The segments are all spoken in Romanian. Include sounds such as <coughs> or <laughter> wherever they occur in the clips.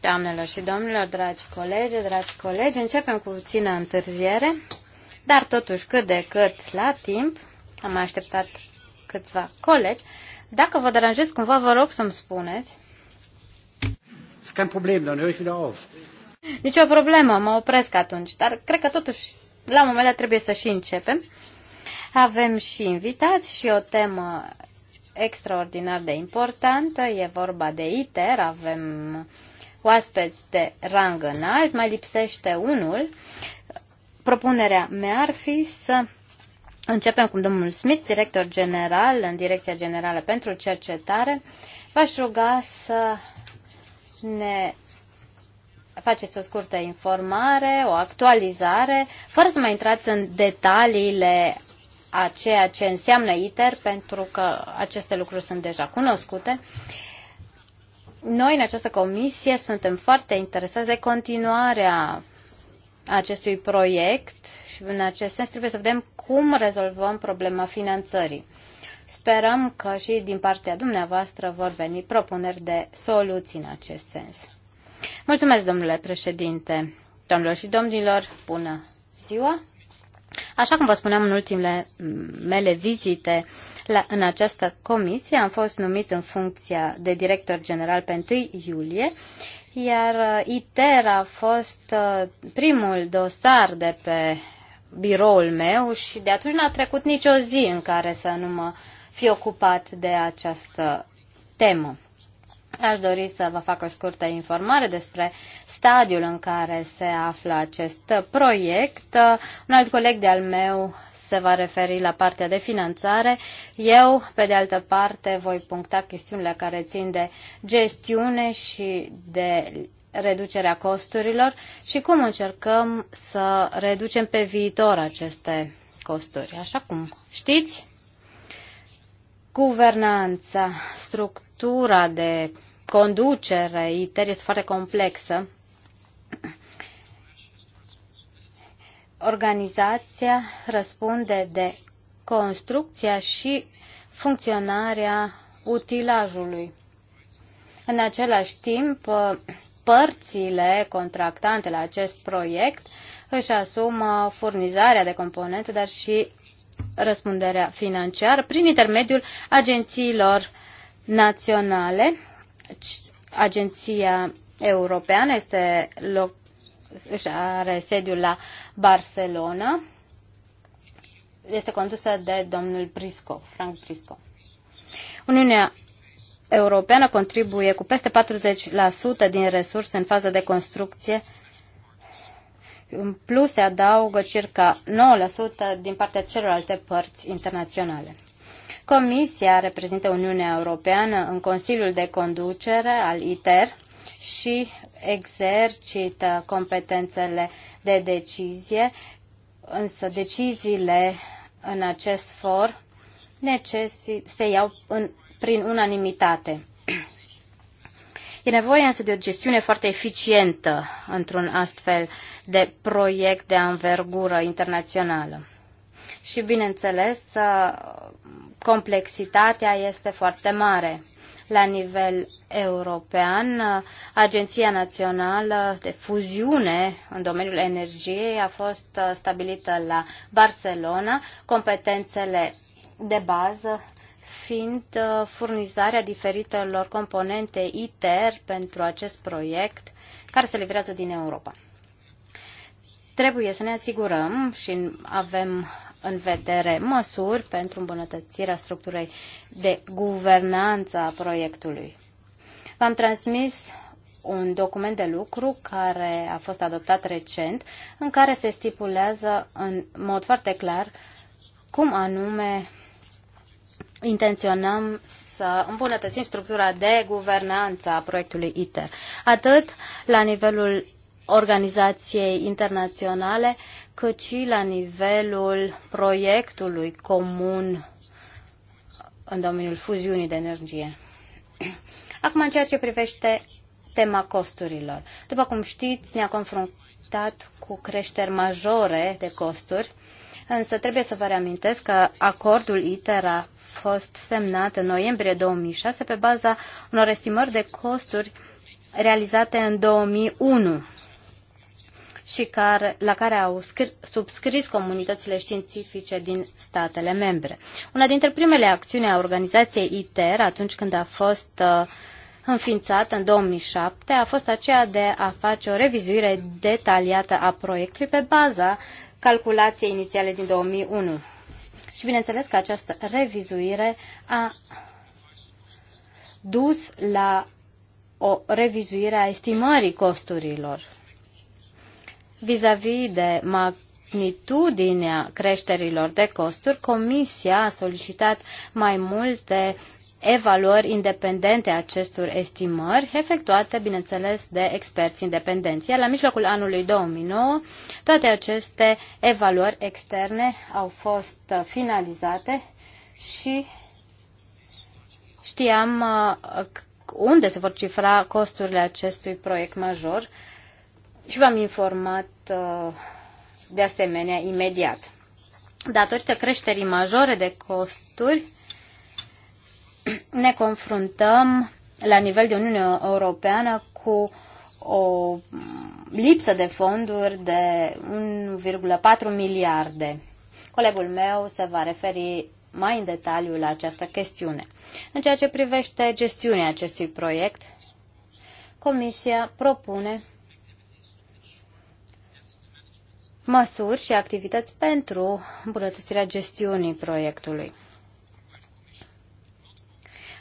Doamnelor și domnilor, dragi colegi, dragi colegi, începem cu puțină întârziere, dar totuși cât de cât la timp. Am așteptat câțiva colegi. Dacă vă deranjez cumva, vă rog să-mi spuneți. Kein problem, dann höre ich wieder auf. Nici o problemă, mă opresc atunci, dar cred că totuși la un moment dat trebuie să și începem. Avem și invitați și o temă extraordinar de importantă. E vorba de ITER, avem oaspeți de rang înalt, mai lipsește unul. Propunerea mea ar fi să începem cu domnul Smith, director general în Direcția Generală pentru Cercetare. V-aș ruga să ne faceți o scurtă informare, o actualizare, fără să mai intrați în detaliile a ceea ce înseamnă ITER, pentru că aceste lucruri sunt deja cunoscute. Noi, în această comisie, suntem foarte interesați de continuarea acestui proiect și, în acest sens, trebuie să vedem cum rezolvăm problema finanțării. Sperăm că și din partea dumneavoastră vor veni propuneri de soluții în acest sens. Mulțumesc, domnule președinte. Domnilor și domnilor, bună ziua! Așa cum vă spuneam în ultimele mele vizite la, în această comisie, am fost numit în funcția de director general pe 1 iulie, iar uh, ITER a fost uh, primul dosar de pe biroul meu și de atunci n-a trecut nicio zi în care să nu mă fi ocupat de această temă. Aș dori să vă fac o scurtă informare despre stadiul în care se află acest proiect. Un alt coleg de-al meu se va referi la partea de finanțare. Eu, pe de altă parte, voi puncta chestiunile care țin de gestiune și de reducerea costurilor și cum încercăm să reducem pe viitor aceste costuri. Așa cum știți, Guvernanța, structura de conducere, ITER este foarte complexă. Organizația răspunde de construcția și funcționarea utilajului. În același timp, părțile contractante la acest proiect își asumă furnizarea de componente, dar și răspunderea financiară prin intermediul agențiilor naționale. Agenția europeană este loc, își are sediul la Barcelona. Este condusă de domnul Prisco, Frank Prisco. Uniunea Europeană contribuie cu peste 40% din resurse în fază de construcție în plus se adaugă circa 9% din partea celorlalte părți internaționale. Comisia reprezintă Uniunea Europeană în Consiliul de Conducere al ITER și exercită competențele de decizie, însă deciziile în acest for necesi- se iau în, prin unanimitate. E nevoie însă de o gestiune foarte eficientă într-un astfel de proiect de anvergură internațională. Și, bineînțeles, ă, complexitatea este foarte mare. La nivel european, ă, Agenția Națională de Fuziune în domeniul energiei a fost ă, stabilită la Barcelona. Competențele de bază fiind uh, furnizarea diferitelor componente ITER pentru acest proiect care se livrează din Europa. Trebuie să ne asigurăm și avem în vedere măsuri pentru îmbunătățirea structurii de guvernanță a proiectului. V-am transmis un document de lucru care a fost adoptat recent, în care se stipulează în mod foarte clar cum anume intenționăm să îmbunătățim structura de guvernanță a proiectului ITER, atât la nivelul organizației internaționale, cât și la nivelul proiectului comun în domeniul fuziunii de energie. Acum, în ceea ce privește tema costurilor. După cum știți, ne-a confruntat cu creșteri majore de costuri, însă trebuie să vă reamintesc că acordul ITER a fost semnat în noiembrie 2006 pe baza unor estimări de costuri realizate în 2001 și care, la care au subscris comunitățile științifice din statele membre. Una dintre primele acțiuni a organizației ITER, atunci când a fost uh, înființată în 2007, a fost aceea de a face o revizuire detaliată a proiectului pe baza calculației inițiale din 2001. Și bineînțeles că această revizuire a dus la o revizuire a estimării costurilor vis-a-vis -vis de magnitudinea creșterilor de costuri, Comisia a solicitat mai multe evaluări independente a acestor estimări, efectuate, bineînțeles, de experți independenți. Iar la mijlocul anului 2009, toate aceste evaluări externe au fost uh, finalizate și știam uh, unde se vor cifra costurile acestui proiect major și v-am informat uh, de asemenea imediat. Datorită creșterii majore de costuri, ne confruntăm la nivel de Uniune Europeană cu o lipsă de fonduri de 1,4 miliarde. Colegul meu se va referi mai în detaliu la această chestiune. În ceea ce privește gestiunea acestui proiect, Comisia propune măsuri și activități pentru îmbunătățirea gestiunii proiectului.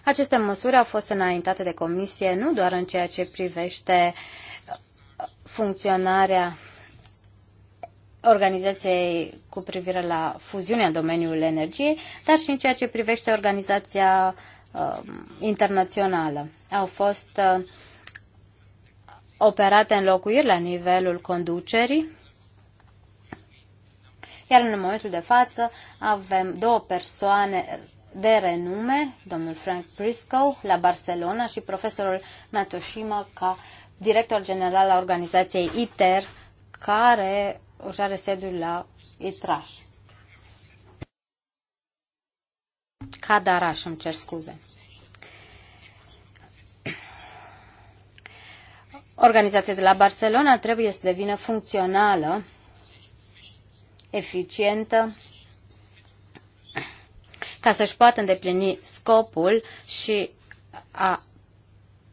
Aceste măsuri au fost înaintate de comisie nu doar în ceea ce privește funcționarea organizației cu privire la fuziunea în domeniul energiei, dar și în ceea ce privește organizația uh, internațională. Au fost uh, operate înlocuiri la nivelul conducerii, iar în momentul de față avem două persoane de renume, domnul Frank Briscoe, la Barcelona și profesorul Matoshima ca director general al organizației ITER, care își are sediul la Itraș. Cadaraș, îmi cer scuze. Organizația de la Barcelona trebuie să devină funcțională, eficientă ca să-și poată îndeplini scopul și a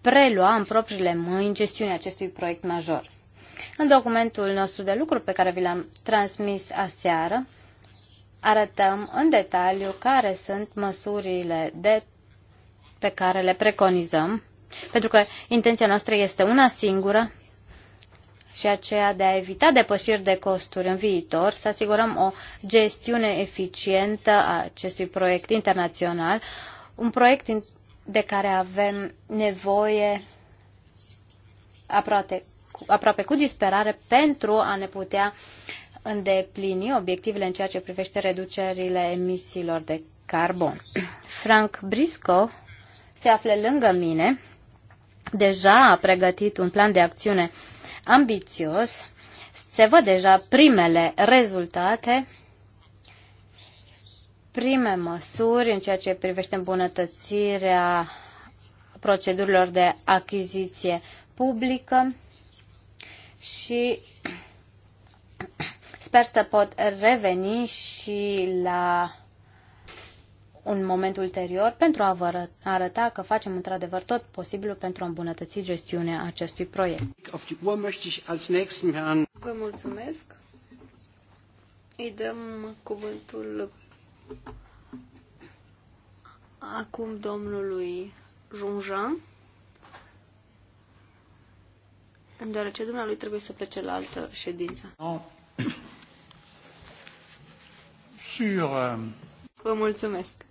prelua în propriile mâini gestiunea acestui proiect major. În documentul nostru de lucru pe care vi l-am transmis aseară, arătăm în detaliu care sunt măsurile de, pe care le preconizăm, pentru că intenția noastră este una singură și aceea de a evita depășiri de costuri în viitor, să asigurăm o gestiune eficientă a acestui proiect internațional, un proiect de care avem nevoie aproape, aproape cu disperare pentru a ne putea îndeplini obiectivele în ceea ce privește reducerile emisiilor de carbon. <clears throat> Frank Brisco se află lângă mine, deja a pregătit un plan de acțiune ambițios. Se văd deja primele rezultate, prime măsuri în ceea ce privește îmbunătățirea procedurilor de achiziție publică și sper să pot reveni și la un moment ulterior pentru a vă arăta că facem într-adevăr tot posibilul pentru a îmbunătăți gestiunea acestui proiect. Vă mulțumesc. Îi dăm cuvântul acum domnului Junjan, deoarece dumnealui trebuie să plece la altă ședință. No. <coughs> Sur, euh, Vă mulțumesc.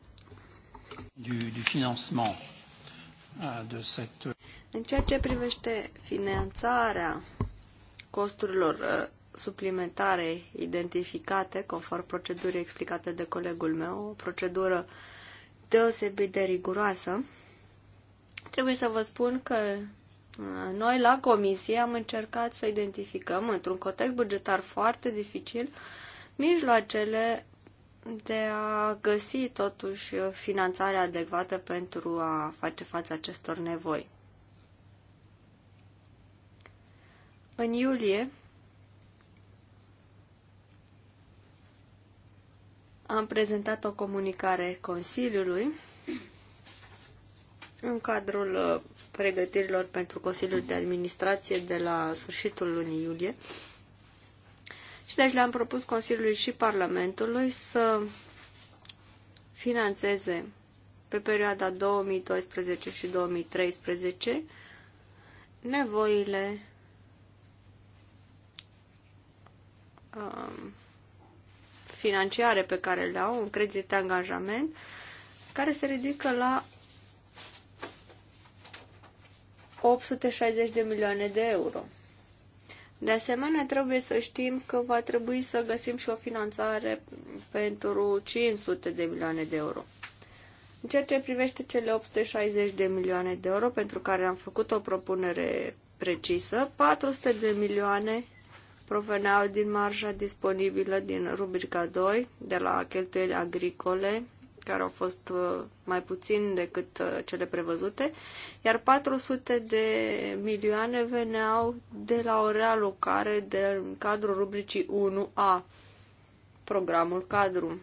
Euh, euh, În ceea ce privește finanțarea costurilor uh, suplimentare identificate conform procedurii explicate de colegul meu, o procedură deosebit de riguroasă, trebuie să vă spun că uh, noi la comisie am încercat să identificăm, într-un context bugetar foarte dificil, mijloacele de a găsi totuși finanțarea adecvată pentru a face față acestor nevoi. În iulie am prezentat o comunicare Consiliului în cadrul pregătirilor pentru Consiliul de Administrație de la sfârșitul lunii iulie și deci le-am propus Consiliului și Parlamentului să financeze pe perioada 2012 și 2013 nevoile um, financiare pe care le au, un credit de angajament, care se ridică la 860 de milioane de euro. De asemenea, trebuie să știm că va trebui să găsim și o finanțare pentru 500 de milioane de euro. În ceea ce privește cele 860 de milioane de euro pentru care am făcut o propunere precisă, 400 de milioane proveneau din marja disponibilă din rubrica 2 de la cheltuieli agricole care au fost uh, mai puțin decât uh, cele prevăzute, iar 400 de milioane veneau de la o realocare de cadrul rubricii 1A, programul cadru.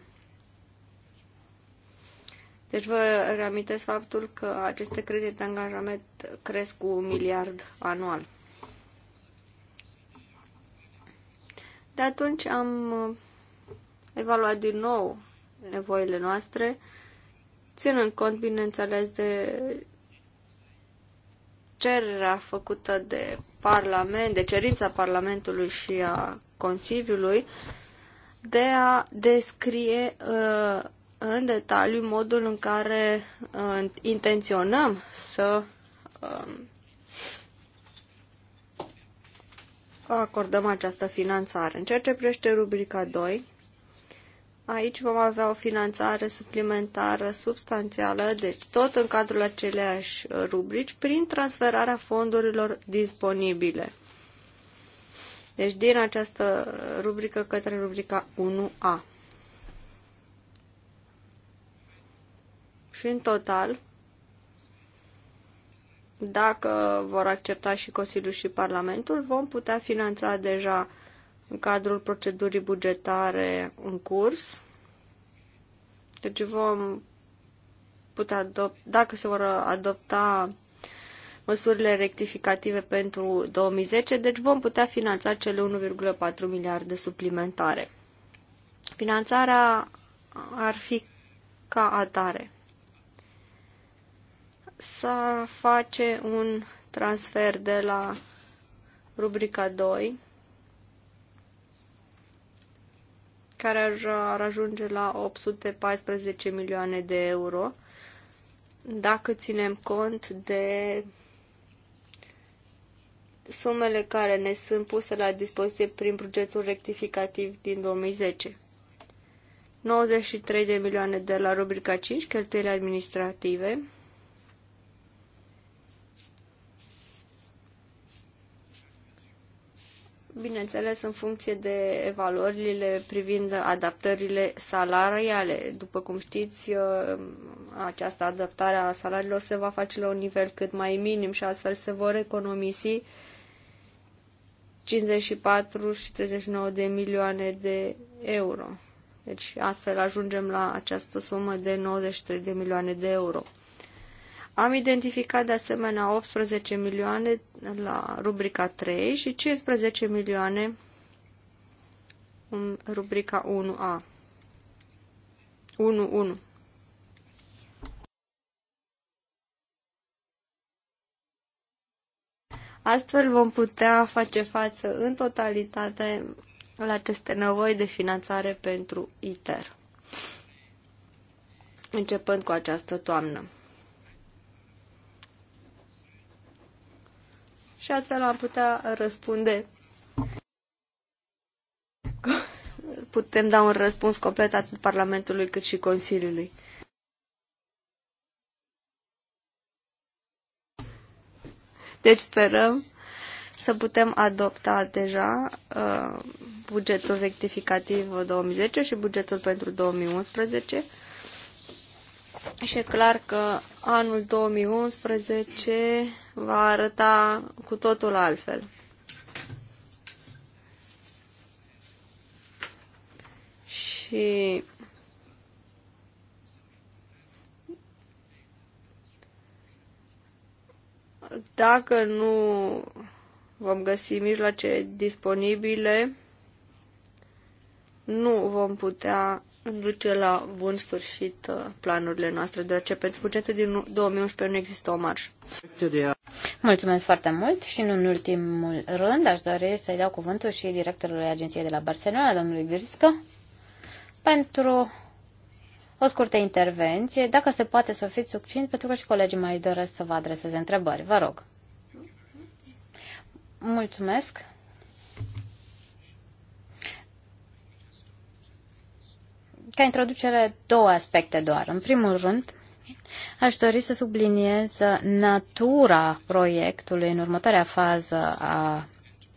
Deci vă reamintesc faptul că aceste credite de angajament cresc cu un miliard anual. De atunci am uh, evaluat din nou nevoile noastre, ținând cont, bineînțeles, de cererea făcută de Parlament, de cerința Parlamentului și a Consiliului de a descrie uh, în detaliu modul în care uh, intenționăm să uh, acordăm această finanțare. În ceea ce privește rubrica 2, Aici vom avea o finanțare suplimentară substanțială, deci tot în cadrul aceleași rubrici, prin transferarea fondurilor disponibile. Deci din această rubrică către rubrica 1A. Și în total, dacă vor accepta și Consiliul și Parlamentul, vom putea finanța deja în cadrul procedurii bugetare în curs. Deci vom putea adopta, dacă se vor adopta măsurile rectificative pentru 2010, deci vom putea finanța cele 1,4 miliarde suplimentare. Finanțarea ar fi ca atare. Să face un transfer de la rubrica 2 care ar ajunge la 814 milioane de euro, dacă ținem cont de sumele care ne sunt puse la dispoziție prin bugetul rectificativ din 2010. 93 de milioane de la rubrica 5, cheltuieli administrative, bineînțeles în funcție de evaluările privind adaptările salariale. După cum știți, uh, această adaptare a salariilor se va face la un nivel cât mai minim și astfel se vor economisi 54 și 39 de milioane de euro. Deci astfel ajungem la această sumă de 93 de milioane de euro. Am identificat de asemenea 18 milioane la rubrica 3 și 15 milioane în rubrica 1A. 1.1 Astfel vom putea face față în totalitate la aceste nevoi de finanțare pentru ITER, începând cu această toamnă. și astfel am putea răspunde. Putem da un răspuns complet atât Parlamentului cât și Consiliului. Deci sperăm să putem adopta deja uh, bugetul rectificativ 2010 și bugetul pentru 2011 și e clar că anul 2011 va arăta cu totul altfel. Și dacă nu vom găsi mijloace disponibile, nu vom putea în duce la bun sfârșit uh, planurile noastre, deoarece pentru bugetul din 2011 nu există o marșă. Mulțumesc foarte mult și în ultimul rând aș dori să-i dau cuvântul și directorului agenției de la Barcelona, domnului Biriscă, pentru o scurtă intervenție, dacă se poate să fiți succint, pentru că și colegii mai doresc să vă adreseze întrebări. Vă rog. Mulțumesc. ca introducere două aspecte doar. În primul rând, aș dori să subliniez natura proiectului în următoarea fază a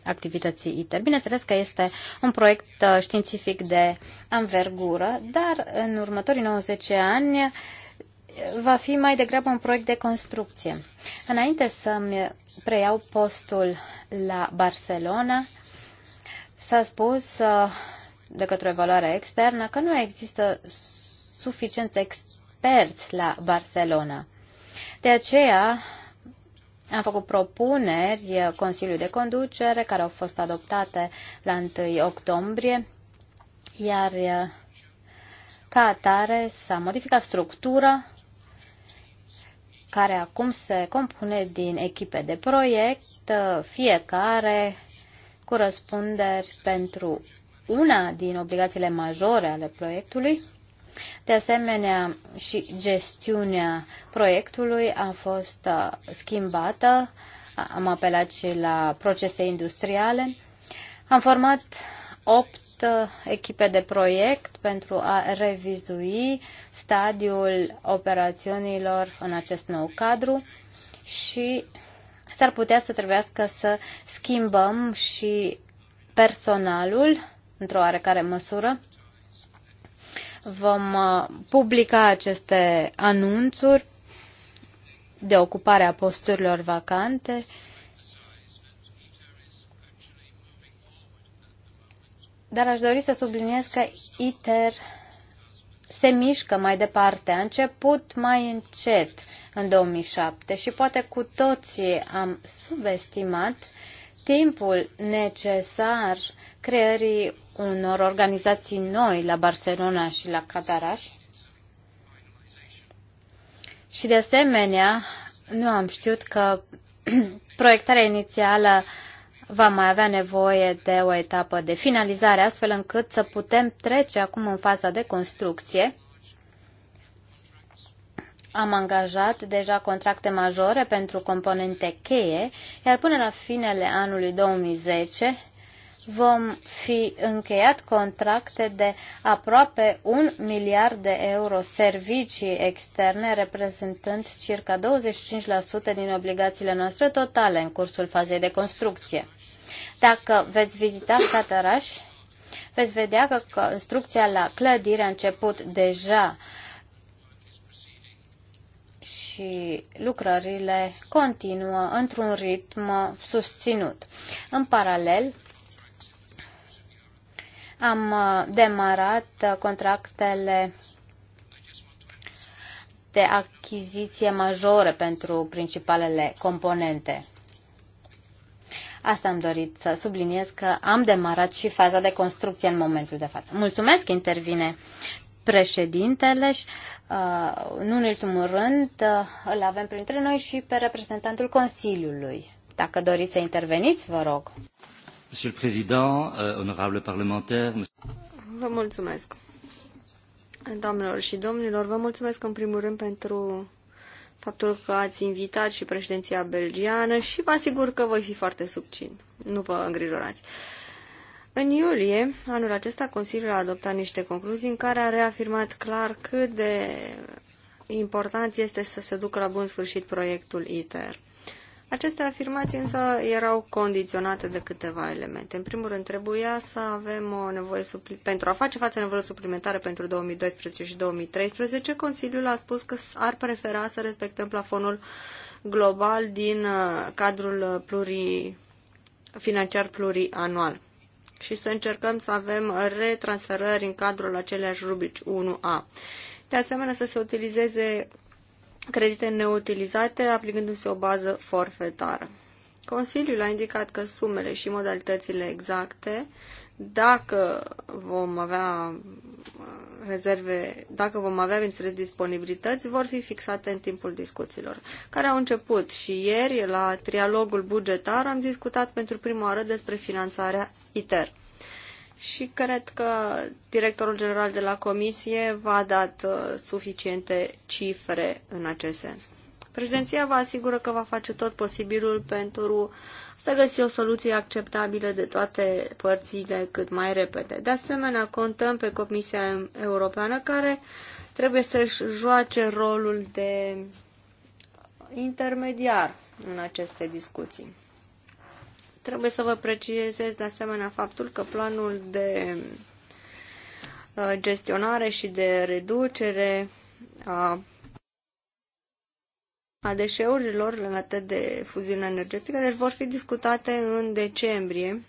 activității ITER. Bineînțeles că este un proiect uh, științific de anvergură, dar în următorii 90 ani uh, va fi mai degrabă un proiect de construcție. Înainte să-mi preiau postul la Barcelona, s-a spus uh, de către valoare externă că nu există suficienți experți la Barcelona. De aceea am făcut propuneri Consiliului de Conducere care au fost adoptate la 1 octombrie, iar ca atare s-a modificat structura care acum se compune din echipe de proiect, fiecare cu răspunderi pentru una din obligațiile majore ale proiectului. De asemenea, și gestiunea proiectului a fost uh, schimbată. Am apelat și la procese industriale. Am format opt uh, echipe de proiect pentru a revizui stadiul operațiunilor în acest nou cadru și s-ar putea să trebuiască să schimbăm și personalul într-o oarecare măsură. Vom uh, publica aceste anunțuri de ocupare a posturilor vacante dar aș dori să subliniez că ITER se mișcă mai departe. A început mai încet în 2007 și poate cu toții am subestimat timpul necesar creării unor organizații noi la Barcelona și la Cataraș. Și de asemenea, nu am știut că <clears throat> proiectarea inițială va mai avea nevoie de o etapă de finalizare, astfel încât să putem trece acum în faza de construcție. Am angajat deja contracte majore pentru componente cheie, iar până la finele anului 2010 vom fi încheiat contracte de aproape un miliard de euro servicii externe, reprezentând circa 25% din obligațiile noastre totale în cursul fazei de construcție. Dacă veți vizita Cataraș, veți vedea că construcția la clădire a început deja și lucrările continuă într-un ritm susținut. În paralel, am uh, demarat uh, contractele de achiziție majore pentru principalele componente. Asta am dorit să subliniez că am demarat și faza de construcție în momentul de față. Mulțumesc, intervine președintele și nu uh, în ultimul rând îl avem printre noi și pe reprezentantul Consiliului. Dacă doriți să interveniți, vă rog. Monsieur le Président, euh, honorable parlementaire. Vă mulțumesc. Doamnelor și domnilor, vă mulțumesc în primul rând pentru faptul că ați invitat și președinția belgiană și vă asigur că voi fi foarte subțin. Nu vă îngrijorați. În iulie, anul acesta, Consiliul a adoptat niște concluzii în care a reafirmat clar cât de important este să se ducă la bun sfârșit proiectul ITER. Aceste afirmații însă erau condiționate de câteva elemente. În primul rând, trebuia să avem o nevoie pentru a face față nevoilor suplimentare pentru 2012 și 2013. Consiliul a spus că ar prefera să respectăm plafonul global din uh, cadrul pluri, financiar plurianual și să încercăm să avem retransferări în cadrul aceleași rubrici 1A. De asemenea, să se utilizeze credite neutilizate, aplicându-se o bază forfetară. Consiliul a indicat că sumele și modalitățile exacte, dacă vom avea uh, rezerve, dacă vom avea, bineînțeles, disponibilități, vor fi fixate în timpul discuțiilor, care au început și ieri la trialogul bugetar am discutat pentru prima oară despre finanțarea ITER și cred că directorul general de la comisie v-a dat uh, suficiente cifre în acest sens. Președinția vă asigură că va face tot posibilul pentru să găsi o soluție acceptabilă de toate părțile cât mai repede. De asemenea, contăm pe Comisia Europeană care trebuie să-și joace rolul de intermediar în aceste discuții. Trebuie să vă precizez de asemenea faptul că planul de uh, gestionare și de reducere a, a deșeurilor legate de fuziune energetică, deci vor fi discutate în decembrie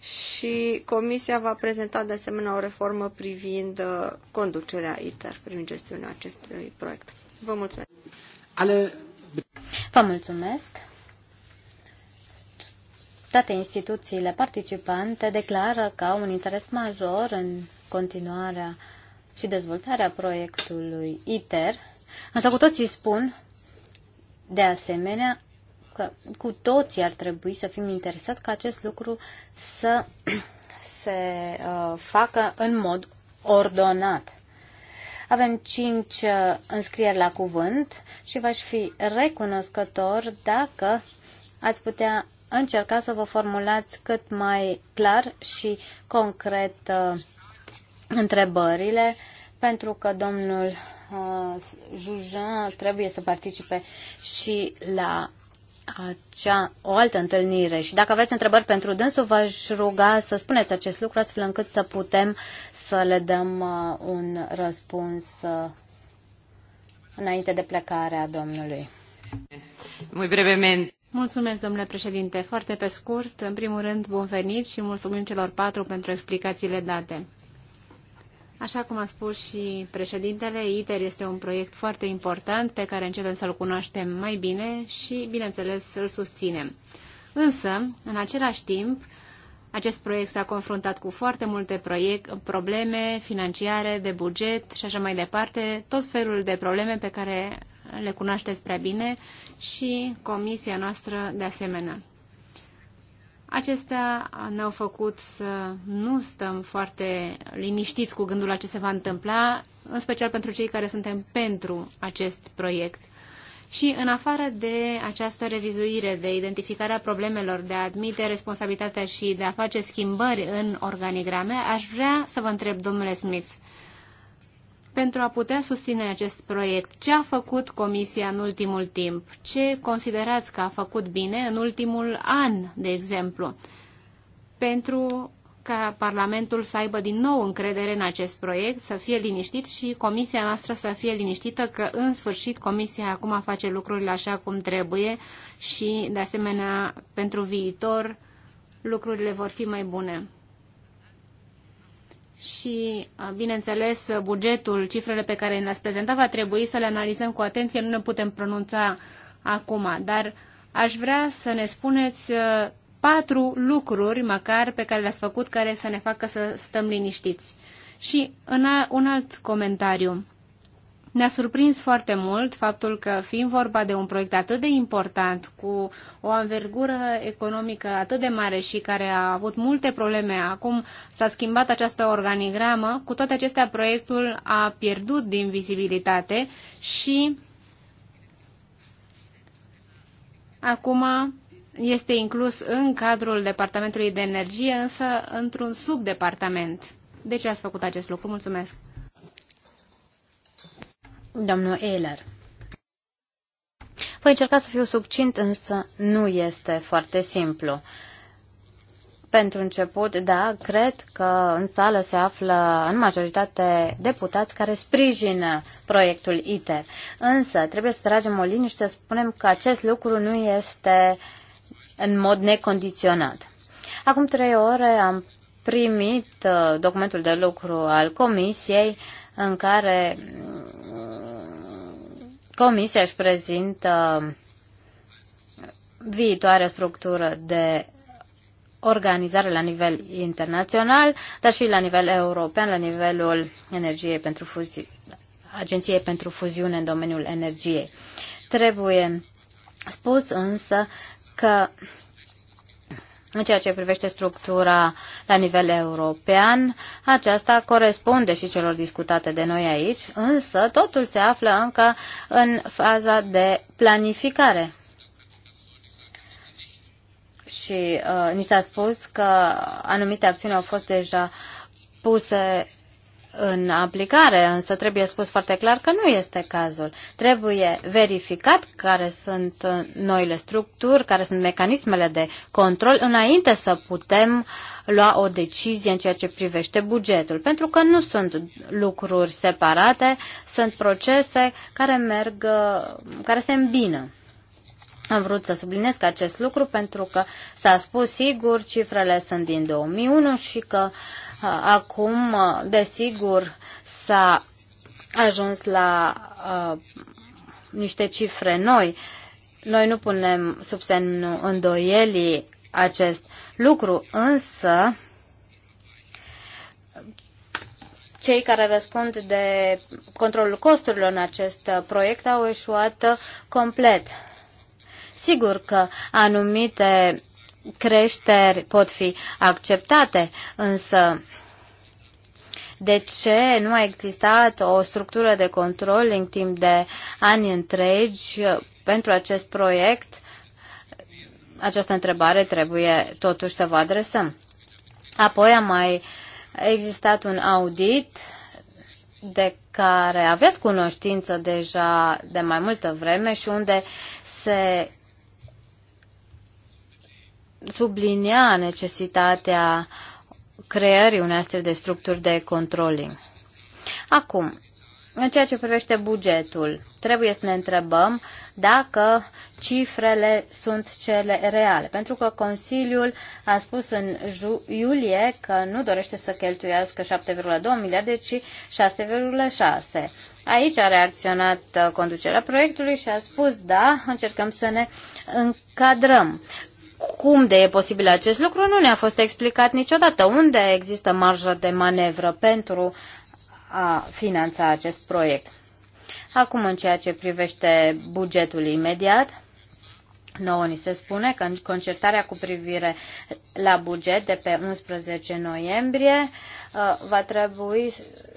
și Comisia va prezenta de asemenea o reformă privind uh, conducerea ITER, privind gestiunea acestui proiect. Vă mulțumesc! Ale... Vă mulțumesc! toate instituțiile participante declară au un interes major în continuarea și dezvoltarea proiectului ITER, însă cu toții spun, de asemenea, că cu toții ar trebui să fim interesați ca acest lucru să <clears throat> se uh, facă în mod ordonat. Avem cinci uh, înscrieri la cuvânt și v-aș fi recunoscător dacă ați putea încercați să vă formulați cât mai clar și concret uh, întrebările, pentru că domnul uh, Jujan trebuie să participe și la acea, o altă întâlnire și dacă aveți întrebări pentru dânsul, v-aș ruga să spuneți acest lucru astfel încât să putem să le dăm uh, un răspuns înainte de plecarea domnului. Muy brevemente. Mulțumesc, domnule președinte. Foarte pe scurt, în primul rând, bun venit și mulțumim celor patru pentru explicațiile date. Așa cum a spus și președintele, ITER este un proiect foarte important pe care începem să-l cunoaștem mai bine și, bineînțeles, să-l susținem. Însă, în același timp, acest proiect s-a confruntat cu foarte multe proiect, probleme financiare, de buget și așa mai departe, tot felul de probleme pe care le cunoașteți prea bine, și comisia noastră de asemenea. Acestea ne-au făcut să nu stăm foarte liniștiți cu gândul la ce se va întâmpla, în special pentru cei care suntem pentru acest proiect. Și în afară de această revizuire, de identificarea problemelor, de a admite responsabilitatea și de a face schimbări în organigrame, aș vrea să vă întreb, domnule Smith, pentru a putea susține acest proiect? Ce a făcut Comisia în ultimul timp? Ce considerați că a făcut bine în ultimul an, de exemplu, pentru ca Parlamentul să aibă din nou încredere în acest proiect, să fie liniștit și Comisia noastră să fie liniștită că, în sfârșit, Comisia acum face lucrurile așa cum trebuie și, de asemenea, pentru viitor, lucrurile vor fi mai bune și, bineînțeles, bugetul, cifrele pe care le-ați prezentat, va trebui să le analizăm cu atenție, nu ne putem pronunța acum, dar aș vrea să ne spuneți patru lucruri, măcar, pe care le-ați făcut, care să ne facă să stăm liniștiți. Și în un alt comentariu. Ne-a surprins foarte mult faptul că, fiind vorba de un proiect atât de important, cu o anvergură economică atât de mare și care a avut multe probleme, acum s-a schimbat această organigramă, cu toate acestea proiectul a pierdut din vizibilitate și acum este inclus în cadrul Departamentului de Energie, însă într-un subdepartament. De ce ați făcut acest lucru? Mulțumesc! domnul Ehler. Voi încerca să fiu succint, însă nu este foarte simplu. Pentru început, da, cred că în sală se află în majoritate deputați care sprijină proiectul ITER. Însă trebuie să tragem o linie și să spunem că acest lucru nu este în mod necondiționat. Acum trei ore am primit uh, documentul de lucru al comisiei în care Comisia își prezintă viitoarea structură de organizare la nivel internațional, dar și la nivel european, la nivelul energiei pentru fuzi- Agenției pentru Fuziune în domeniul energiei. Trebuie spus însă că în ceea ce privește structura la nivel european, aceasta corespunde și celor discutate de noi aici, însă totul se află încă în faza de planificare. Și uh, ni s-a spus că anumite acțiuni au fost deja puse în aplicare, însă trebuie spus foarte clar că nu este cazul. Trebuie verificat care sunt uh, noile structuri, care sunt mecanismele de control înainte să putem lua o decizie în ceea ce privește bugetul, pentru că nu sunt lucruri separate, sunt procese care merg, uh, care se îmbină. Am vrut să subliniez acest lucru pentru că s-a spus sigur, cifrele sunt din 2001 și că uh, Acum, desigur, s-a ajuns la uh, niște cifre noi. Noi nu punem sub semnul îndoielii acest lucru, însă cei care răspund de controlul costurilor în acest proiect au eșuat complet. Sigur că anumite creșteri pot fi acceptate, însă de ce nu a existat o structură de control în timp de ani întregi pentru acest proiect? Această întrebare trebuie totuși să vă adresăm. Apoi a mai existat un audit de care aveți cunoștință deja de mai multă vreme și unde se sublinia necesitatea creării unei astfel de structuri de controlling. Acum, în ceea ce privește bugetul, trebuie să ne întrebăm dacă cifrele sunt cele reale, pentru că Consiliul a spus în iulie că nu dorește să cheltuiască 7,2 miliarde, ci 6,6. Aici a reacționat uh, conducerea proiectului și a spus, da, încercăm să ne încadrăm cum de e posibil acest lucru nu ne-a fost explicat niciodată. Unde există marjă de manevră pentru a finanța acest proiect? Acum, în ceea ce privește bugetul imediat, nouă ni se spune că în concertarea cu privire la buget de pe 11 noiembrie uh, va trebui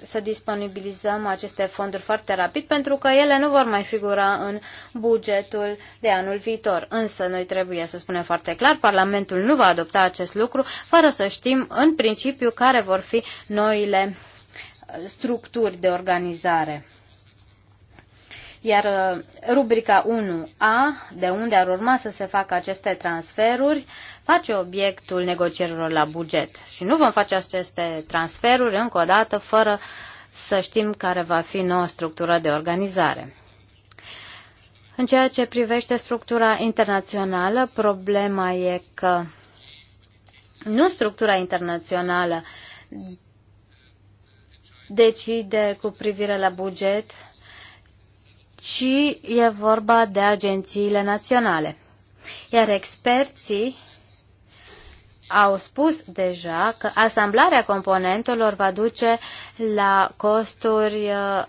să disponibilizăm aceste fonduri foarte rapid, pentru că ele nu vor mai figura în bugetul de anul viitor. Însă noi trebuie să spunem foarte clar, Parlamentul nu va adopta acest lucru fără să știm în principiu care vor fi noile structuri de organizare. Iar uh, rubrica 1A, de unde ar urma să se facă aceste transferuri, face obiectul negocierilor la buget. Și nu vom face aceste transferuri încă o dată fără să știm care va fi noua structură de organizare. În ceea ce privește structura internațională, problema e că nu structura internațională decide cu privire la buget, ci e vorba de agențiile naționale. Iar experții au spus deja că asamblarea componentelor va duce la costuri uh,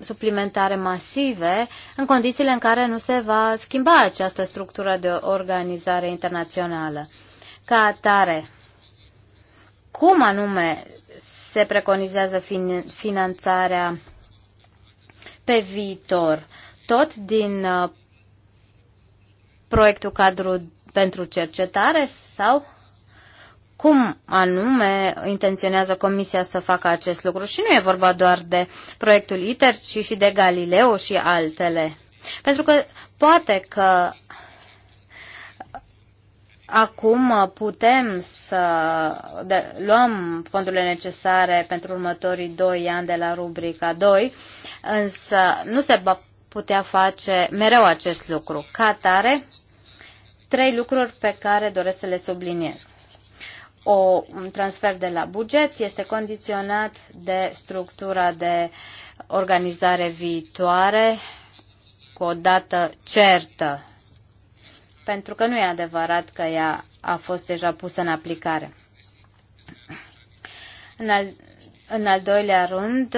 suplimentare masive în condițiile în care nu se va schimba această structură de organizare internațională. Ca atare, cum anume se preconizează finanțarea pe viitor, tot din uh, proiectul cadru pentru cercetare sau cum anume intenționează Comisia să facă acest lucru. Și nu e vorba doar de proiectul ITER, ci și de Galileo și altele. Pentru că poate că Acum uh, putem să luăm fondurile necesare pentru următorii doi ani de la rubrica 2, însă nu se va putea face mereu acest lucru. Ca tare, trei lucruri pe care doresc să le subliniez. O, un transfer de la buget este condiționat de structura de organizare viitoare cu o dată certă pentru că nu e adevărat că ea a fost deja pusă în aplicare. În al, în al doilea rând,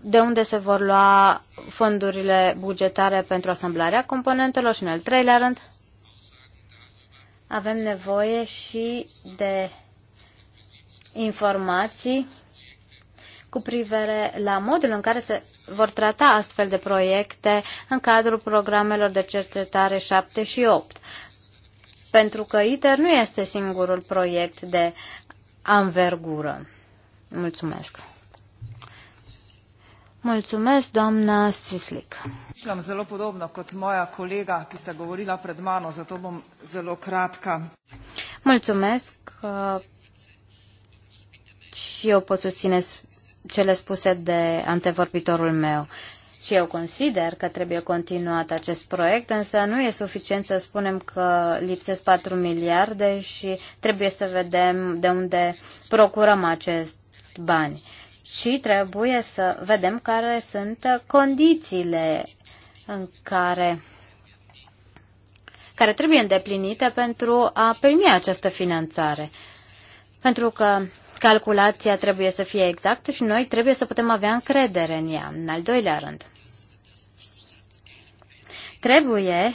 de unde se vor lua fondurile bugetare pentru asamblarea componentelor și, în al treilea rând, avem nevoie și de informații cu privire la modul în care se vor trata astfel de proiecte în cadrul programelor de cercetare 7 și 8. Pentru că ITER nu este singurul proiect de anvergură. Mulțumesc! Mulțumesc, doamna Sislik. am zelo podobno kot moja kolega, ki sta govorila pred mano, zato bom zelo kratka. Mulțumesc uh, și eu pot susține cele spuse de antevorbitorul meu. Și eu consider că trebuie continuat acest proiect, însă nu e suficient să spunem că lipsesc 4 miliarde și trebuie să vedem de unde procurăm acest bani. Și trebuie să vedem care sunt condițiile în care care trebuie îndeplinite pentru a primi această finanțare. Pentru că calculația trebuie să fie exactă și noi trebuie să putem avea încredere în ea. În al doilea rând, trebuie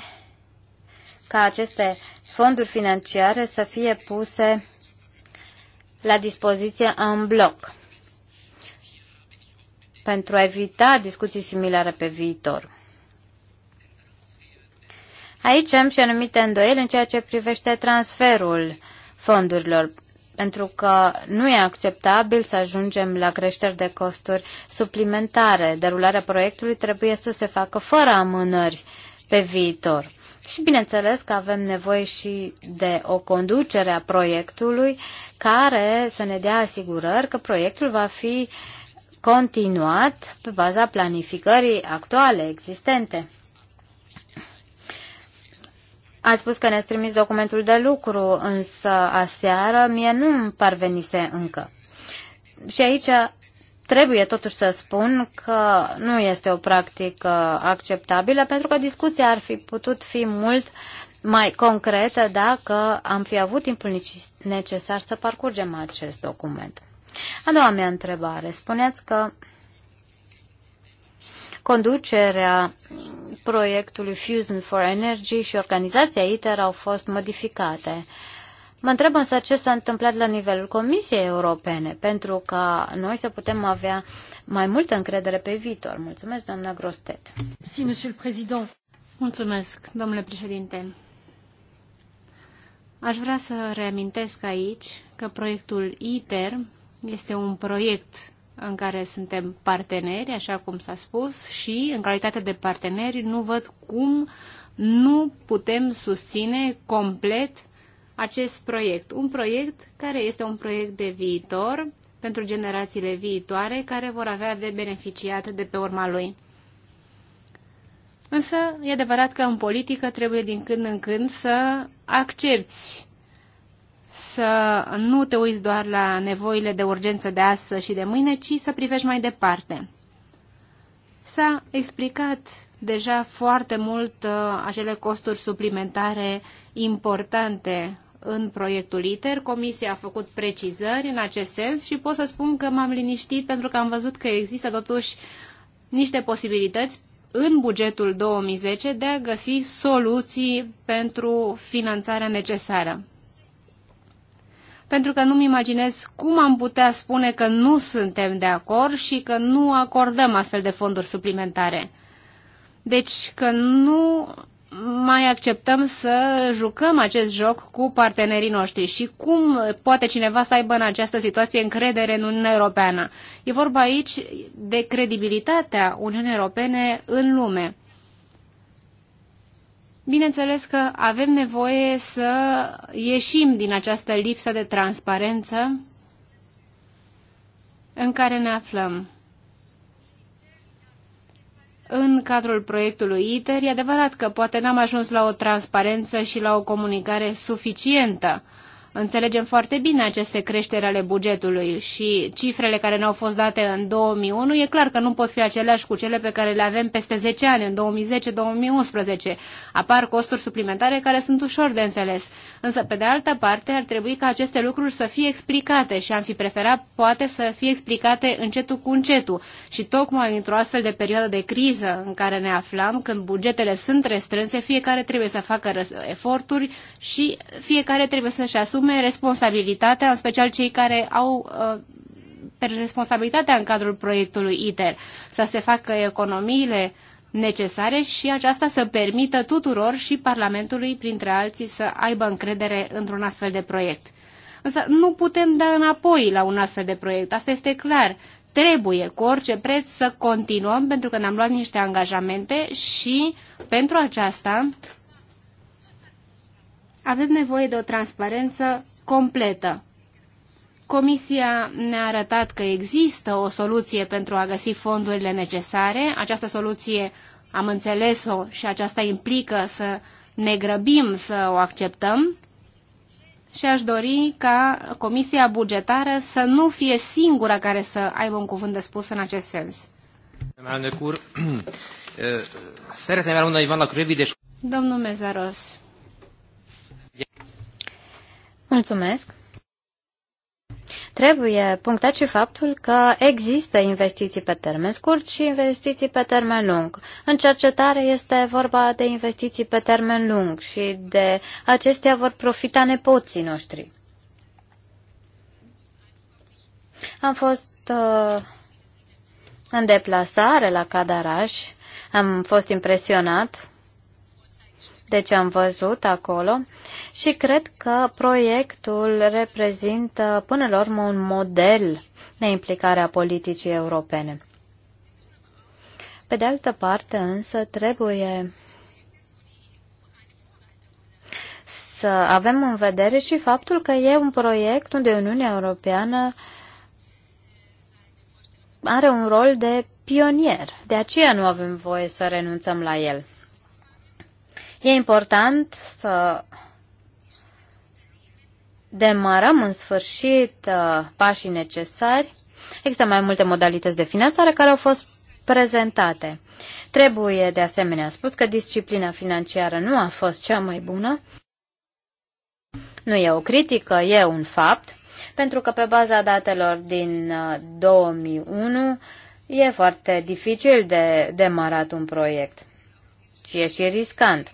ca aceste fonduri financiare să fie puse la dispoziție în bloc pentru a evita discuții similare pe viitor. Aici am și anumite îndoieli în ceea ce privește transferul fondurilor pentru că nu e acceptabil să ajungem la creșteri de costuri suplimentare. Derularea proiectului trebuie să se facă fără amânări pe viitor. Și bineînțeles că avem nevoie și de o conducere a proiectului care să ne dea asigurări că proiectul va fi continuat pe baza planificării actuale existente. Ați spus că ne-ați trimis documentul de lucru, însă aseară mie nu îmi parvenise încă. Și aici trebuie totuși să spun că nu este o practică acceptabilă, pentru că discuția ar fi putut fi mult mai concretă dacă am fi avut timpul necesar să parcurgem acest document. A doua mea întrebare. Spuneați că conducerea proiectului Fusion for Energy și organizația ITER au fost modificate. Mă întreb însă ce s-a întâmplat la nivelul Comisiei Europene pentru ca noi să putem avea mai multă încredere pe viitor. Mulțumesc, doamna Grostet. Si, monsieur le président. Mulțumesc, domnule președinte. Aș vrea să reamintesc aici că proiectul ITER este un proiect în care suntem parteneri, așa cum s-a spus, și în calitate de parteneri nu văd cum nu putem susține complet acest proiect. Un proiect care este un proiect de viitor pentru generațiile viitoare care vor avea de beneficiat de pe urma lui. Însă, e adevărat că în politică trebuie din când în când să accepti să nu te uiți doar la nevoile de urgență de astăzi și de mâine, ci să privești mai departe. S-a explicat deja foarte mult uh, acele costuri suplimentare importante în proiectul ITER. Comisia a făcut precizări în acest sens și pot să spun că m-am liniștit pentru că am văzut că există totuși niște posibilități în bugetul 2010 de a găsi soluții pentru finanțarea necesară pentru că nu-mi imaginez cum am putea spune că nu suntem de acord și că nu acordăm astfel de fonduri suplimentare. Deci că nu mai acceptăm să jucăm acest joc cu partenerii noștri și cum poate cineva să aibă în această situație încredere în Uniunea Europeană. E vorba aici de credibilitatea Uniunii Europene în lume. Bineînțeles că avem nevoie să ieșim din această lipsă de transparență în care ne aflăm. În cadrul proiectului ITER, e adevărat că poate n-am ajuns la o transparență și la o comunicare suficientă, Înțelegem foarte bine aceste creșteri ale bugetului și cifrele care ne-au fost date în 2001 e clar că nu pot fi aceleași cu cele pe care le avem peste 10 ani, în 2010-2011. Apar costuri suplimentare care sunt ușor de înțeles. Însă, pe de altă parte, ar trebui ca aceste lucruri să fie explicate și am fi preferat poate să fie explicate încetul cu încetul. Și tocmai într-o astfel de perioadă de criză în care ne aflam, când bugetele sunt restrânse, fiecare trebuie să facă eforturi și fiecare trebuie să-și asume asume responsabilitatea, în special cei care au uh, responsabilitatea în cadrul proiectului ITER, să se facă economiile necesare și aceasta să permită tuturor și Parlamentului, printre alții, să aibă încredere într-un astfel de proiect. Însă nu putem da înapoi la un astfel de proiect, asta este clar. Trebuie cu orice preț să continuăm pentru că ne-am luat niște angajamente și pentru aceasta avem nevoie de o transparență completă. Comisia ne-a arătat că există o soluție pentru a găsi fondurile necesare. Această soluție am înțeles-o și aceasta implică să ne grăbim să o acceptăm și aș dori ca Comisia Bugetară să nu fie singura care să aibă un cuvânt de spus în acest sens. Domnul Mezaros, Mulțumesc. Trebuie punctat și faptul că există investiții pe termen scurt și investiții pe termen lung. În cercetare este vorba de investiții pe termen lung și de acestea vor profita nepoții noștri. Am fost uh, în deplasare la Cadaraș, am fost impresionat de ce am văzut acolo și cred că proiectul reprezintă până la urmă un model de implicare a politicii europene. Pe de altă parte, însă, trebuie să avem în vedere și faptul că e un proiect unde Uniunea Europeană are un rol de pionier. De aceea nu avem voie să renunțăm la el. E important să demarăm în sfârșit uh, pașii necesari. Există mai multe modalități de finanțare care au fost prezentate. Trebuie de asemenea spus că disciplina financiară nu a fost cea mai bună. Nu e o critică, e un fapt, pentru că pe baza datelor din 2001 uh, e foarte dificil de demarat un proiect și e și riscant.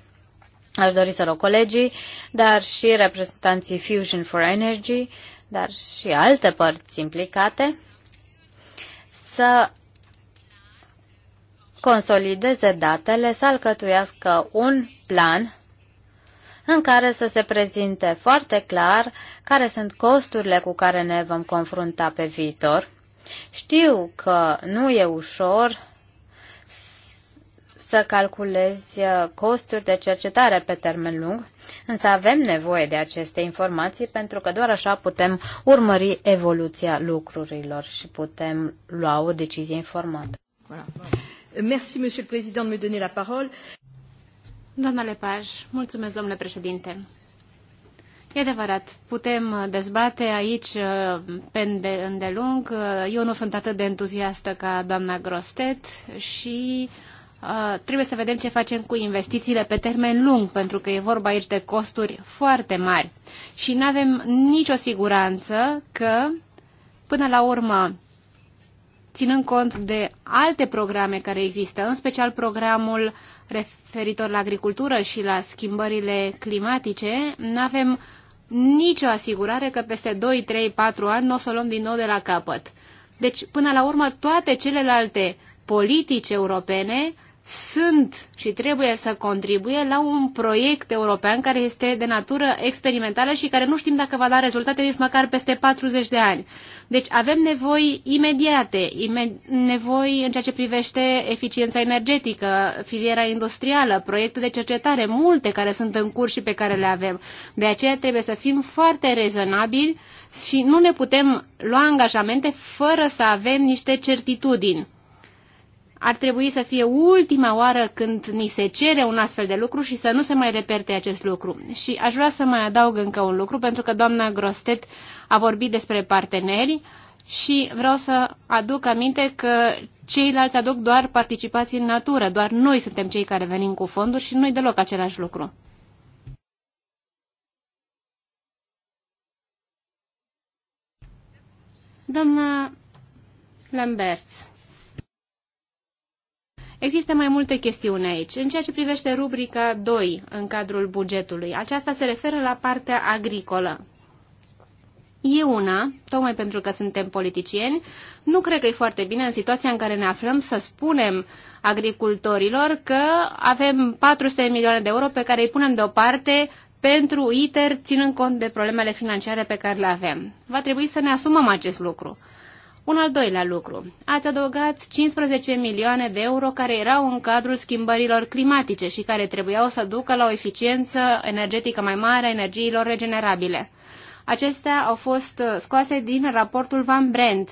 Aș dori să rog colegii, dar și reprezentanții Fusion for Energy, dar și alte părți implicate, să consolideze datele, să alcătuiască un plan în care să se prezinte foarte clar care sunt costurile cu care ne vom confrunta pe viitor. Știu că nu e ușor să calculezi uh, costuri de cercetare pe termen lung, însă avem nevoie de aceste informații pentru că doar așa putem urmări evoluția lucrurilor și putem lua o decizie informată. Merci, Monsieur le Président, de me donner la parole. Doamna Lepaj, mulțumesc, domnule președinte. E adevărat, putem uh, dezbate aici uh, pe îndelung. Eu nu sunt atât de entuziastă ca doamna Grostet și Uh, trebuie să vedem ce facem cu investițiile pe termen lung, pentru că e vorba aici de costuri foarte mari. Și nu avem nicio siguranță că, până la urmă, ținând cont de alte programe care există, în special programul referitor la agricultură și la schimbările climatice, nu avem nicio asigurare că peste 2, 3, 4 ani nu o să o luăm din nou de la capăt. Deci, până la urmă, toate celelalte politici europene sunt și trebuie să contribuie la un proiect european care este de natură experimentală și care nu știm dacă va da rezultate nici măcar peste 40 de ani. Deci avem nevoi imediate, nevoi în ceea ce privește eficiența energetică, filiera industrială, proiecte de cercetare, multe care sunt în curs și pe care le avem. De aceea trebuie să fim foarte rezonabili și nu ne putem lua angajamente fără să avem niște certitudini ar trebui să fie ultima oară când ni se cere un astfel de lucru și să nu se mai reperte acest lucru. Și aș vrea să mai adaug încă un lucru, pentru că doamna Grostet a vorbit despre parteneri și vreau să aduc aminte că ceilalți aduc doar participații în natură, doar noi suntem cei care venim cu fonduri și nu-i deloc același lucru. Doamna Lamberts. Există mai multe chestiuni aici. În ceea ce privește rubrica 2 în cadrul bugetului, aceasta se referă la partea agricolă. E una, tocmai pentru că suntem politicieni, nu cred că e foarte bine în situația în care ne aflăm să spunem agricultorilor că avem 400 de milioane de euro pe care îi punem deoparte pentru ITER, ținând cont de problemele financiare pe care le avem. Va trebui să ne asumăm acest lucru. Un al doilea lucru. Ați adăugat 15 milioane de euro care erau în cadrul schimbărilor climatice și care trebuiau să ducă la o eficiență energetică mai mare a energiilor regenerabile. Acestea au fost scoase din raportul Van Brent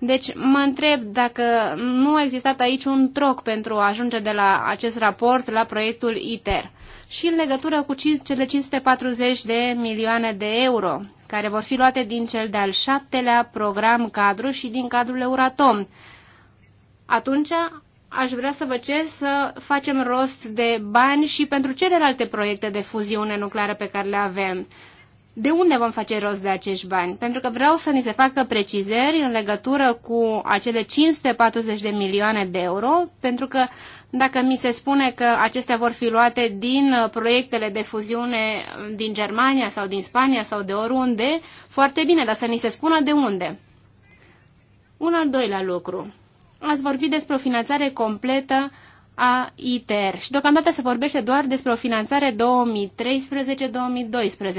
deci mă întreb dacă nu a existat aici un troc pentru a ajunge de la acest raport la proiectul ITER. Și în legătură cu cele 540 de milioane de euro, care vor fi luate din cel de-al șaptelea program cadru și din cadrul Euratom. Atunci aș vrea să vă cer să facem rost de bani și pentru celelalte proiecte de fuziune nucleară pe care le avem de unde vom face rost de acești bani? Pentru că vreau să ni se facă precizări în legătură cu acele 540 de milioane de euro, pentru că dacă mi se spune că acestea vor fi luate din uh, proiectele de fuziune din Germania sau din Spania sau de oriunde, foarte bine, dar să ni se spună de unde. Un al doilea lucru. Ați vorbit despre o finanțare completă a ITER. Și deocamdată se vorbește doar despre o finanțare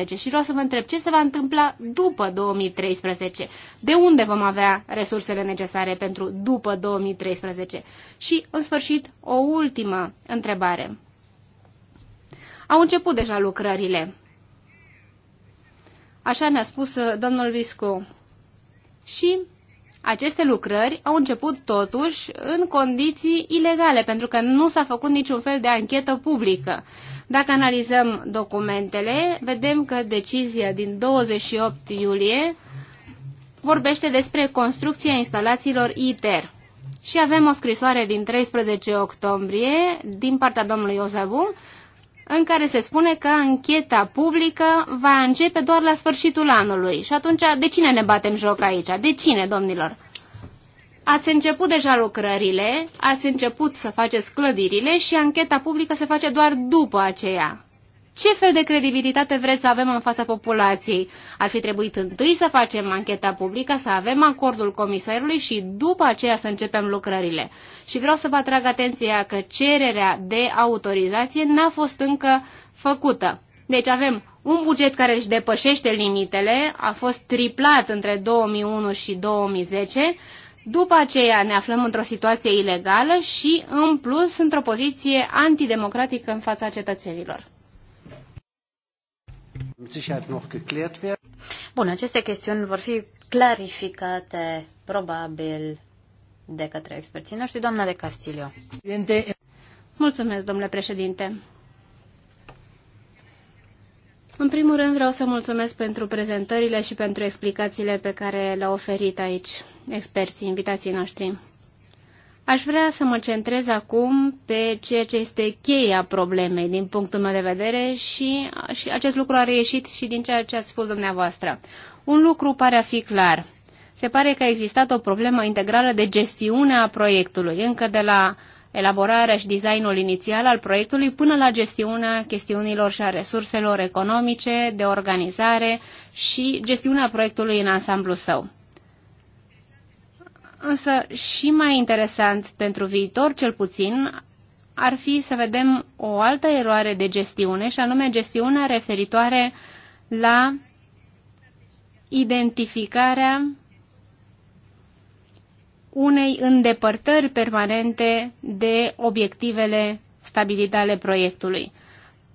2013-2012 și vreau să vă întreb ce se va întâmpla după 2013. De unde vom avea resursele necesare pentru după 2013? Și, în sfârșit, o ultimă întrebare. Au început deja lucrările. Așa ne-a spus uh, domnul Viscu. Și aceste lucrări au început totuși în condiții ilegale, pentru că nu s-a făcut niciun fel de anchetă publică. Dacă analizăm documentele, vedem că decizia din 28 iulie vorbește despre construcția instalațiilor ITER. Și avem o scrisoare din 13 octombrie din partea domnului Ozabu, în care se spune că ancheta publică va începe doar la sfârșitul anului. Și atunci, de cine ne batem joc aici? De cine, domnilor? Ați început deja lucrările, ați început să faceți clădirile și ancheta publică se face doar după aceea ce fel de credibilitate vreți să avem în fața populației? Ar fi trebuit întâi să facem ancheta publică, să avem acordul comisarului și după aceea să începem lucrările. Și vreau să vă atrag atenția că cererea de autorizație n-a fost încă făcută. Deci avem un buget care își depășește limitele, a fost triplat între 2001 și 2010, după aceea ne aflăm într-o situație ilegală și, în plus, într-o poziție antidemocratică în fața cetățenilor. Bun, aceste chestiuni vor fi clarificate probabil de către experții noștri. Doamna de Castilio. Mulțumesc, domnule președinte. În primul rând vreau să mulțumesc pentru prezentările și pentru explicațiile pe care le-au oferit aici experții, invitații noștri. Aș vrea să mă centrez acum pe ceea ce este cheia problemei din punctul meu de vedere și, și acest lucru a reieșit și din ceea ce ați spus dumneavoastră. Un lucru pare a fi clar. Se pare că a existat o problemă integrală de gestiune a proiectului, încă de la elaborarea și designul inițial al proiectului până la gestiunea chestiunilor și a resurselor economice, de organizare și gestiunea proiectului în ansamblu său. Însă și mai interesant pentru viitor, cel puțin, ar fi să vedem o altă eroare de gestiune, și anume gestiunea referitoare la identificarea unei îndepărtări permanente de obiectivele stabilite ale proiectului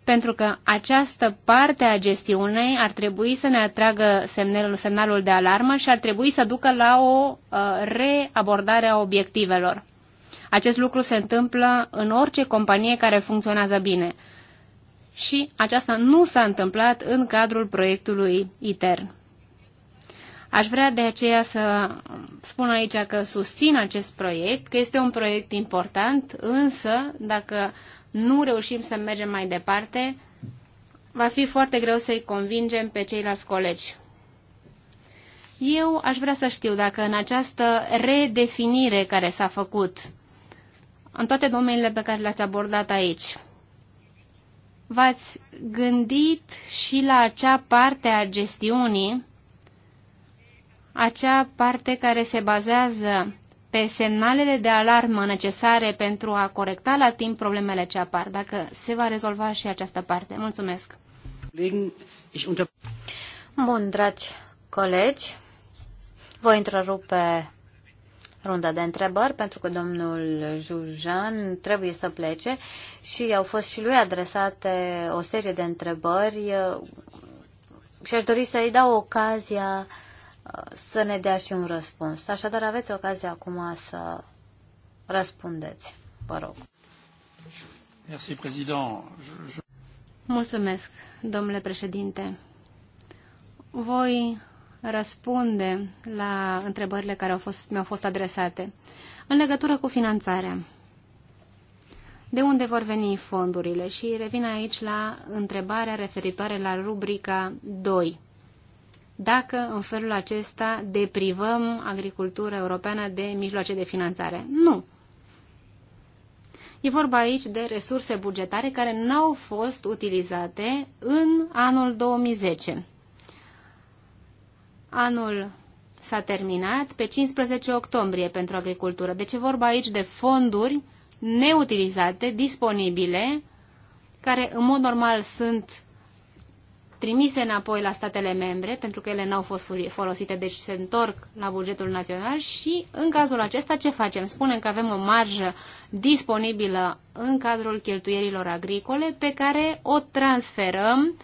pentru că această parte a gestiunei ar trebui să ne atragă semnelul, semnalul de alarmă și ar trebui să ducă la o uh, reabordare a obiectivelor. Acest lucru se întâmplă în orice companie care funcționează bine. Și aceasta nu s-a întâmplat în cadrul proiectului ITER. Aș vrea de aceea să spun aici că susțin acest proiect, că este un proiect important, însă dacă uh, nu reușim să mergem mai departe, va fi foarte greu să-i convingem pe ceilalți colegi. Eu aș vrea să știu dacă în această redefinire care s-a făcut, în toate domeniile pe care le-ați abordat aici, v-ați gândit și la acea parte a gestiunii, acea parte care se bazează pe semnalele de alarmă necesare pentru a corecta la timp problemele ce apar, dacă se va rezolva și această parte. Mulțumesc! Bun, dragi colegi, voi întrerupe runda de întrebări pentru că domnul Jujan trebuie să plece și au fost și lui adresate o serie de întrebări și aș dori să-i dau ocazia să ne dea și un răspuns. Așadar, aveți ocazia acum să răspundeți. Vă rog. Merci, président. Je... Mulțumesc, domnule președinte. Voi răspunde la întrebările care au fost, mi-au fost adresate. În legătură cu finanțarea, de unde vor veni fondurile? Și revin aici la întrebarea referitoare la rubrica 2 dacă în felul acesta deprivăm agricultura europeană de mijloace de finanțare. Nu. E vorba aici de resurse bugetare care n-au fost utilizate în anul 2010. Anul s-a terminat pe 15 octombrie pentru agricultură. Deci e vorba aici de fonduri neutilizate, disponibile, care în mod normal sunt trimise înapoi la statele membre, pentru că ele n-au fost folosite, deci se întorc la bugetul național și în cazul acesta ce facem? Spunem că avem o marjă disponibilă în cadrul cheltuierilor agricole pe care o transferăm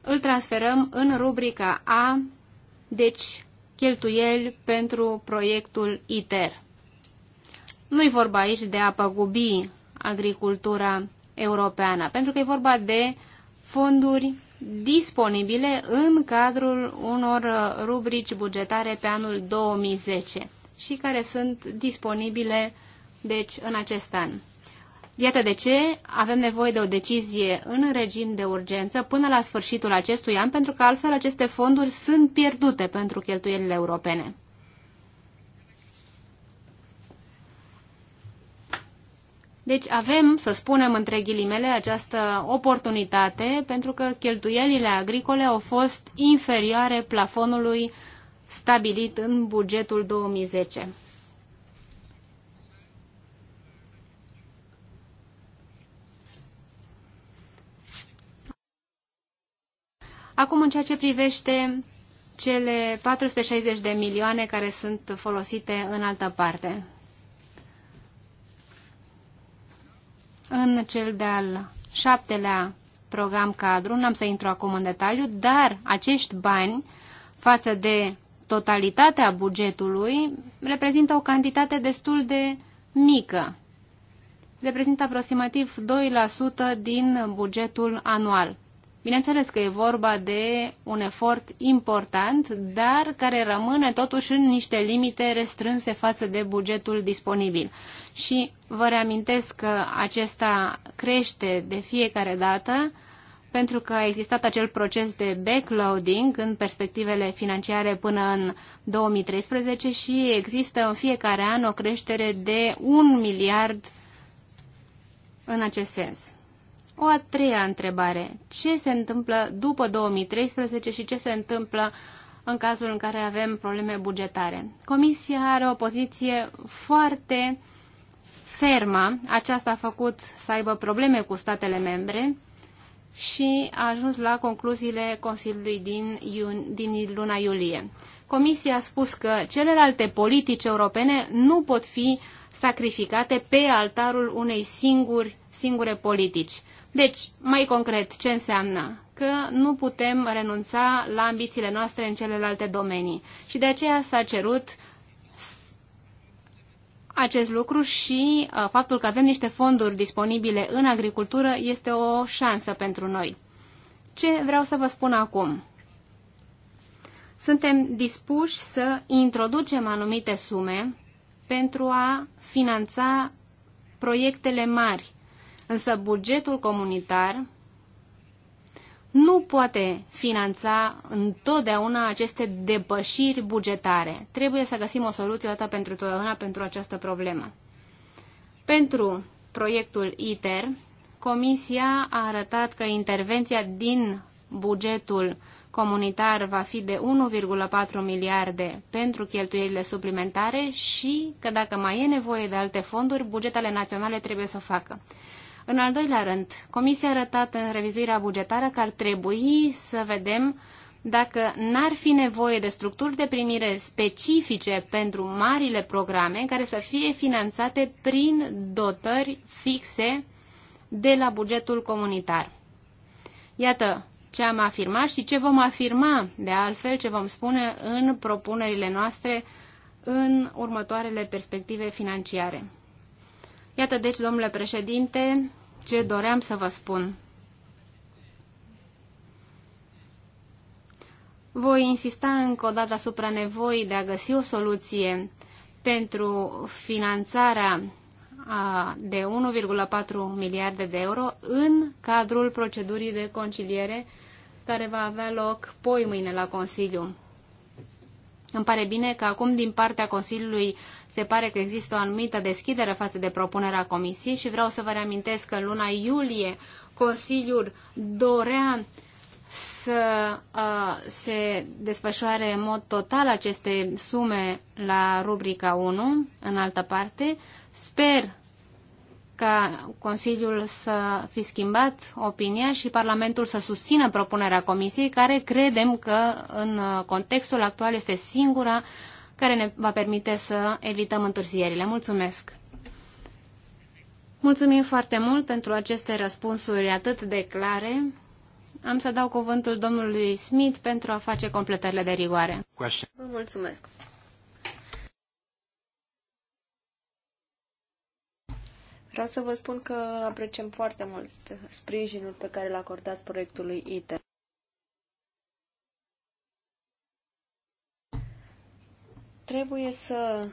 îl transferăm în rubrica A, deci cheltuieli pentru proiectul ITER. Nu-i vorba aici de a păgubi agricultura Europeană, pentru că e vorba de fonduri disponibile în cadrul unor uh, rubrici bugetare pe anul 2010 și care sunt disponibile deci în acest an. Iată de ce avem nevoie de o decizie în regim de urgență până la sfârșitul acestui an, pentru că altfel aceste fonduri sunt pierdute pentru cheltuielile europene. Deci avem, să spunem între ghilimele, această oportunitate pentru că cheltuielile agricole au fost inferioare plafonului stabilit în bugetul 2010. Acum, în ceea ce privește cele 460 de milioane care sunt folosite în altă parte. în cel de-al șaptelea program cadru, n-am să intru acum în detaliu, dar acești bani față de totalitatea bugetului reprezintă o cantitate destul de mică. Reprezintă aproximativ 2% din bugetul anual. Bineînțeles că e vorba de un efort important, dar care rămâne totuși în niște limite restrânse față de bugetul disponibil. Și vă reamintesc că acesta crește de fiecare dată pentru că a existat acel proces de backloading în perspectivele financiare până în 2013 și există în fiecare an o creștere de un miliard în acest sens. O a treia întrebare. Ce se întâmplă după 2013 și ce se întâmplă în cazul în care avem probleme bugetare? Comisia are o poziție foarte fermă. Aceasta a făcut să aibă probleme cu statele membre și a ajuns la concluziile Consiliului din, iun, din luna iulie. Comisia a spus că celelalte politici europene nu pot fi sacrificate pe altarul unei singuri, singure politici. Deci, mai concret, ce înseamnă? Că nu putem renunța la ambițiile noastre în celelalte domenii. Și de aceea s-a cerut acest lucru și uh, faptul că avem niște fonduri disponibile în agricultură este o șansă pentru noi. Ce vreau să vă spun acum? Suntem dispuși să introducem anumite sume pentru a finanța proiectele mari Însă bugetul comunitar nu poate finanța întotdeauna aceste depășiri bugetare. Trebuie să găsim o soluție odată pentru totdeauna pentru această problemă. Pentru proiectul ITER, Comisia a arătat că intervenția din bugetul comunitar va fi de 1,4 miliarde pentru cheltuielile suplimentare și că dacă mai e nevoie de alte fonduri, bugetele naționale trebuie să o facă. În al doilea rând, Comisia a arătat în revizuirea bugetară că ar trebui să vedem dacă n-ar fi nevoie de structuri de primire specifice pentru marile programe care să fie finanțate prin dotări fixe de la bugetul comunitar. Iată ce am afirmat și ce vom afirma, de altfel ce vom spune în propunerile noastre în următoarele perspective financiare. Iată deci, domnule președinte, ce doream să vă spun. Voi insista încă o dată asupra nevoii de a găsi o soluție pentru finanțarea de 1,4 miliarde de euro în cadrul procedurii de conciliere care va avea loc poi mâine la Consiliu. Îmi pare bine că acum din partea Consiliului se pare că există o anumită deschidere față de propunerea Comisiei și vreau să vă reamintesc că în luna iulie Consiliul dorea să uh, se desfășoare în mod total aceste sume la rubrica 1, în altă parte. Sper ca Consiliul să fi schimbat opinia și Parlamentul să susțină propunerea Comisiei, care credem că în contextul actual este singura care ne va permite să evităm întârzierile. Mulțumesc! Mulțumim foarte mult pentru aceste răspunsuri atât de clare. Am să dau cuvântul domnului Smith pentru a face completările de rigoare. Vă mulțumesc! Vreau să vă spun că apreciem foarte mult sprijinul pe care îl acordați proiectului ITER. Trebuie să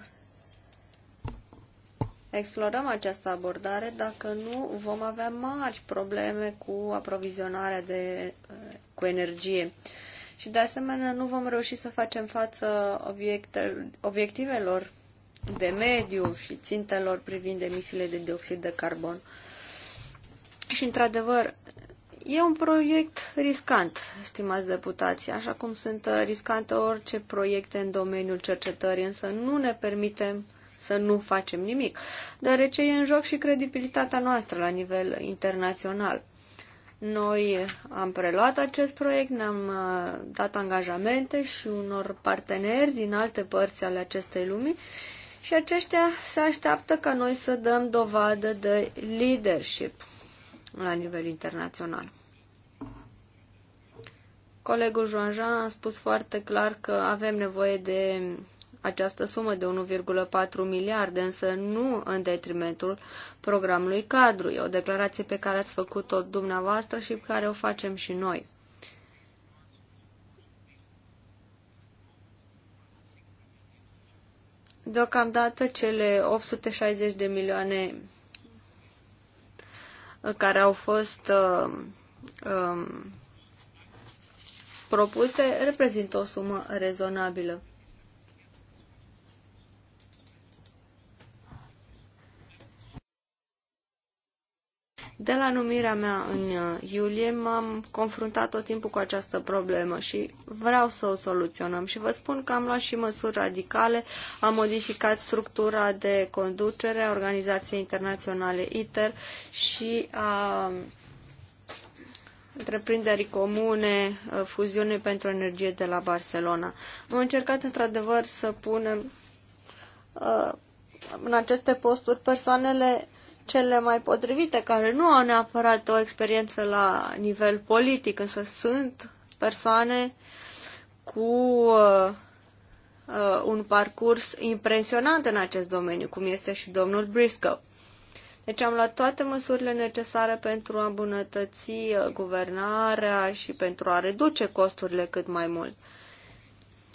explorăm această abordare, dacă nu vom avea mari probleme cu aprovizionarea de, cu energie. Și de asemenea nu vom reuși să facem față obiectelor, obiectivelor de mediu și țintelor privind emisiile de dioxid de carbon. Și, într-adevăr, e un proiect riscant, stimați deputații, așa cum sunt uh, riscante orice proiecte în domeniul cercetării, însă nu ne permitem să nu facem nimic, deoarece e în joc și credibilitatea noastră la nivel internațional. Noi am preluat acest proiect, ne-am uh, dat angajamente și unor parteneri din alte părți ale acestei lumii și aceștia se așteaptă ca noi să dăm dovadă de leadership la nivel internațional. Colegul Jean Jean a spus foarte clar că avem nevoie de această sumă de 1,4 miliarde, însă nu în detrimentul programului cadru. E o declarație pe care ați făcut-o dumneavoastră și pe care o facem și noi. Deocamdată cele 860 de milioane uh, care au fost uh, um, propuse reprezintă o sumă rezonabilă. De la numirea mea în uh, iulie m-am confruntat tot timpul cu această problemă și vreau să o soluționăm și vă spun că am luat și măsuri radicale, am modificat structura de conducere a Organizației Internaționale ITER și a întreprinderii comune, uh, fuziune pentru energie de la Barcelona. Am încercat într-adevăr să punem uh, în aceste posturi persoanele cele mai potrivite, care nu au neapărat o experiență la nivel politic, însă sunt persoane cu uh, uh, un parcurs impresionant în acest domeniu, cum este și domnul Briscoe. Deci am luat toate măsurile necesare pentru a îmbunătăți uh, guvernarea și pentru a reduce costurile cât mai mult.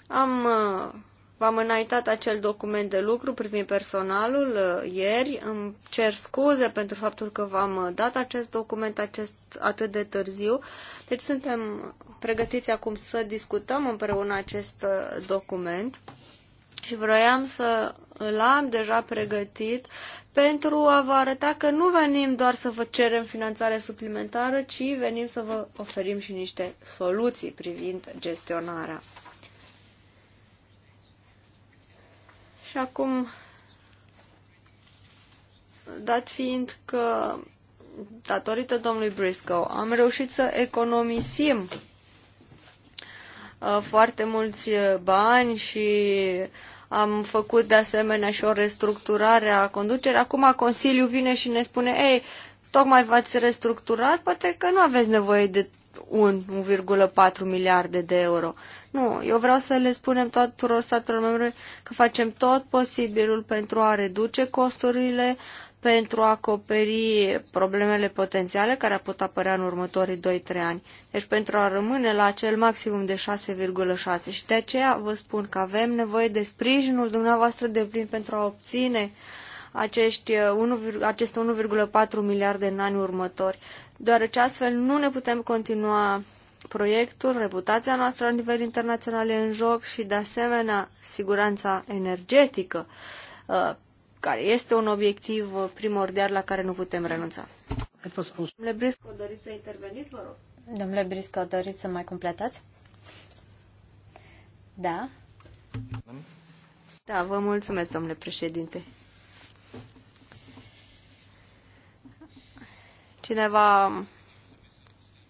Am uh, V-am înaintat acel document de lucru privind personalul uh, ieri. Îmi cer scuze pentru faptul că v-am uh, dat acest document acest, atât de târziu. Deci suntem pregătiți acum să discutăm împreună acest uh, document și vroiam să îl am deja pregătit pentru a vă arăta că nu venim doar să vă cerem finanțare suplimentară, ci venim să vă oferim și niște soluții privind gestionarea. Și acum, dat fiind că datorită domnului Briscoe am reușit să economisim uh, foarte mulți uh, bani și am făcut de asemenea și o restructurare a conducerii. Acum Consiliul vine și ne spune, ei, tocmai v-ați restructurat, poate că nu aveți nevoie de 1,4 miliarde de euro. Nu, eu vreau să le spunem tuturor statelor membre că facem tot posibilul pentru a reduce costurile, pentru a acoperi problemele potențiale care ar putea apărea în următorii 2-3 ani. Deci pentru a rămâne la acel maximum de 6,6 și de aceea vă spun că avem nevoie de sprijinul dumneavoastră de plin pentru a obține acești 1, uh, aceste 1,4 miliarde în anii următori deoarece astfel nu ne putem continua proiectul, reputația noastră la nivel internațional e în joc și, de asemenea, siguranța energetică, uh, care este un obiectiv primordial la care nu putem renunța. Domnule Brisco, doriți să interveniți, vă rog? Domnule Brisco, doriți să mai completați? Da. Da, vă mulțumesc, domnule președinte. Cineva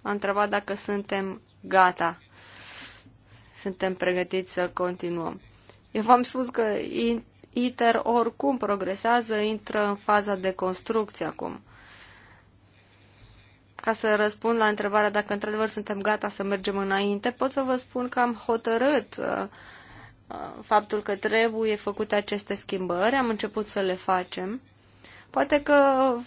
a întrebat dacă suntem gata, suntem pregătiți să continuăm. Eu v-am spus că ITER oricum progresează, intră în faza de construcție acum. Ca să răspund la întrebarea dacă într-adevăr suntem gata să mergem înainte, pot să vă spun că am hotărât uh, uh, faptul că trebuie făcute aceste schimbări, am început să le facem. Poate că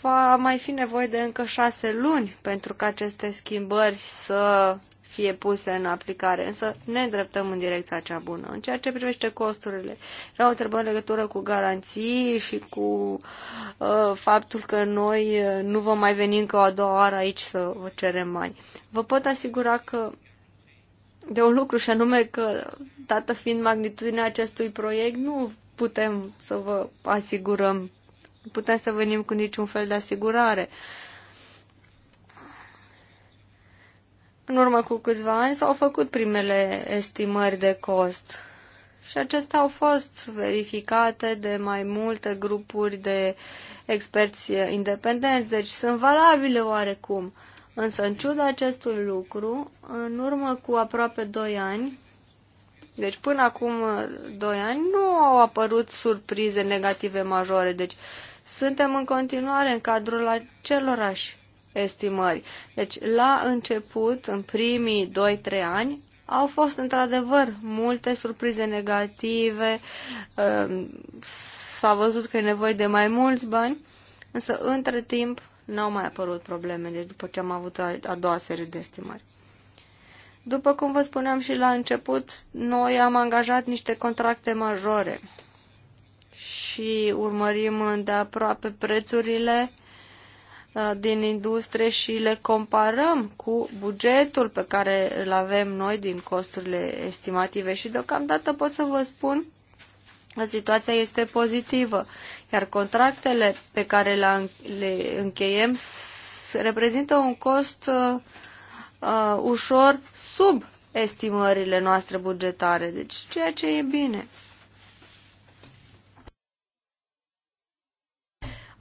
va mai fi nevoie de încă șase luni pentru ca aceste schimbări să fie puse în aplicare, însă ne îndreptăm în direcția cea bună. În ceea ce privește costurile, era o întrebare în legătură cu garanții și cu uh, faptul că noi uh, nu vom mai veni încă o a doua oară aici să vă cerem bani. Vă pot asigura că de un lucru și anume că, dată fiind magnitudinea acestui proiect, nu putem să vă asigurăm putem să venim cu niciun fel de asigurare. În urmă cu câțiva ani s-au făcut primele estimări de cost și acestea au fost verificate de mai multe grupuri de experți independenți, deci sunt valabile oarecum. Însă, în ciuda acestui lucru, în urmă cu aproape 2 ani, deci până acum 2 ani, nu au apărut surprize negative majore. Deci suntem în continuare în cadrul acelorași estimări. Deci, la început, în primii 2-3 ani, au fost într-adevăr multe surprize negative, um, s-a văzut că e nevoie de mai mulți bani, însă între timp n-au mai apărut probleme, deci după ce am avut a doua serie de estimări. După cum vă spuneam și la început, noi am angajat niște contracte majore și urmărim îndeaproape prețurile uh, din industrie și le comparăm cu bugetul pe care îl avem noi din costurile estimative și deocamdată pot să vă spun că situația este pozitivă, iar contractele pe care le încheiem reprezintă un cost uh, uh, ușor sub estimările noastre bugetare, deci ceea ce e bine.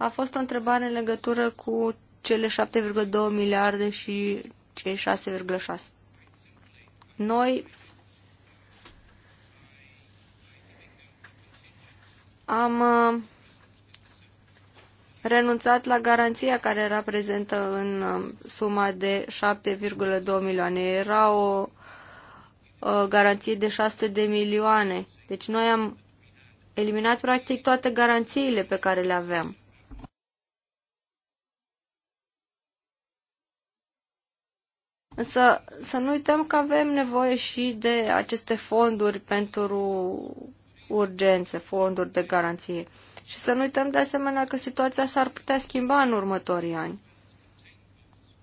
A fost o întrebare în legătură cu cele 7,2 miliarde și cei 6,6. Noi am uh, renunțat la garanția care era prezentă în uh, suma de 7,2 milioane. Era o, uh, garanție de 600 de milioane. Deci noi am eliminat practic toate garanțiile pe care le aveam. Însă să nu uităm că avem nevoie și de aceste fonduri pentru urgențe, fonduri de garanție. Și să nu uităm de asemenea că situația s-ar putea schimba în următorii ani.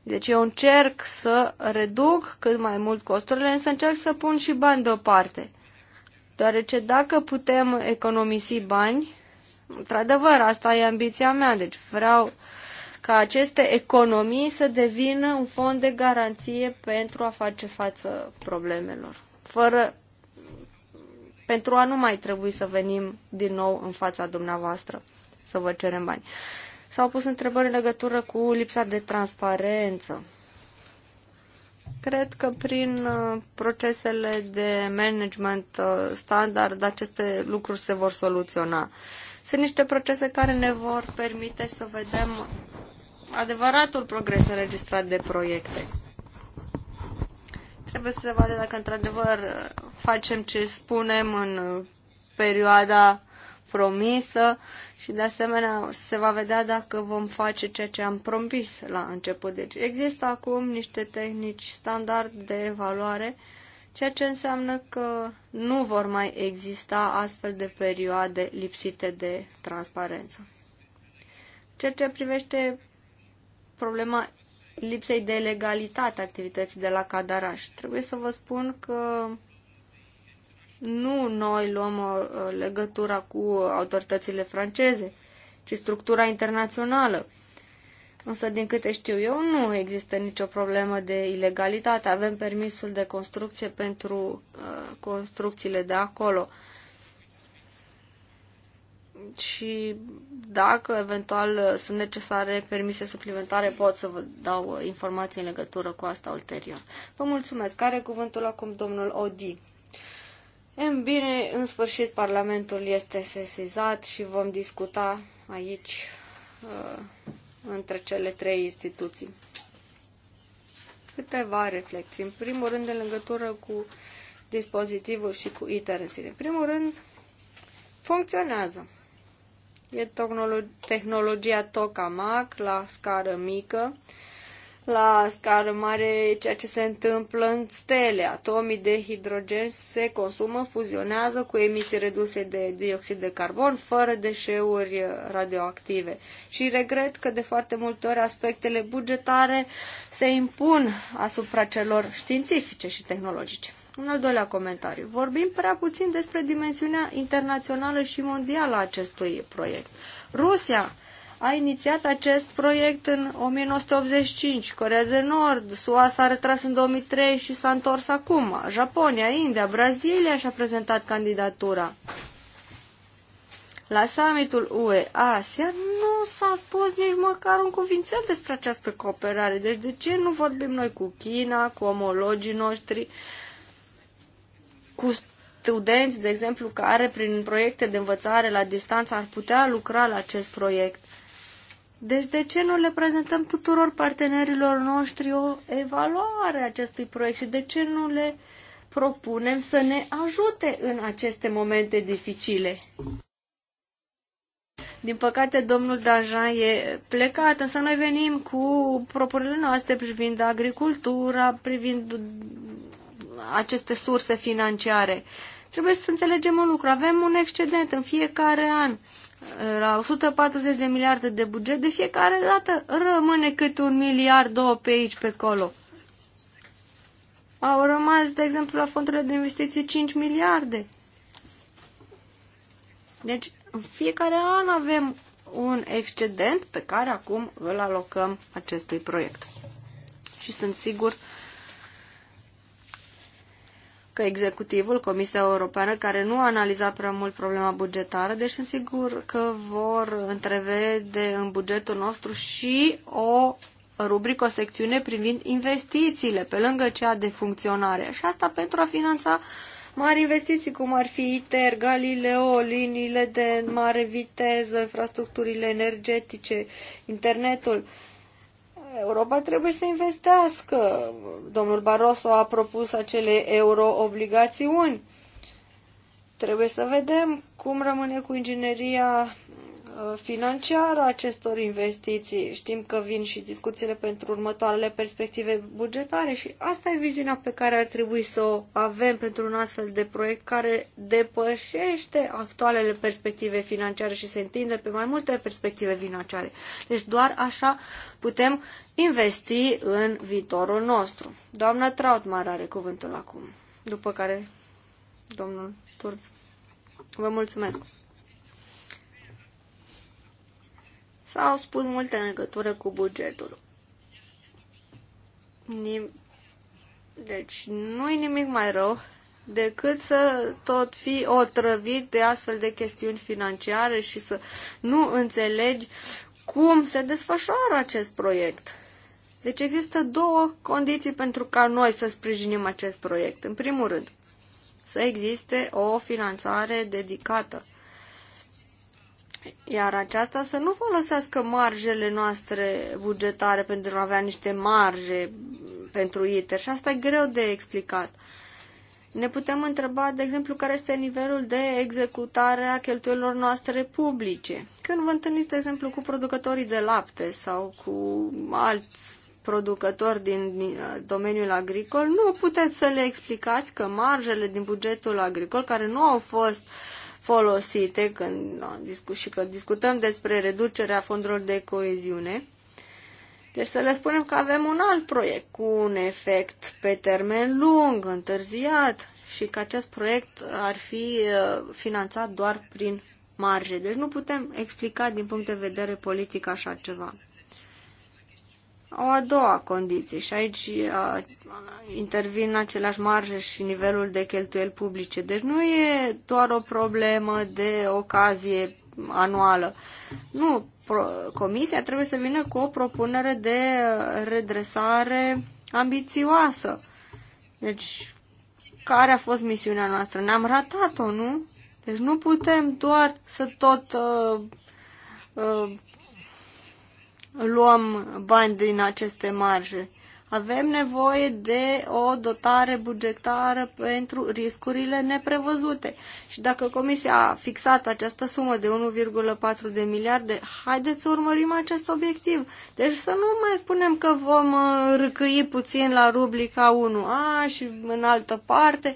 Deci eu încerc să reduc cât mai mult costurile, însă încerc să pun și bani deoparte. Deoarece dacă putem economisi bani, într-adevăr, asta e ambiția mea, deci vreau ca aceste economii să devină un fond de garanție pentru a face față problemelor, fără pentru a nu mai trebui să venim din nou în fața dumneavoastră să vă cerem bani. S-au pus întrebări în legătură cu lipsa de transparență. Cred că prin uh, procesele de management uh, standard aceste lucruri se vor soluționa. Sunt niște procese care ne vor permite să vedem adevăratul progres înregistrat de proiecte. Trebuie să se vadă dacă într-adevăr facem ce spunem în perioada promisă și de asemenea se va vedea dacă vom face ceea ce am promis la început. Deci există acum niște tehnici standard de evaluare, ceea ce înseamnă că nu vor mai exista astfel de perioade lipsite de transparență. Ceea ce privește problema lipsei de legalitate activității de la Cadaraș. Trebuie să vă spun că nu noi luăm uh, legătura cu autoritățile franceze, ci structura internațională. Însă, din câte știu eu, nu există nicio problemă de ilegalitate. Avem permisul de construcție pentru uh, construcțiile de acolo. Uh, și dacă eventual sunt necesare permise suplimentare, pot să vă dau informații în legătură cu asta ulterior. Vă mulțumesc. Care cuvântul acum domnul Odi? În bine, în sfârșit Parlamentul este sesizat și vom discuta aici uh, între cele trei instituții. Câteva reflexii. În primul rând, în legătură cu dispozitivul și cu ITR În primul rând, funcționează. E tehnologia tokamak la scară mică. La scară mare, ceea ce se întâmplă în stele, atomii de hidrogen se consumă, fuzionează cu emisii reduse de dioxid de carbon, fără deșeuri radioactive. Și regret că de foarte multe ori aspectele bugetare se impun asupra celor științifice și tehnologice. Un al doilea comentariu. Vorbim prea puțin despre dimensiunea internațională și mondială a acestui proiect. Rusia a inițiat acest proiect în 1985. Corea de Nord, SUA s-a retras în 2003 și s-a întors acum. Japonia, India, Brazilia și-a prezentat candidatura. La summitul UE-Asia nu s-a spus nici măcar un cuvințel despre această cooperare. Deci de ce nu vorbim noi cu China, cu omologii noștri? Uh, cu studenți, de exemplu, care prin proiecte de învățare la distanță ar putea lucra la acest proiect. Deci de ce nu le prezentăm tuturor partenerilor noștri o evaluare a acestui proiect și de ce nu le propunem să ne ajute în aceste momente dificile? Din păcate, domnul Dajan e plecat, însă noi venim cu propunerile noastre privind agricultura, privind aceste surse financiare. Trebuie să înțelegem un lucru. Avem un excedent în fiecare an la 140 de miliarde de buget, de fiecare dată rămâne cât un miliard, două pe aici, pe acolo. Au rămas, de exemplu, la fondurile de investiții 5 miliarde. Deci, în fiecare an avem un excedent pe care acum îl alocăm acestui proiect. Și sunt sigur că executivul, Comisia Europeană, care nu a analizat prea mult problema bugetară, deci sunt sigur că vor întrevede în bugetul nostru și o rubrică, o secțiune privind investițiile, pe lângă cea de funcționare. Și asta pentru a finanța mari investiții, cum ar fi ITER, Galileo, liniile de mare viteză, infrastructurile energetice, internetul. Europa trebuie să investească. Domnul Barroso a propus acele euro-obligațiuni. Trebuie să vedem cum rămâne cu ingineria financiară a acestor investiții. Știm că vin și discuțiile pentru următoarele perspective bugetare și asta e viziunea pe care ar trebui să o avem pentru un astfel de proiect care depășește actualele perspective financiare și se întinde pe mai multe perspective financiare. Deci doar așa putem investi în viitorul nostru. Doamna Trautmar are cuvântul acum, după care domnul Turz. Vă mulțumesc! S-au spus multe în legătură cu bugetul. Nim- deci nu e nimic mai rău decât să tot fi otrăvit de astfel de chestiuni financiare și să nu înțelegi cum se desfășoară acest proiect. Deci există două condiții pentru ca noi să sprijinim acest proiect. În primul rând, să existe o finanțare dedicată iar aceasta să nu folosească marjele noastre bugetare pentru a avea niște marje pentru ITER și asta e greu de explicat. Ne putem întreba, de exemplu, care este nivelul de executare a cheltuielor noastre publice. Când vă întâlniți, de exemplu, cu producătorii de lapte sau cu alți producători din uh, domeniul agricol, nu puteți să le explicați că marjele din bugetul agricol, care nu au fost uh, folosite când no, și că discutăm despre reducerea fondurilor de coeziune. Deci să le spunem că avem un alt proiect cu un efect pe termen lung, întârziat și că acest proiect ar fi uh, finanțat doar prin marge. Deci nu putem explica din punct de vedere politic așa ceva. O a doua condiție și aici a, intervin aceleași marje și nivelul de cheltuieli publice. Deci nu e doar o problemă de ocazie anuală. Nu, pro, comisia trebuie să vină cu o propunere de redresare ambițioasă. Deci, care a fost misiunea noastră? Ne-am ratat-o, nu? Deci nu putem doar să tot uh, uh, luăm bani din aceste marje. Avem nevoie de o dotare bugetară pentru riscurile neprevăzute. Și dacă Comisia a fixat această sumă de 1,4 de miliarde, haideți să urmărim acest obiectiv. Deci să nu mai spunem că vom uh, râcâi puțin la rubrica 1A și în altă parte,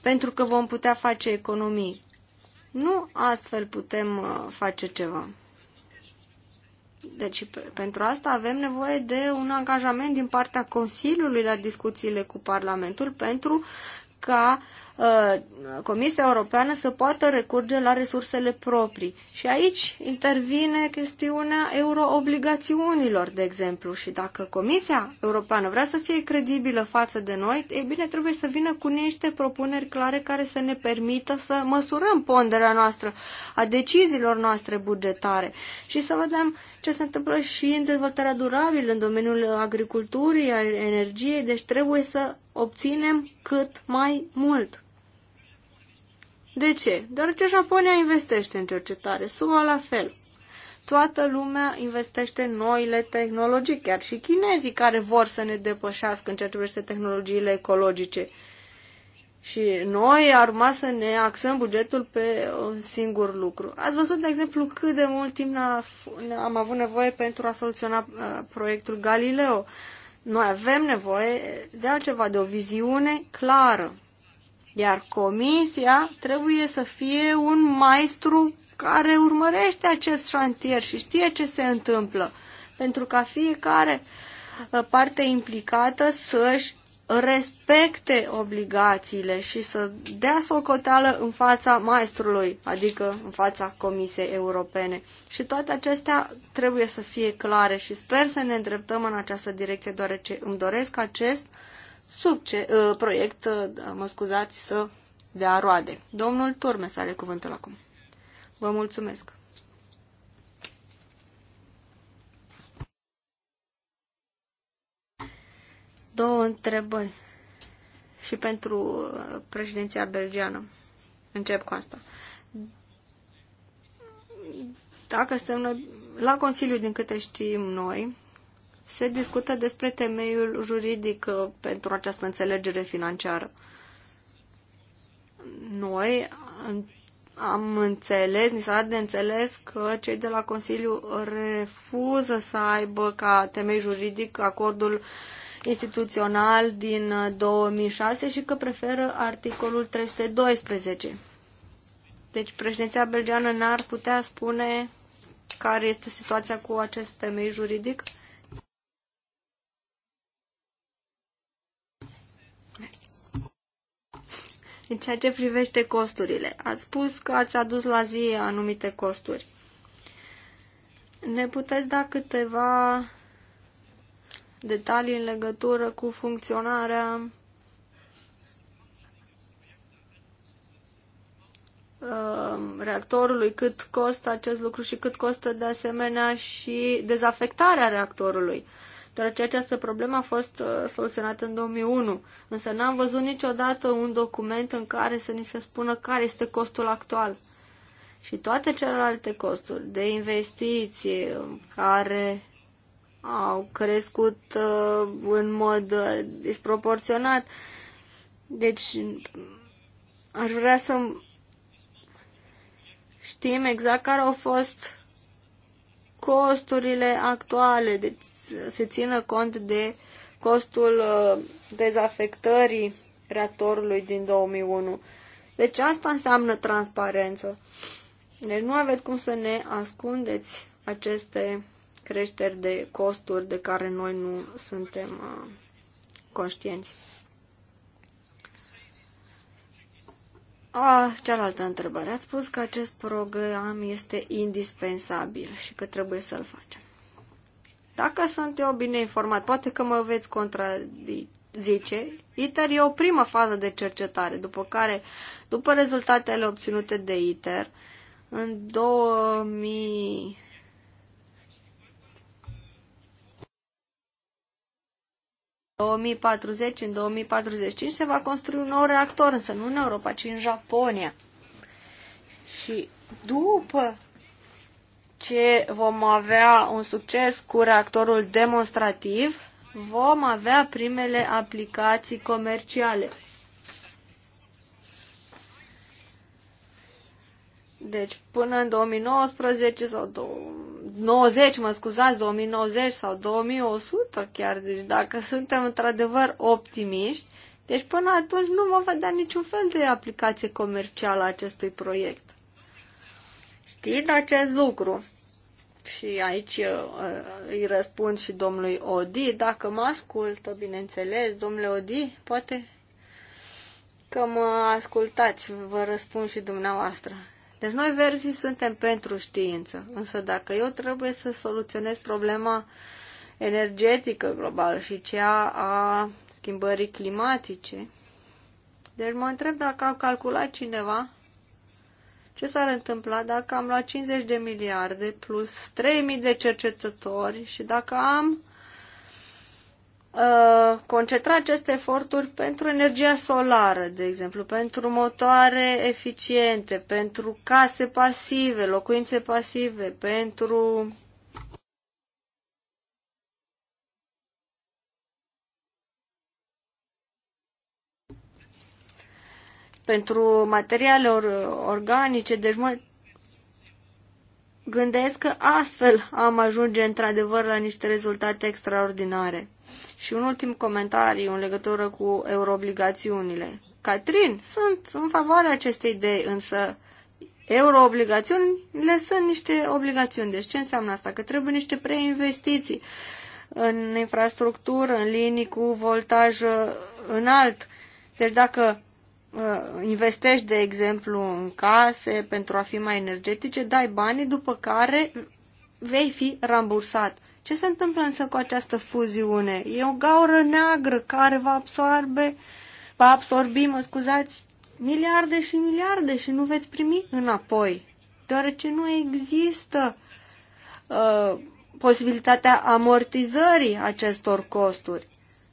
pentru că vom putea face economii. Nu astfel putem uh, face ceva. Deci pentru asta avem nevoie de un angajament din partea Consiliului la discuțiile cu Parlamentul pentru ca uh, Uh, Comisia Europeană să poată recurge la resursele proprii. Și aici intervine chestiunea euroobligațiunilor, de exemplu. Și dacă Comisia Europeană vrea să fie credibilă față de noi, e bine, trebuie să vină cu niște propuneri clare care să ne permită să măsurăm ponderea noastră a deciziilor noastre bugetare și să vedem ce se întâmplă și în dezvoltarea durabilă, în domeniul agriculturii, a energiei, deci trebuie să obținem cât mai mult. De ce? Deoarece Japonia investește în cercetare, SUA la fel. Toată lumea investește în noile tehnologii, chiar și chinezii care vor să ne depășească în ceea ce privește tehnologiile ecologice. Și noi ar urma să ne axăm bugetul pe un singur lucru. Ați văzut, de exemplu, cât de mult timp am avut nevoie pentru a soluționa uh, proiectul Galileo. Noi avem nevoie de altceva, de o viziune clară. Iar comisia trebuie să fie un maestru care urmărește acest șantier și știe ce se întâmplă, pentru ca fiecare uh, parte implicată să-și respecte obligațiile și să dea socoteală în fața maestrului, adică în fața Comisiei Europene. Și toate acestea trebuie să fie clare și sper să ne îndreptăm în această direcție, deoarece îmi doresc acest uh, succe, uh, proiect, uh, da, mă scuzați, să dea roade. Domnul Turmes are cuvântul acum. Vă mulțumesc. Două întrebări și pentru uh, președinția belgeană. Încep cu asta. Dacă noi, la Consiliu, din câte știm noi, se discută despre temeiul juridic uh, pentru această înțelegere financiară. Noi am înțeles, ni s-a dat de înțeles că cei de la Consiliu refuză să aibă ca temei juridic acordul instituțional din 2006 uh, și că preferă articolul 312. Deci președinția belgeană n-ar putea spune care este situația cu acest temei juridic? În ceea ce privește costurile, ați spus că ați adus la zi anumite costuri. Ne puteți da câteva detalii în legătură cu funcționarea uh, reactorului, cât costă acest lucru și cât costă de asemenea și dezafectarea reactorului. Uh, deoarece această problemă a fost uh, soluționată în 2001. Însă n-am văzut niciodată un document în care să ni se spună care este costul actual. Și toate celelalte costuri de investiție uh, care au crescut uh, în mod disproporționat. Deci aș vrea să știm exact care au fost costurile actuale, deci se țină cont de costul uh, dezafectării reactorului din 2001. Deci asta înseamnă transparență. Deci nu aveți cum să ne ascundeți aceste creșteri de costuri de care noi nu suntem uh, conștienți. A, cealaltă întrebare. Ați spus că acest program este indispensabil și că trebuie să-l facem. Dacă sunt eu bine informat, poate că mă veți contrazice, ITER e o primă fază de cercetare, după care, după rezultatele obținute de ITER, în 2000 2040, în 2045 se va construi un nou reactor, însă nu în Europa, ci în Japonia. Și după ce vom avea un succes cu reactorul demonstrativ, vom avea primele aplicații comerciale. Deci până în 2019 sau 90, mă scuzați, 2090 sau 2100 chiar. Deci dacă suntem într-adevăr optimiști, deci până atunci nu vom vedea niciun fel de aplicație comercială a acestui proiect. Știind acest lucru, și aici uh, îi răspund și domnului Odi, dacă mă ascultă, bineînțeles, domnule Odi, poate că mă ascultați, vă răspund și dumneavoastră. Deci noi verzii suntem pentru știință, însă dacă eu trebuie să soluționez problema energetică globală și cea a schimbării climatice, deci mă întreb dacă a calculat cineva ce s-ar întâmpla dacă am luat 50 de miliarde plus 3000 de cercetători și dacă am Uh, concentra aceste eforturi pentru energia solară, de exemplu, pentru motoare eficiente, pentru case pasive, locuințe pasive, pentru pentru materiale organice, deci gândesc că astfel am ajunge într-adevăr la niște rezultate extraordinare. Și un ultim comentariu în legătură cu euroobligațiunile. Catrin, sunt în favoarea acestei idei, însă euroobligațiunile sunt niște obligațiuni. Deci ce înseamnă asta? Că trebuie niște preinvestiții în infrastructură, în linii cu voltaj înalt. Deci dacă investești, de exemplu, în case pentru a fi mai energetice, dai banii, după care vei fi rambursat. Ce se întâmplă însă cu această fuziune? E o gaură neagră care va absorbe, va absorbi, mă scuzați, miliarde și miliarde și nu veți primi înapoi, deoarece nu există uh, posibilitatea amortizării acestor costuri.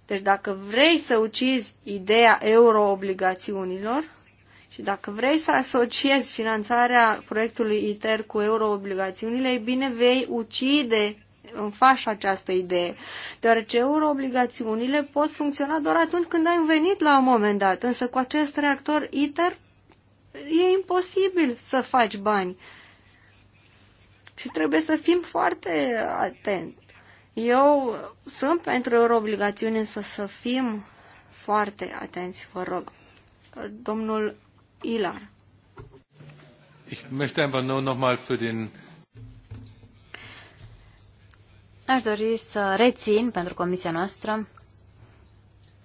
Deci dacă vrei să ucizi ideea euroobligațiunilor și dacă vrei să asociezi finanțarea proiectului ITER cu euroobligațiunile, e bine vei ucide în fașa această idee, deoarece euroobligațiunile pot funcționa doar atunci când ai venit la un moment dat, însă cu acest reactor ITER e imposibil să faci bani. Și trebuie să fim foarte atenți. Eu sunt pentru obligațiune să, să fim foarte atenți, vă rog. Domnul Ilar. Ich möchte einfach nur noch mal für den Aș dori să rețin pentru comisia noastră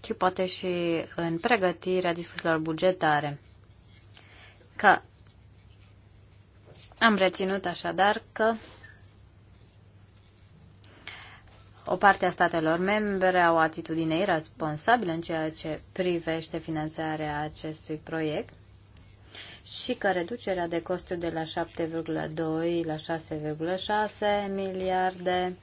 și poate și în pregătirea discuțiilor bugetare că am reținut așadar că O parte a statelor membre au o atitudine irresponsabilă în ceea ce privește finanțarea acestui proiect și că reducerea de costuri de la 7,2 la 6,6 miliarde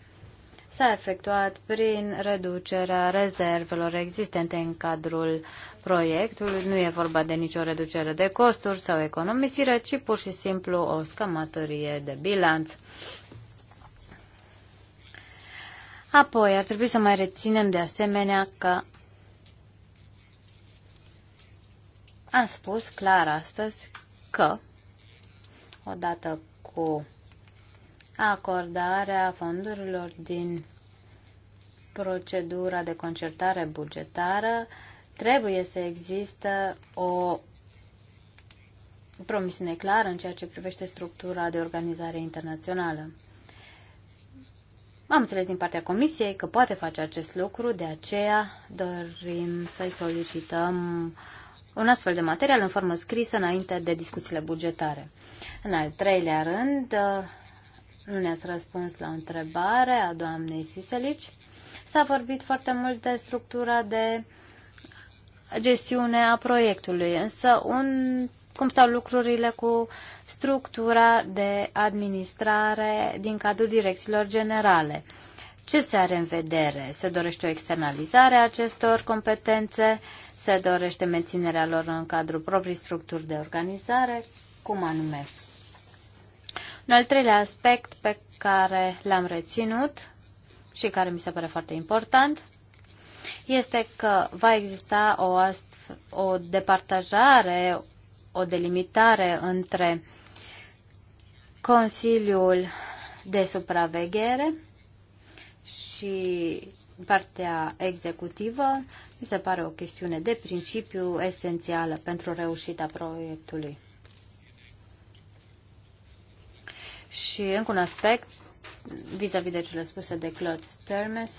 s-a efectuat prin reducerea rezervelor existente în cadrul proiectului. Nu e vorba de nicio reducere de costuri sau economisire, ci pur și simplu o scamatorie de bilanț. Apoi, ar trebui să mai reținem de asemenea că am spus clar astăzi că, odată cu acordarea fondurilor din procedura de concertare bugetară, trebuie să există o promisiune clară în ceea ce privește structura de organizare internațională. Am înțeles din partea Comisiei că poate face acest lucru, de aceea dorim să-i solicităm un astfel de material în formă scrisă înainte de discuțiile bugetare. În al treilea rând, nu ne-ați răspuns la o întrebare a doamnei Siselici. S-a vorbit foarte mult de structura de gestiune a proiectului, însă un cum stau lucrurile cu structura de administrare din cadrul direcțiilor generale. Ce se are în vedere? Se dorește o externalizare a acestor competențe? Se dorește menținerea lor în cadrul proprii structuri de organizare? Cum anume? Un al treilea aspect pe care l-am reținut și care mi se pare foarte important este că va exista o, o departajare, o delimitare între Consiliul de Supraveghere și partea executivă mi se pare o chestiune de principiu esențială pentru reușita proiectului. Și încă un aspect vis-a-vis -vis de cele spuse de Claude Termes,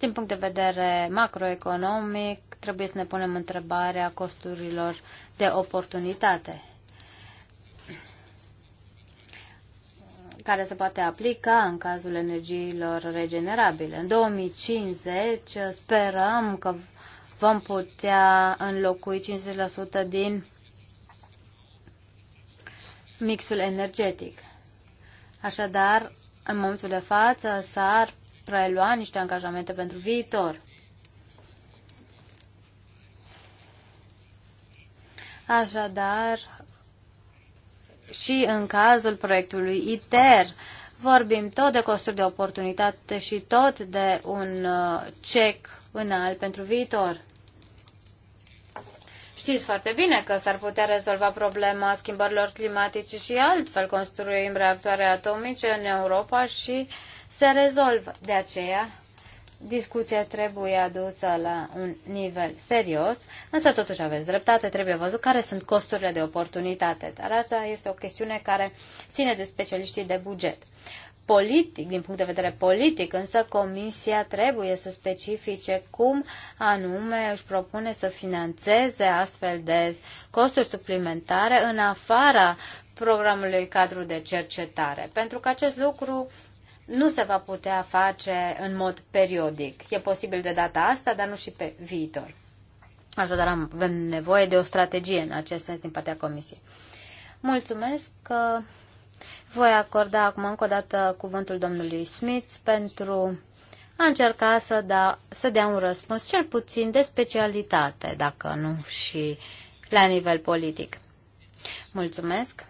din punct de vedere macroeconomic, trebuie să ne punem întrebarea costurilor de oportunitate care se poate aplica în cazul energiilor regenerabile. În 2050 sperăm că vom putea înlocui 50% din mixul energetic. Așadar, în momentul de față s-ar relua niște angajamente pentru viitor. Așadar, și în cazul proiectului ITER, vorbim tot de costuri de oportunitate și tot de un uh, cec înalt pentru viitor. Știți foarte bine că s-ar putea rezolva problema schimbărilor climatice și altfel construim reactoare atomice în Europa și uh, se rezolvă. De aceea, discuția trebuie adusă la un nivel serios, însă totuși aveți dreptate, trebuie văzut care sunt costurile de oportunitate, dar asta este o chestiune care ține de specialiștii de buget. Politic, din punct de vedere politic, însă Comisia trebuie să specifice cum anume își propune să financeze astfel de costuri suplimentare în afara programului cadru de cercetare, pentru că acest lucru nu se va putea face în mod periodic. E posibil de data asta, dar nu și pe viitor. Așadar, avem nevoie de o strategie în acest sens din partea Comisiei. Mulțumesc că voi acorda acum încă o dată cuvântul domnului Smith pentru a încerca să, da, să dea un răspuns cel puțin de specialitate, dacă nu și la nivel politic. Mulțumesc!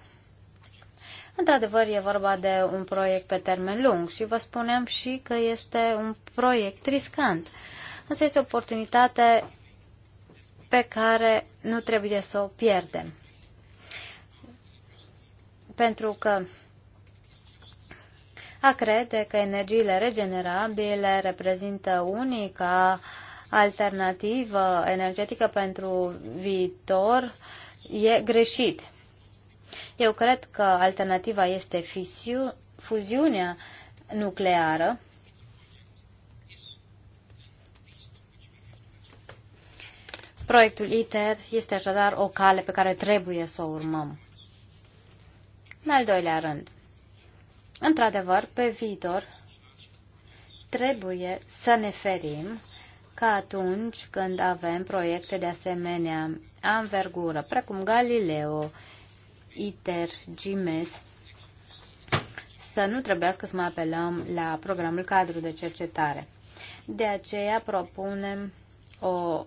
Într-adevăr, e vorba de un proiect pe termen lung și vă spunem și că este un proiect riscant. Însă este o oportunitate pe care nu trebuie să o pierdem. Pentru că a crede că energiile regenerabile reprezintă unica alternativă energetică pentru viitor e greșit. Eu cred că alternativa este fisiu, fuziunea nucleară, Proiectul ITER este așadar o cale pe care trebuie să o urmăm. În al doilea rând, într-adevăr, pe viitor trebuie să ne ferim ca atunci când avem proiecte de asemenea anvergură, precum Galileo ITER, GIMES, să nu trebuiască să mai apelăm la programul cadru de cercetare. De aceea propunem o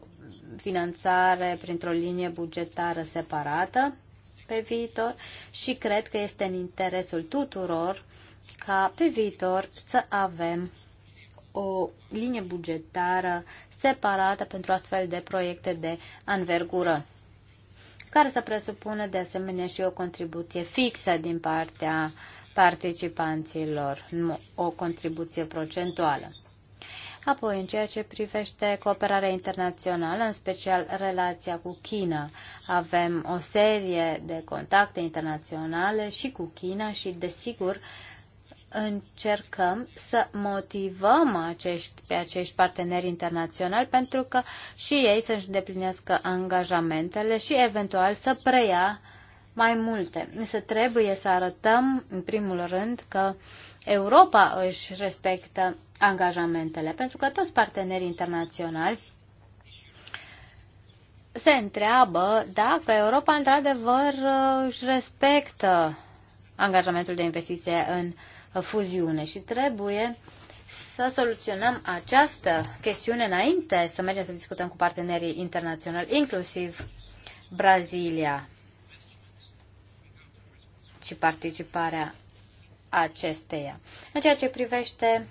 finanțare printr-o linie bugetară separată pe viitor și cred că este în interesul tuturor ca pe viitor să avem o linie bugetară separată pentru astfel de proiecte de anvergură care să presupună de asemenea și o contribuție fixă din partea participanților, nu o contribuție procentuală. Apoi, în ceea ce privește cooperarea internațională, în special relația cu China, avem o serie de contacte internaționale și cu China și, desigur, încercăm să motivăm acești, pe acești parteneri internaționali pentru că și ei să-și îndeplinească angajamentele și eventual să preia mai multe. Însă trebuie să arătăm, în primul rând, că Europa își respectă angajamentele, pentru că toți partenerii internaționali se întreabă dacă Europa, într-adevăr, își respectă angajamentul de investiție în uh, fuziune și trebuie să soluționăm această chestiune înainte să mergem să discutăm cu partenerii internaționali, inclusiv Brazilia și participarea acesteia. În ceea ce privește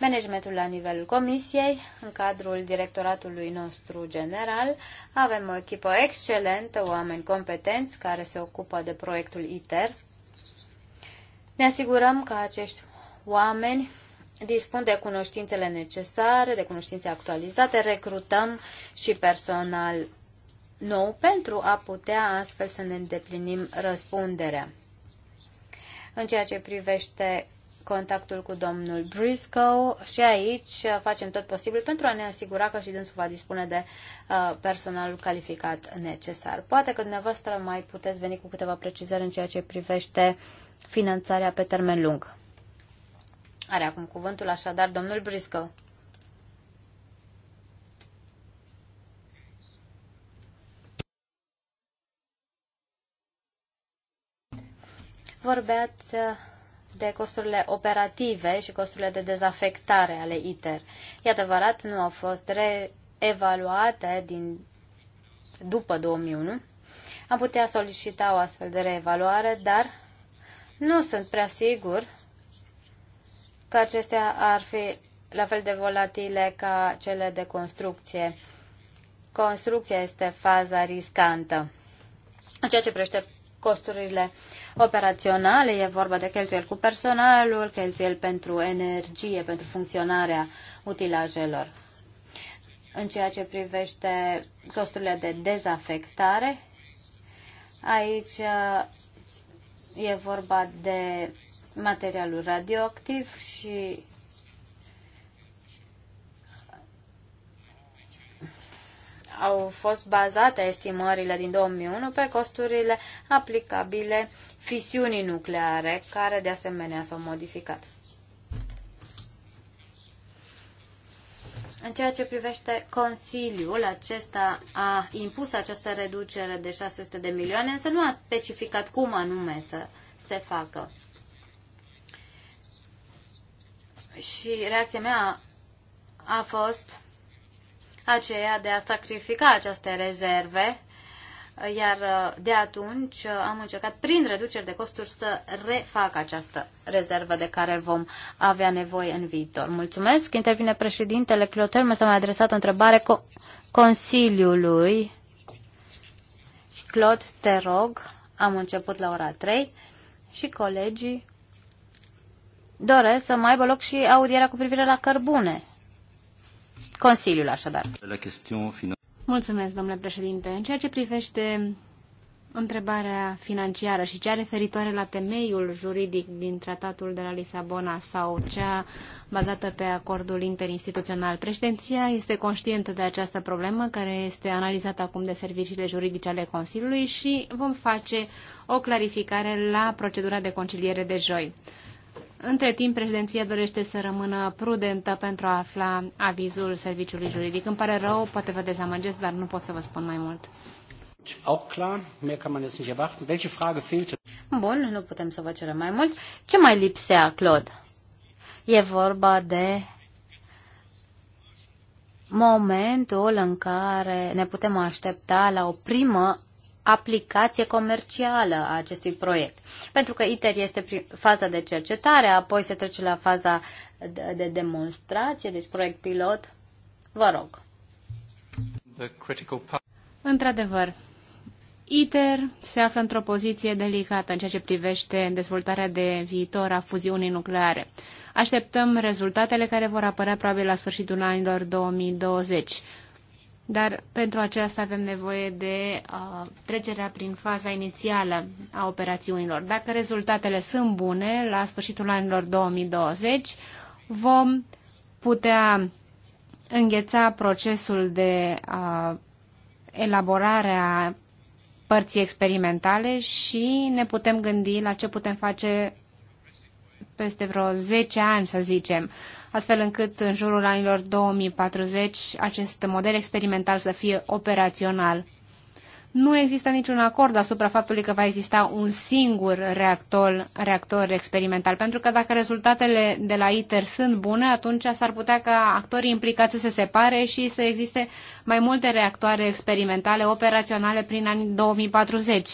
managementul la nivelul comisiei, în cadrul directoratului nostru general, avem o echipă excelentă, oameni competenți care se ocupă de proiectul ITER, ne asigurăm că acești oameni dispun de cunoștințele necesare, de cunoștințe actualizate, recrutăm și personal nou pentru a putea astfel să ne îndeplinim răspunderea. În ceea ce privește contactul cu domnul Briscoe și aici facem tot posibil pentru a ne asigura că și dânsul va dispune de uh, personalul calificat necesar. Poate că dumneavoastră mai puteți veni cu câteva precizări în ceea ce privește uh, finanțarea pe termen lung. Are acum cuvântul așadar domnul Briscoe. Vorbeați de costurile operative și costurile de dezafectare ale ITER. E adevărat, nu au fost reevaluate din, după 2001. Am putea solicita o astfel de reevaluare, dar nu sunt prea sigur că acestea ar fi la fel de volatile ca cele de construcție. Construcția este faza riscantă. În ceea ce privește costurile operaționale, e vorba de cheltuieli cu personalul, cheltuieli pentru energie, pentru funcționarea utilajelor. În ceea ce privește costurile de dezafectare, aici E vorba de materialul radioactiv și au fost bazate estimările din 2001 pe costurile aplicabile fisiunii nucleare, care de asemenea s-au modificat. În ceea ce privește Consiliul, acesta a impus această reducere de 600 de milioane, însă nu a specificat cum anume să se facă. Și reacția mea a fost aceea de a sacrifica aceste rezerve iar uh, de atunci uh, am încercat prin reduceri de costuri să refac această rezervă de care vom avea nevoie în viitor. Mulțumesc. Intervine președintele Clotel, mi s-a mai adresat o întrebare co Consiliului. Și Clot, te rog, am început la ora 3 și colegii doresc să mai aibă loc și audierea cu privire la cărbune. Consiliul, așadar. La Mulțumesc, domnule președinte. În ceea ce privește întrebarea financiară și cea referitoare la temeiul juridic din tratatul de la Lisabona sau cea bazată pe acordul interinstituțional. Președinția este conștientă de această problemă care este analizată acum de serviciile juridice ale Consiliului și vom face o clarificare la procedura de conciliere de joi. Între timp, președinția dorește să rămână prudentă pentru a afla avizul serviciului juridic. Îmi pare rău, poate vă dezamăgesc, dar nu pot să vă spun mai mult. Bun, nu putem să vă cerem mai mult. Ce mai lipsea, Claude? E vorba de momentul în care ne putem aștepta la o primă aplicație comercială a acestui proiect. Pentru că ITER este faza de cercetare, apoi se trece la faza de, demonstrație, deci proiect pilot. Vă rog. Într-adevăr, ITER se află într-o poziție delicată în ceea ce privește dezvoltarea de viitor a fuziunii nucleare. Așteptăm rezultatele care vor apărea probabil la sfârșitul anilor 2020 dar pentru aceasta avem nevoie de uh, trecerea prin faza inițială a operațiunilor. Dacă rezultatele sunt bune, la sfârșitul anilor 2020, vom putea îngheța procesul de uh, elaborare a părții experimentale și ne putem gândi la ce putem face peste vreo 10 ani, să zicem. Uh, astfel încât în jurul anilor 2040 acest model experimental să fie operațional. Nu există niciun acord asupra faptului că va exista un singur reactor, reactor experimental, pentru că dacă rezultatele de la ITER sunt bune, atunci s-ar putea ca actorii implicați să se separe și să existe mai multe reactoare experimentale operaționale prin anii 2040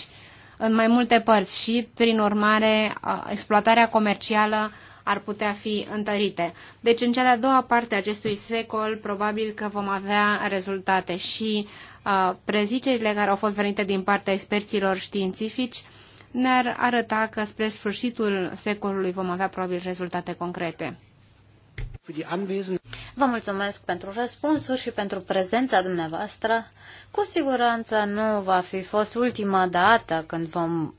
în mai multe părți și, prin urmare, exploatarea comercială ar putea fi întărite. Deci în cea de-a doua parte a acestui secol probabil că vom avea rezultate și uh, prezicerile care au fost venite din partea experților științifici ne-ar arăta că spre sfârșitul secolului vom avea probabil rezultate concrete. Vă mulțumesc pentru răspunsuri și pentru prezența dumneavoastră. Cu siguranță nu va fi fost ultima dată când vom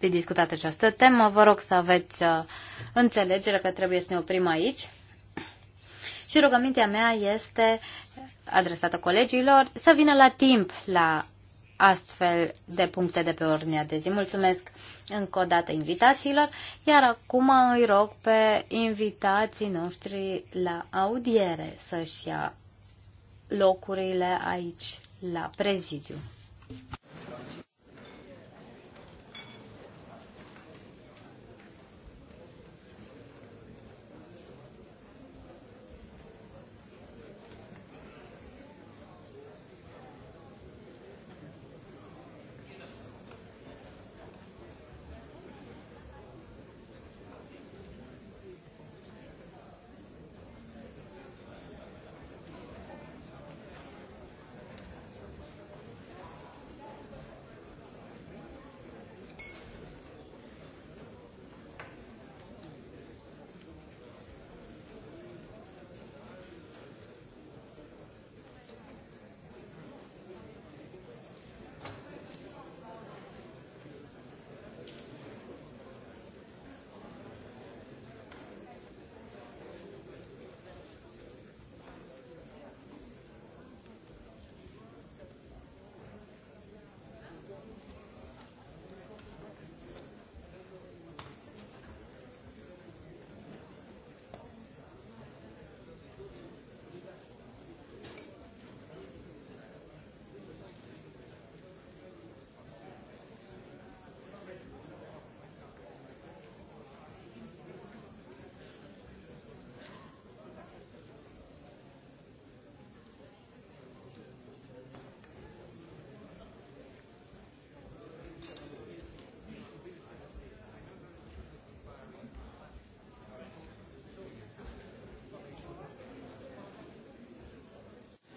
fi discutat această temă. Vă rog să aveți uh, înțelegere că trebuie să ne oprim aici. Și rugămintea mea este adresată colegilor să vină la timp la astfel de puncte de pe ordinea de zi. Mulțumesc încă o dată invitațiilor, iar acum îi rog pe invitații noștri la audiere să-și ia locurile aici la prezidiu.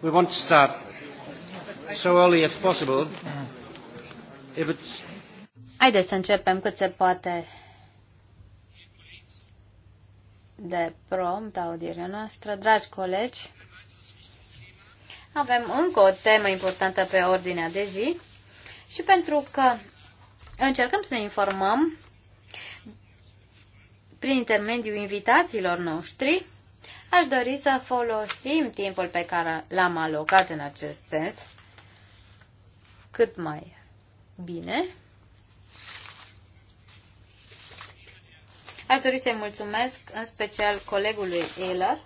We want to start so early as possible. If it's... Haideți să începem cât se poate de prompt audierea noastră. Dragi colegi, avem încă o temă importantă pe ordinea de zi și pentru că încercăm să ne informăm prin intermediul invitațiilor noștri Aș dori să folosim timpul pe care l-am alocat în acest sens cât mai bine. Aș dori să-i mulțumesc în special colegului Ehler,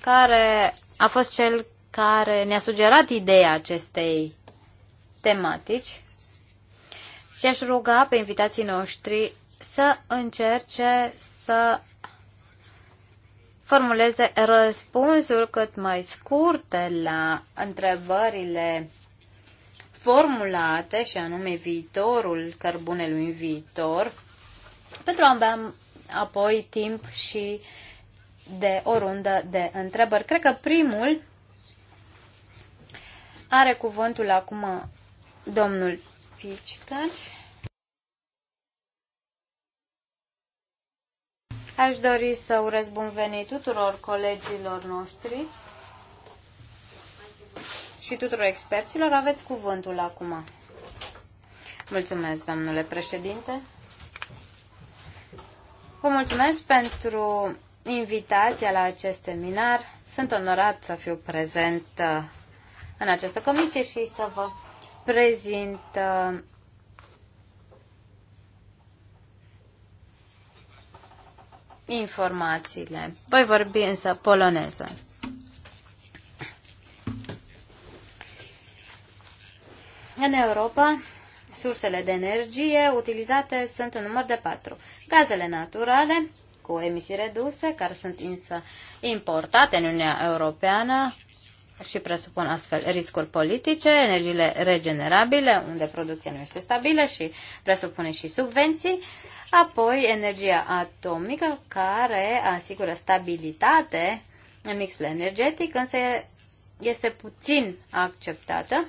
care a fost cel care ne-a sugerat ideea acestei tematici și aș ruga pe invitații noștri să încerce să formuleze răspunsuri cât mai scurte la întrebările formulate și anume viitorul cărbunelui în viitor, pentru a avea apoi timp și de o rundă de întrebări. Cred că primul are cuvântul acum domnul Piccaci. Aș dori să urez bun venit tuturor colegilor noștri și tuturor experților. Aveți cuvântul acum. Mulțumesc, domnule președinte. Vă mulțumesc pentru invitația la acest seminar. Sunt onorat să fiu prezent uh, în această comisie și să vă prezint uh, informațiile. Voi vorbi însă poloneză. În Europa, sursele de energie utilizate sunt în număr de patru. Gazele naturale, cu emisii reduse, care sunt însă importate în Uniunea Europeană și presupun astfel riscuri politice, energiile regenerabile, unde producția nu este stabilă și presupune și subvenții, uh, Apoi, energia atomică, care asigură stabilitate în mixul energetic, însă este puțin acceptată.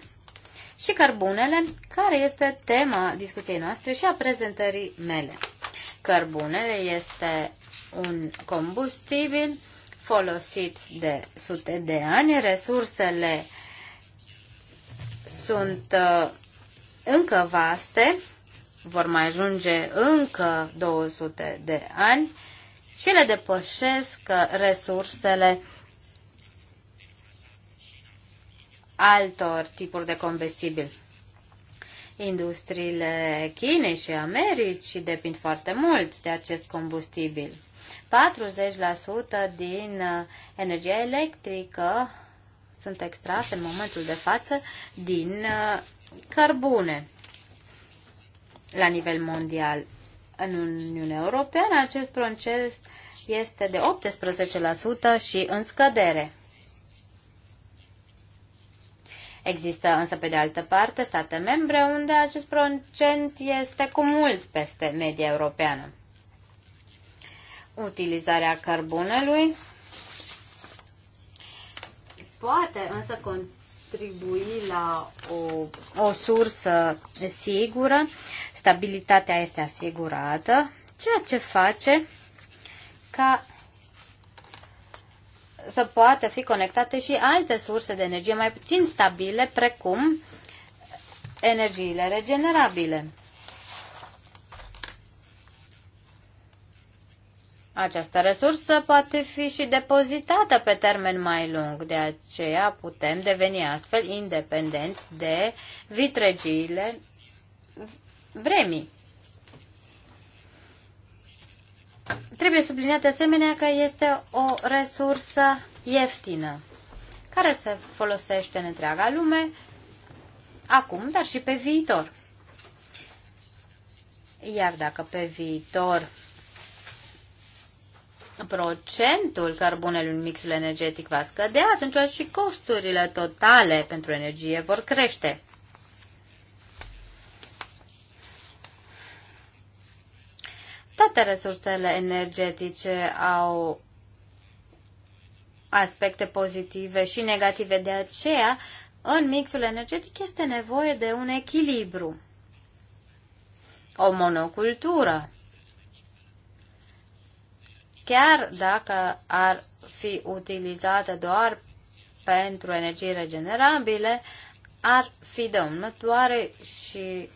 Și cărbunele, care este tema discuției noastre și a prezentării mele. Cărbunele este un combustibil folosit de sute de ani. Resursele sunt uh, încă vaste vor mai ajunge încă 200 de ani și le depășesc uh, resursele altor tipuri de combustibil. Industriile Chinei și Americii depind foarte mult de acest combustibil. 40% din uh, energia electrică sunt extrase în momentul de față din uh, cărbune la nivel mondial. În Uniunea Europeană acest proces este de 18% și în scădere. Există însă, pe de altă parte, state membre unde acest procent este cu mult peste media europeană. Utilizarea carbonelui poate însă contribui la o, o sursă sigură stabilitatea este asigurată, ceea ce face ca să poată fi conectate și alte surse de energie mai puțin stabile, precum energiile regenerabile. Această resursă poate fi și depozitată pe termen mai lung, de aceea putem deveni astfel independenți de vitregiile vremii. Trebuie subliniat de asemenea că este o resursă ieftină care se folosește în întreaga lume acum, dar și pe viitor. Iar dacă pe viitor procentul cărbunelui în mixul energetic va scădea, atunci și costurile totale pentru energie vor crește. toate resursele energetice au aspecte pozitive și negative. De aceea, în mixul energetic este nevoie de un echilibru. O monocultură. Chiar dacă ar fi utilizată doar pentru energii regenerabile, ar fi dăunătoare și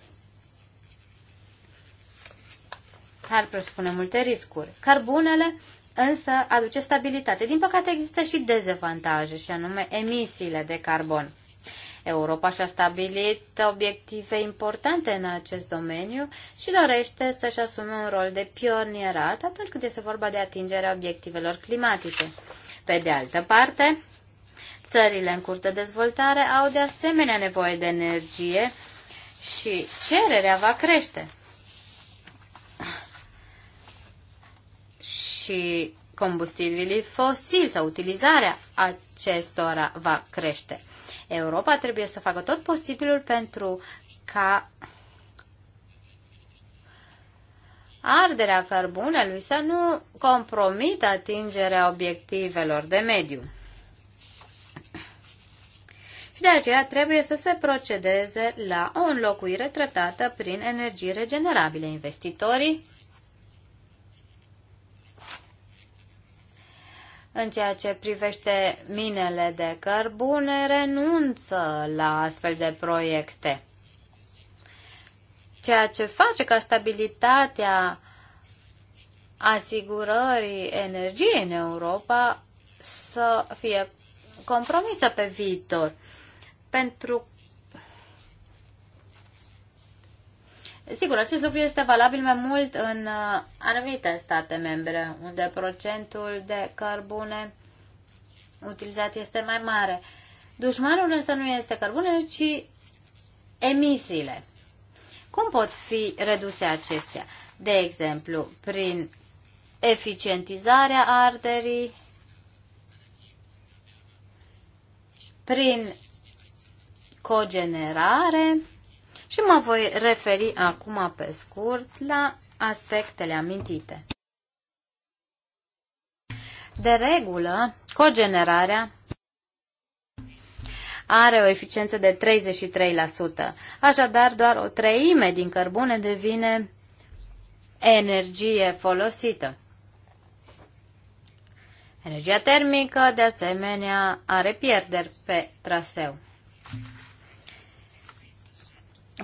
ar presupune multe riscuri. Carbunele însă aduce stabilitate. Din păcate există și dezavantaje, și anume emisiile de carbon. Europa și-a stabilit obiective importante în acest domeniu și dorește să-și asume un rol de pionierat atunci când este vorba de atingerea obiectivelor climatice. Pe de altă parte, țările în curs de dezvoltare au de asemenea nevoie de energie și cererea va crește. și combustibilii fosili sau utilizarea acestora va crește. Europa trebuie să facă tot posibilul pentru ca arderea cărbunelui să nu compromită atingerea obiectivelor de mediu. Și de aceea trebuie să se procedeze la o înlocuire treptată prin energii regenerabile. Investitorii în ceea ce privește minele de cărbune, renunță la astfel de proiecte. Ceea ce face ca stabilitatea asigurării energiei în Europa să fie compromisă pe viitor. Pentru Sigur, acest lucru este valabil mai mult în uh, anumite state membre, unde procentul de cărbune utilizat este mai mare. Dușmanul însă nu este cărbunele, ci emisiile. Cum pot fi reduse acestea? De exemplu, prin eficientizarea arderii, prin cogenerare, și mă voi referi acum pe scurt la aspectele amintite. De regulă, cogenerarea are o eficiență de 33%, așadar doar o treime din cărbune devine energie folosită. Energia termică, de asemenea, are pierderi pe traseu. 43%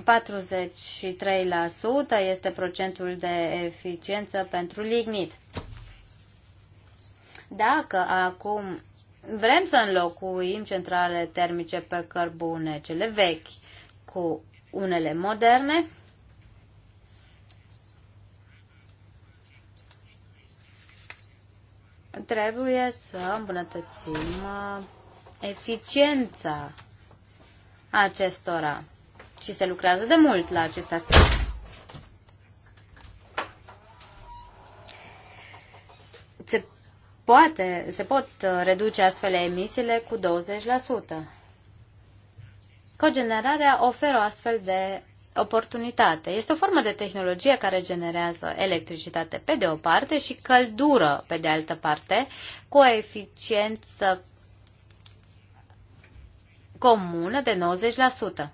este procentul de eficiență pentru lignit. Dacă acum vrem să înlocuim centrale termice pe cărbune, cele vechi, cu unele moderne, trebuie să îmbunătățim uh, eficiența acestora și se lucrează de mult la acest aspect. Se, poate, se pot uh, reduce astfel emisiile cu 20%. Cogenerarea oferă o astfel de oportunitate. Este o formă de tehnologie care generează electricitate pe de o parte și căldură pe de altă parte, cu o eficiență comună de 90%.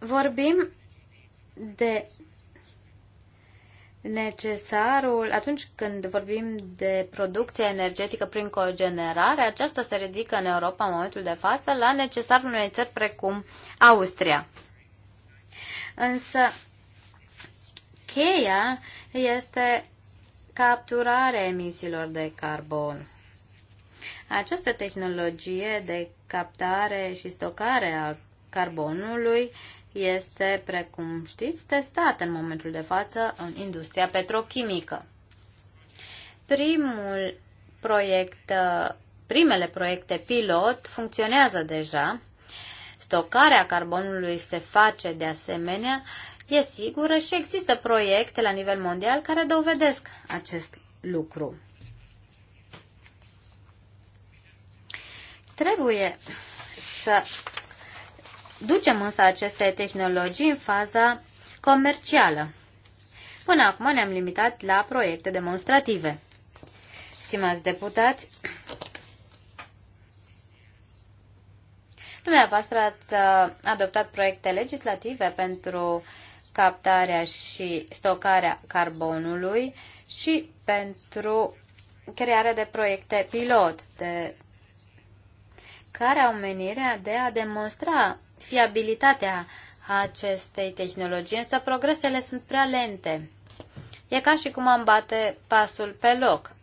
Vorbim de necesarul, atunci când vorbim de producție energetică prin cogenerare, aceasta se ridică în Europa în momentul de față la necesarul unei țări precum Austria. Însă, cheia este capturarea emisiilor de carbon. Această tehnologie de captare și stocare a carbonului este, precum știți, testată în momentul de față în industria petrochimică. Primul proiect, primele proiecte pilot funcționează deja. Stocarea carbonului se face de asemenea, e sigură și există proiecte la nivel mondial care dovedesc acest lucru. Trebuie să ducem însă aceste tehnologii în faza comercială. Până acum ne-am limitat la proiecte demonstrative. Stimați deputați, dumneavoastră ați uh, adoptat proiecte legislative pentru captarea și stocarea carbonului și pentru crearea de proiecte pilot de care au menirea de a demonstra fiabilitatea acestei tehnologii, însă progresele sunt prea lente. E ca și cum am bate pasul pe loc.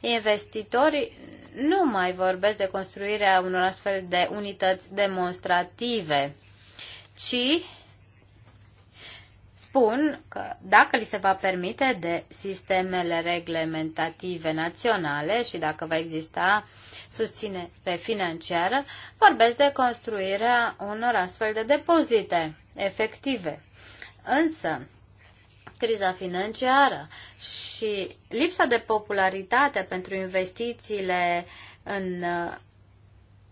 Investitorii nu mai vorbesc de construirea unor astfel de unități demonstrative, ci spun că dacă li se va permite de sistemele reglementative naționale și dacă va exista uh, susținere financiară, vorbesc de construirea unor astfel de depozite efective. Însă, criza financiară și lipsa de popularitate pentru investițiile în uh,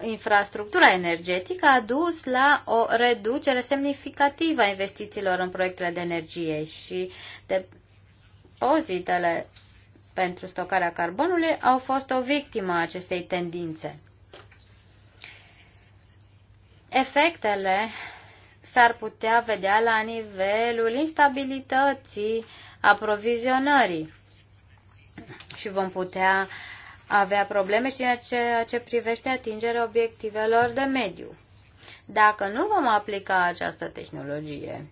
infrastructura energetică a dus la o reducere semnificativă a investițiilor în proiectele de energie și depozitele pentru stocarea carbonului au fost o victimă a acestei tendințe. Efectele s-ar putea vedea la nivelul instabilității aprovizionării și vom putea avea probleme și în ceea ce privește atingerea obiectivelor de mediu. Dacă nu vom aplica această tehnologie,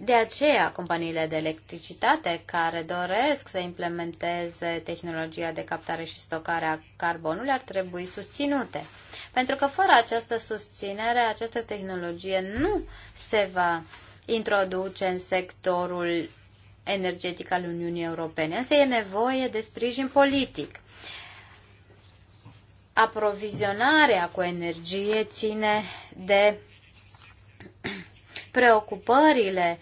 de aceea, companiile de electricitate care doresc să implementeze tehnologia de captare și stocare a carbonului ar trebui susținute. Pentru că fără această susținere, această tehnologie nu se va introduce în sectorul energetic al Uniunii Europene. Însă e nevoie de sprijin politic. Aprovizionarea cu energie ține de preocupările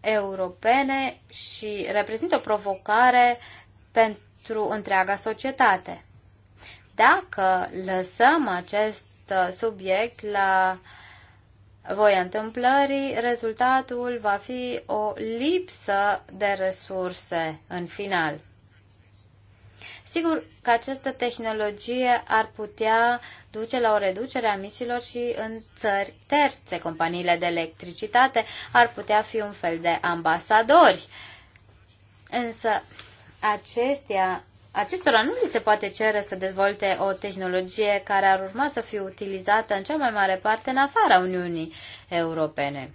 europene și reprezintă o provocare pentru întreaga societate. Dacă lăsăm acest subiect la voi, întâmplării, rezultatul va fi o lipsă de resurse în final. Sigur că această tehnologie ar putea duce la o reducere a emisiilor și în țări terțe. Companiile de electricitate ar putea fi un fel de ambasadori. Însă acestea, acestora nu li se poate cere să dezvolte o tehnologie care ar urma să fie utilizată în cea mai mare parte în afara Uniunii Europene.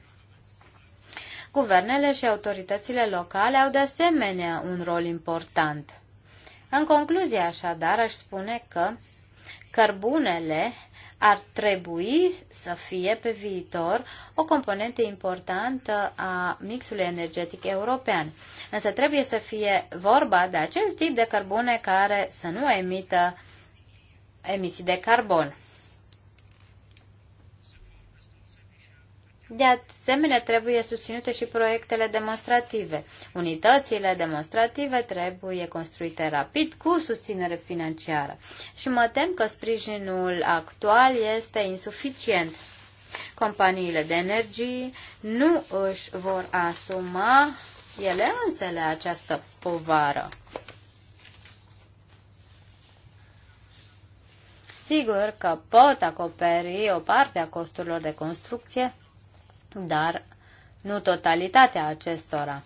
Guvernele și autoritățile locale au de asemenea un rol important. În concluzie, așadar, aș spune că cărbunele ar trebui să fie pe viitor o componentă importantă a mixului energetic european. Însă trebuie să fie vorba de acel tip de cărbune care să nu emită emisii de carbon. De asemenea, trebuie susținute și proiectele demonstrative. Unitățile demonstrative trebuie construite rapid cu susținere financiară. Și mă tem că sprijinul actual este insuficient. Companiile de energie nu își vor asuma ele însele această povară. Sigur că pot acoperi o parte a costurilor de construcție, dar nu totalitatea acestora.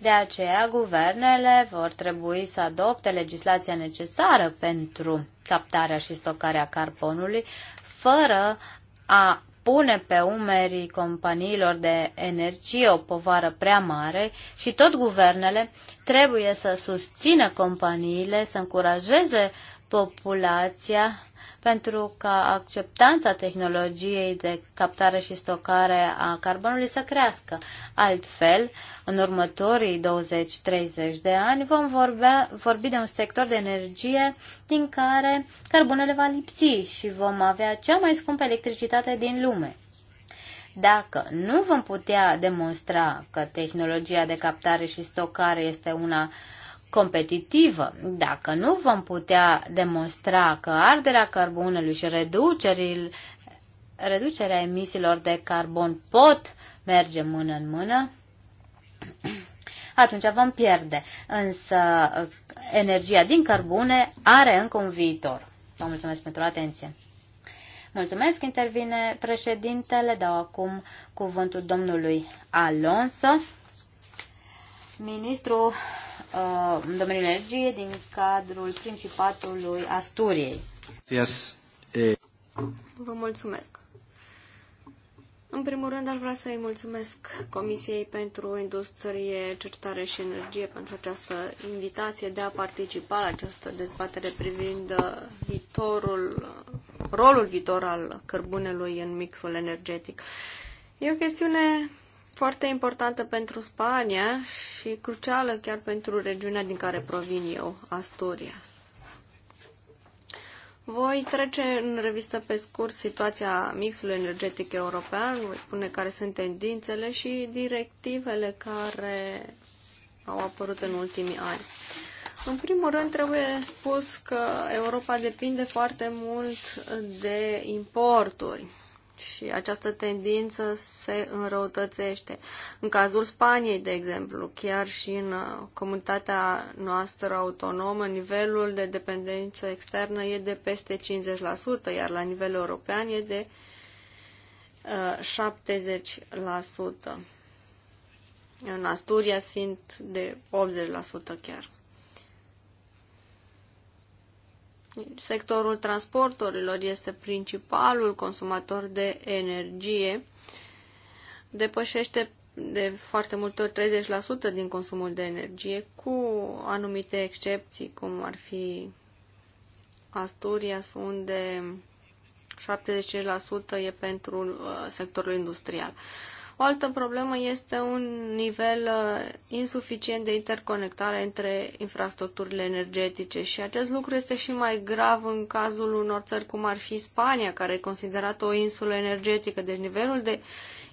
De aceea, guvernele vor trebui să adopte legislația necesară pentru captarea și stocarea carbonului, fără a pune pe umerii companiilor de energie o povară prea mare și tot guvernele trebuie să susțină companiile, să încurajeze populația pentru ca acceptanța tehnologiei de captare și stocare a carbonului să crească. Altfel, în următorii 20-30 de ani vom vorbea, vorbi de un sector de energie din care carbonele va lipsi și vom avea cea mai scumpă electricitate din lume. Dacă nu vom putea demonstra că tehnologia de captare și stocare este una uh, competitivă. Dacă nu vom putea demonstra că arderea carbonului și reducerea emisiilor de carbon pot merge mână în mână, atunci vom pierde. Însă energia din carbone are încă un viitor. Vă mulțumesc pentru atenție. Mulțumesc, intervine președintele. Dau acum cuvântul domnului Alonso, ministru Uh, în domeniul energiei din cadrul Principatului Asturiei. Yes. Vă mulțumesc. În primul rând, ar vrea să-i mulțumesc Comisiei pentru Industrie, Cercetare și Energie pentru această invitație de a participa la această dezbatere privind uh, viitorul, rolul viitor al cărbunelui în mixul energetic. E o chestiune foarte importantă pentru Spania și crucială chiar pentru regiunea din care provin eu, Asturias. Voi trece în revistă pe scurt situația mixului energetic european, voi spune care sunt tendințele și directivele care au apărut în ultimii ani. În primul rând, trebuie spus că Europa depinde foarte mult de importuri și această tendință se înrăutățește. În cazul Spaniei, de exemplu, chiar și în uh, comunitatea noastră autonomă, nivelul de dependență externă e de peste 50%, iar la nivel european e de uh, 70%. În Asturias fiind de 80% chiar. Sectorul transporturilor este principalul consumator de energie, depășește de foarte multe ori 30% din consumul de energie, cu anumite excepții, cum ar fi Asturias, unde 70% e pentru uh, sectorul industrial. Uh, o altă problemă este un nivel uh, insuficient de interconectare între infrastructurile energetice și acest lucru este și mai grav în cazul unor țări cum ar fi Spania, care e considerată o insulă energetică, deci nivelul de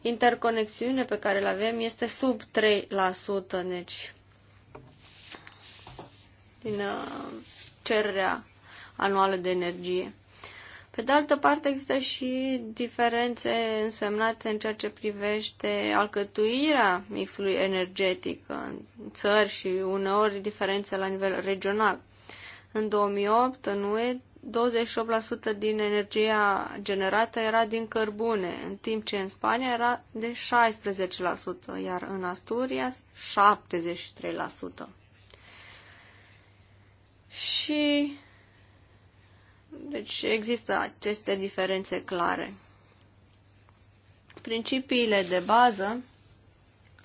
interconexiune pe care îl avem este sub 3%, deci din uh, cererea anuală de energie. Pe de altă parte, există și diferențe însemnate în ceea ce privește alcătuirea mixului energetic în țări și uneori diferențe la nivel regional. În 2008, în UE, 28% din energia generată era din cărbune, în timp ce în Spania era de 16%, iar în Asturias 73%. Și deci există aceste diferențe clare. Principiile de bază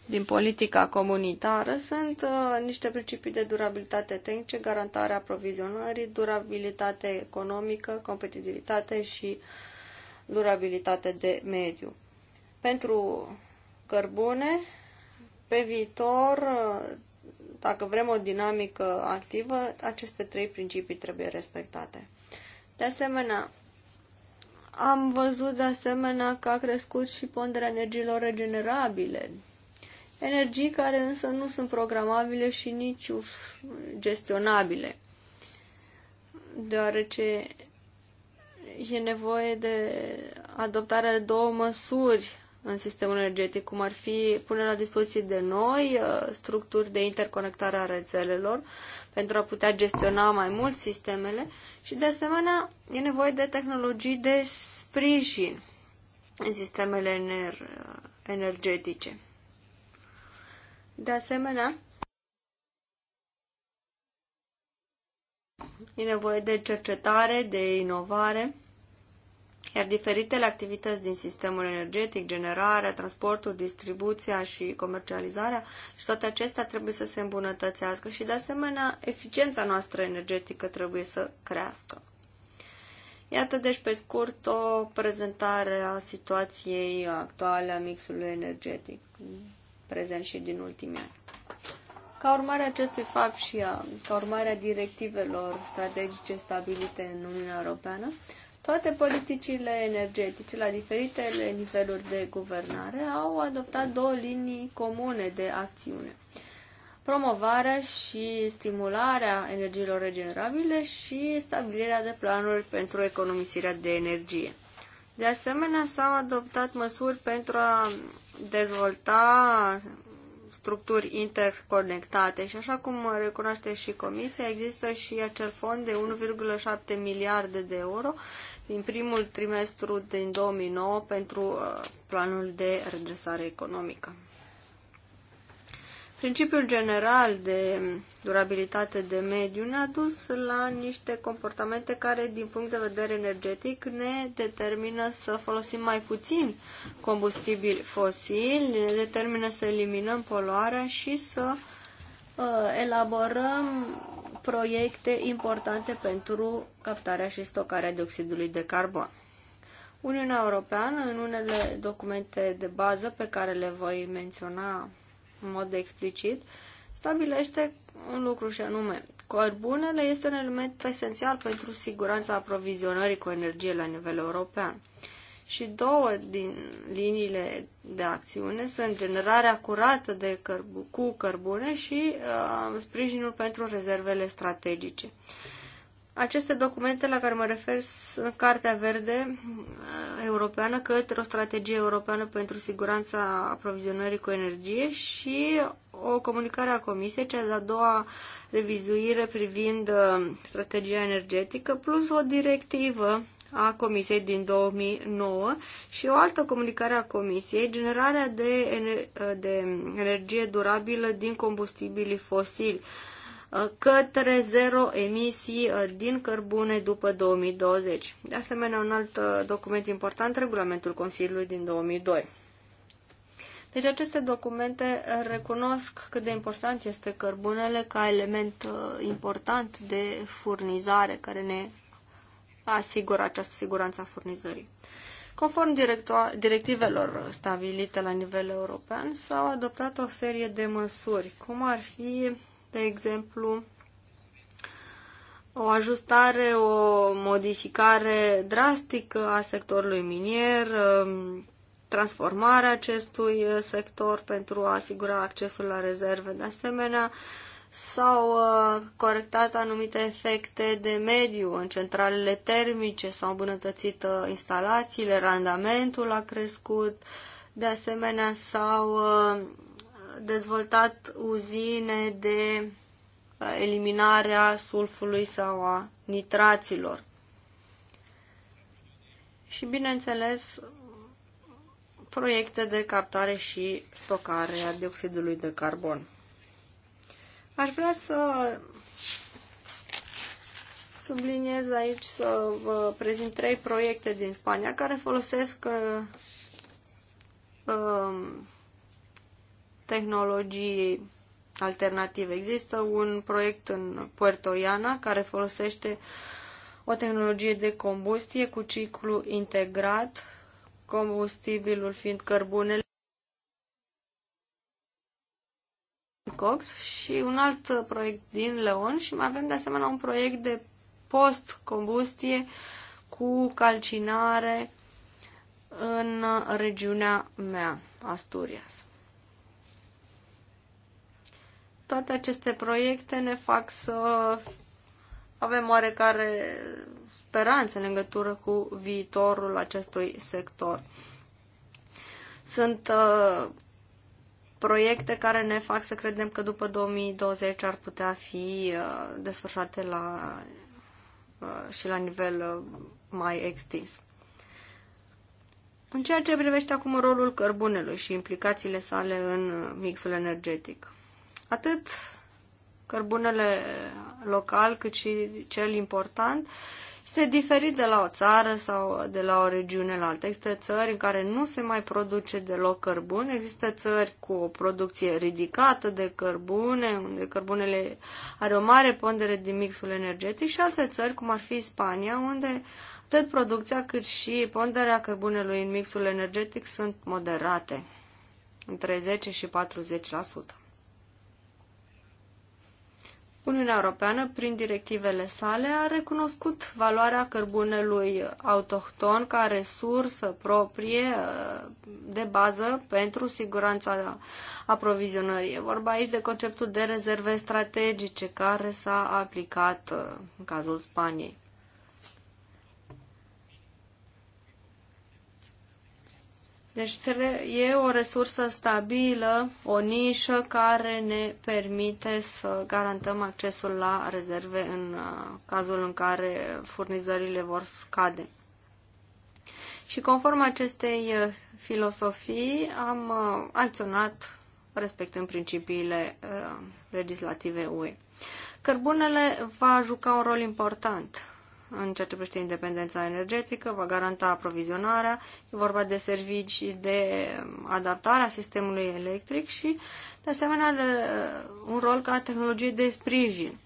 din politica comunitară sunt uh, niște principii de durabilitate tehnice, garantarea aprovizionării, durabilitate economică, competitivitate și durabilitate de mediu. Pentru cărbune, pe viitor, uh, dacă vrem o dinamică activă, aceste trei principii trebuie respectate. De asemenea, am văzut de asemenea că a crescut și ponderea energiilor regenerabile, energii care însă nu sunt programabile și nici gestionabile, deoarece e nevoie de adoptarea de două măsuri în sistemul energetic, cum ar fi punerea la dispoziție de noi uh, structuri de interconectare a rețelelor, pentru a putea gestiona mai mult sistemele și, de asemenea, e nevoie de tehnologii de sprijin în sistemele ener- energetice. De asemenea, e nevoie de cercetare, de inovare iar diferitele activități din sistemul energetic, generarea, transportul, distribuția și comercializarea, și toate acestea trebuie să se îmbunătățească și, de asemenea, eficiența noastră energetică trebuie să crească. Iată, deci, pe scurt, o prezentare a situației actuale a mixului energetic, prezent și din ultimii ani. Ca urmare a acestui fapt și a, ca urmare a directivelor strategice stabilite în Uniunea Europeană, toate politicile energetice la diferitele niveluri de guvernare au adoptat două linii comune de acțiune. Promovarea și stimularea energiilor regenerabile și stabilirea de planuri pentru economisirea de energie. De asemenea, s-au adoptat măsuri pentru a dezvolta structuri interconectate și așa cum recunoaște și Comisia, există și acel fond de 1,7 miliarde de euro din primul trimestru din 2009 pentru uh, planul de redresare economică. Principiul general de durabilitate de mediu ne-a dus la niște comportamente care, din punct de vedere energetic, ne determină să folosim mai puțin combustibili fosili, ne determină să eliminăm poluarea și să uh, Uh, elaborăm proiecte importante pentru captarea și stocarea dioxidului de carbon. Uniunea Europeană, în unele documente de bază pe care le voi menționa în mod explicit, stabilește un lucru și anume, cărbunele este un element esențial pentru siguranța aprovizionării cu energie la nivel european și două din liniile de acțiune sunt generarea curată de cărbu- cu cărbune și uh, sprijinul pentru rezervele strategice. Aceste documente la care mă refer sunt Cartea Verde uh, Europeană către o strategie europeană pentru siguranța aprovizionării cu energie și o comunicare a Comisiei, cea de-a doua revizuire privind uh, strategia energetică, plus o directivă a Comisiei din 2009 și o altă comunicare a Comisiei, generarea de, ener- de energie durabilă din combustibilii fosili uh, către zero emisii uh, din cărbune după 2020. De asemenea, un alt uh, document important, regulamentul Consiliului din 2002. Deci aceste documente recunosc cât de important este cărbunele ca element important de furnizare care ne asigură această siguranță a furnizării. Conform directivelor stabilite la nivel european, s-au adoptat o serie de măsuri, cum ar fi, de exemplu, o ajustare, o modificare drastică a sectorului minier, um, transformarea acestui sector pentru a asigura accesul la rezerve, de asemenea, S-au uh, corectat anumite efecte de mediu în centralele termice, s-au îmbunătățit uh, instalațiile, randamentul a crescut, de asemenea s-au uh, dezvoltat uzine de uh, eliminarea sulfului sau a nitraților. Și, bineînțeles, proiecte de captare și stocare a dioxidului de carbon. Aș vrea să subliniez aici să vă prezint trei proiecte din Spania care folosesc uh, uh, tehnologii alternative. Există un proiect în Puerto Iana care folosește o tehnologie de combustie cu ciclu integrat, combustibilul fiind cărbunele. Cox și un alt proiect din Leon și mai avem de asemenea un proiect de post-combustie cu calcinare în regiunea mea, Asturias. Toate aceste proiecte ne fac să avem oarecare speranțe în legătură cu viitorul acestui sector. Sunt uh, proiecte care ne fac să credem că după 2020 ar putea fi uh, desfășurate la, uh, și la nivel uh, mai extins. În ceea ce privește acum rolul cărbunelui și implicațiile sale în mixul energetic, atât cărbunele local cât și cel important este diferit de la o țară sau de la o regiune la alta. Există țări în care nu se mai produce deloc cărbune, există țări cu o producție ridicată de cărbune, unde cărbunele are o mare pondere din mixul energetic și alte țări, cum ar fi Spania, unde atât producția cât și ponderea cărbunelui în mixul energetic sunt moderate, între 10 și 40%. Uniunea Europeană, prin directivele sale, a recunoscut valoarea cărbunelui autohton ca resursă proprie uh, de bază pentru siguranța aprovizionării. E vorba aici de conceptul de rezerve strategice care s-a aplicat uh, în cazul Spaniei. Deci e o resursă stabilă, o nișă care ne permite să garantăm accesul la rezerve în uh, cazul în care furnizările vor scade. Și conform acestei uh, filosofii am uh, acționat respectând principiile legislative UE. Cărbunele va juca un rol important în ceea ce privește independența energetică, va garanta aprovizionarea, e vorba de servicii de adaptare a sistemului electric și, de asemenea, uh, un rol ca tehnologie de sprijin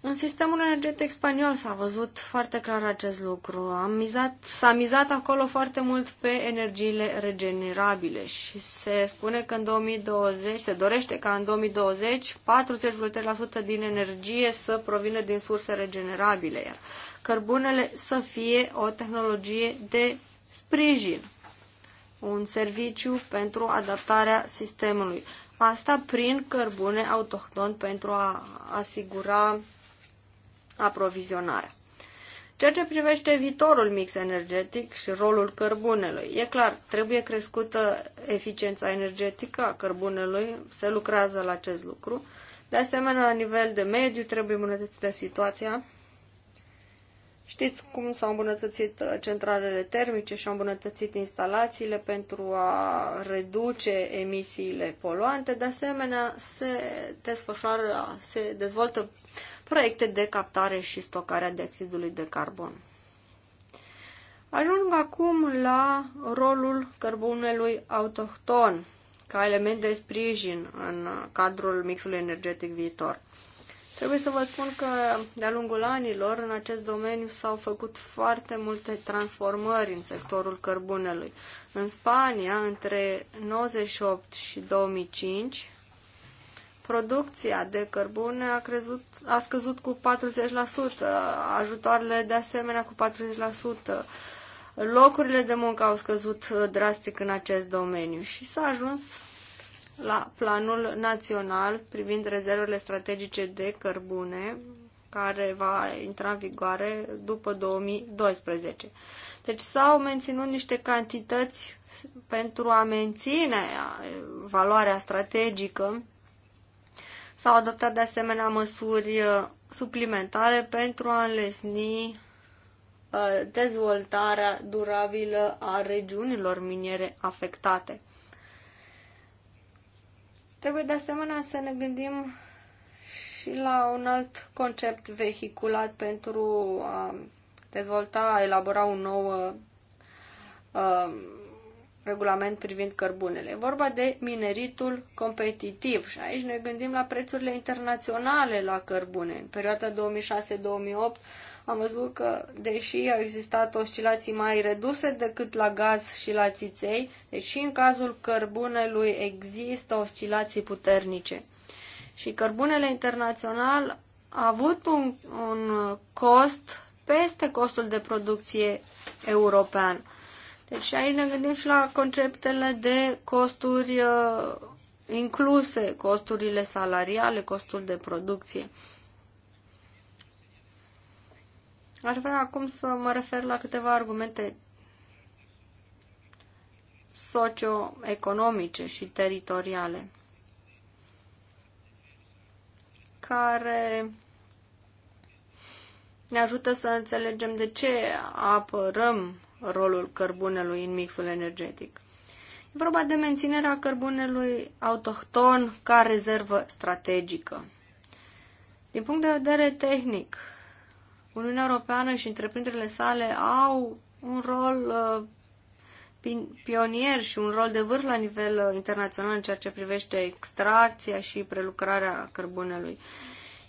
în sistemul energetic spaniol s-a văzut foarte clar acest lucru. Am mizat, s-a mizat acolo foarte mult pe energiile regenerabile și se spune că în 2020, se dorește ca în 2020 40% din energie să provină din surse regenerabile, iar cărbunele să fie o tehnologie de sprijin, un serviciu pentru adaptarea sistemului. Asta prin cărbune autohton pentru a asigura aprovizionarea. Ceea ce privește viitorul mix energetic și rolul cărbunelui, e clar, trebuie crescută eficiența energetică a cărbunelui, se lucrează la acest lucru. De asemenea, la nivel de mediu, trebuie îmbunătățită situația. Știți cum s-au îmbunătățit uh, centralele termice și au îmbunătățit instalațiile pentru a reduce emisiile poluante. De asemenea, se desfășoară, se dezvoltă proiecte de captare și stocare a dioxidului de carbon. Ajung acum la rolul cărbunelui autohton ca element de sprijin în cadrul mixului energetic viitor. Trebuie să vă spun că de-a lungul anilor în acest domeniu s-au făcut foarte multe transformări în sectorul cărbunelui. În Spania, între 98 și 2005, producția de cărbune a, crezut, a scăzut cu 40%, ajutoarele de asemenea cu 40%, locurile de muncă au scăzut uh, drastic în acest domeniu și s-a ajuns la planul național privind rezervele strategice de cărbune, care va intra în vigoare după 2012. Deci s-au menținut niște cantități pentru a menține uh, valoarea strategică S-au adoptat de asemenea măsuri uh, suplimentare pentru a înlesni uh, dezvoltarea durabilă a regiunilor miniere afectate. Trebuie de asemenea să ne gândim și la un alt concept vehiculat pentru a dezvolta, a elabora un nou uh, regulament privind cărbunele. E vorba de mineritul competitiv și aici ne gândim la prețurile internaționale la cărbune. În perioada 2006-2008 am văzut că, deși au existat oscilații mai reduse decât la gaz și la țiței, deci și în cazul cărbunelui există oscilații puternice. Și cărbunele internațional a avut un, un cost peste costul de producție european. Deci aici ne gândim și la conceptele de costuri uh, incluse, costurile salariale, costul de producție. Aș vrea acum să mă refer la câteva argumente socioeconomice și teritoriale care ne ajută să înțelegem de ce apărăm rolul cărbunelui în mixul energetic. E vorba de menținerea cărbunelui autohton ca rezervă strategică. Din punct de vedere tehnic, Uniunea Europeană și întreprinderile sale au un rol uh, pionier și un rol de vârf la nivel uh, internațional în ceea ce privește extracția și prelucrarea cărbunelui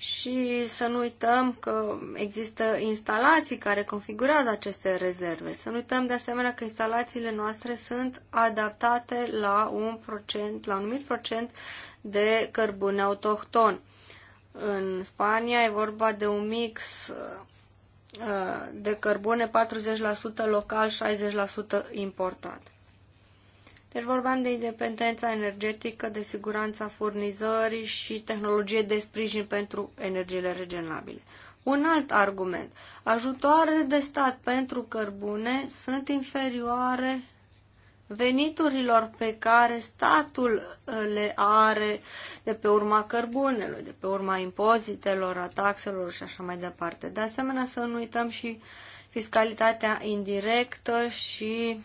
și să nu uităm că există instalații care configurează aceste rezerve. Să nu uităm de asemenea că instalațiile noastre sunt adaptate la un procent, la un anumit procent de cărbune autohton. În Spania e vorba de un mix uh, de cărbune 40% local, 60% importat. Deci vorbeam de independența energetică, de siguranța furnizării și tehnologie de sprijin pentru energiile regenerabile. Un alt argument. Ajutoarele de stat pentru cărbune sunt inferioare veniturilor pe care statul uh, le are de pe urma cărbunelui, de pe urma impozitelor, a taxelor și așa mai departe. De asemenea, să nu uităm și fiscalitatea indirectă și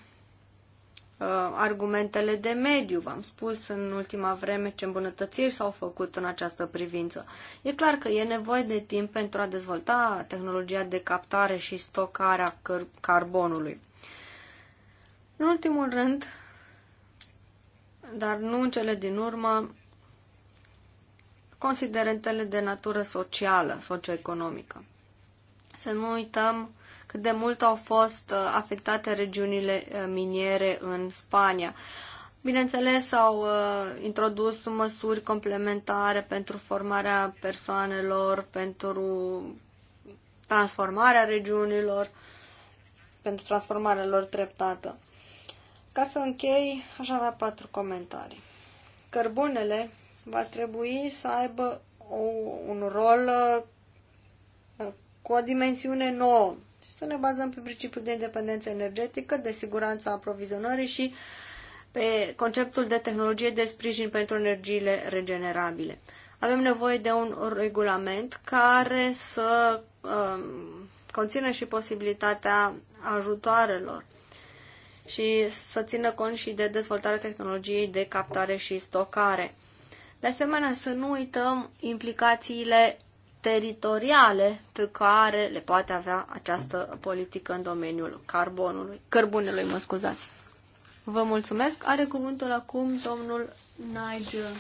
Uh, argumentele de mediu. V-am spus în ultima vreme ce îmbunătățiri s-au făcut în această privință. E clar că e nevoie de timp pentru a dezvolta tehnologia de captare și stocare a carbonului. În ultimul rând, dar nu în cele din urmă, considerentele de natură socială, socioeconomică. Să nu uităm cât de mult au fost uh, afectate regiunile uh, miniere în Spania. Bineînțeles, au uh, introdus măsuri complementare pentru formarea persoanelor, pentru transformarea regiunilor, pentru transformarea lor treptată. Ca să închei, aș avea patru comentarii. Cărbunele va trebui să aibă o, un rol uh, cu o dimensiune nouă să ne bazăm pe principiul de independență energetică, de siguranța aprovizionării și pe conceptul de tehnologie de sprijin pentru energiile regenerabile. Avem nevoie de un regulament care să um, conțină și posibilitatea ajutoarelor și să țină cont și de dezvoltarea tehnologiei de captare și stocare. De asemenea, să nu uităm implicațiile teritoriale pe care le poate avea această politică în domeniul carbonului, cărbunelui, mă scuzați. Vă mulțumesc. Are cuvântul acum domnul Nigel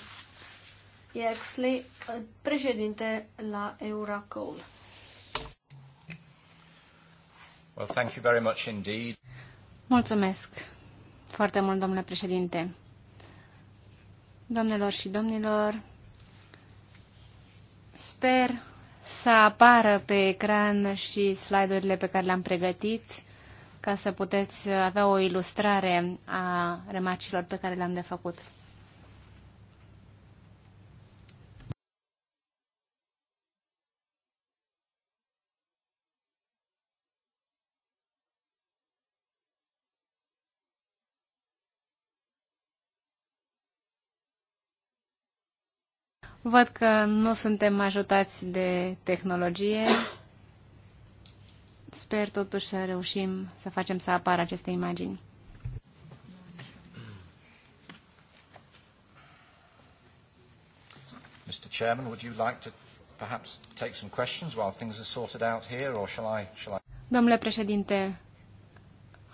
Yaxley, președinte la Euracol. Well, thank you very much indeed. Mulțumesc foarte mult, domnule președinte. Domnilor și domnilor, sper să apară pe ecran și slide-urile pe care le-am pregătit ca să puteți avea o ilustrare a remarcilor pe care le-am de făcut. Văd că nu suntem ajutați de tehnologie. Sper totuși să reușim să facem să apară aceste imagini. Mr. Chairman, would you like to perhaps take some questions while things are sorted out here, or shall I? Shall I... Domnule președinte,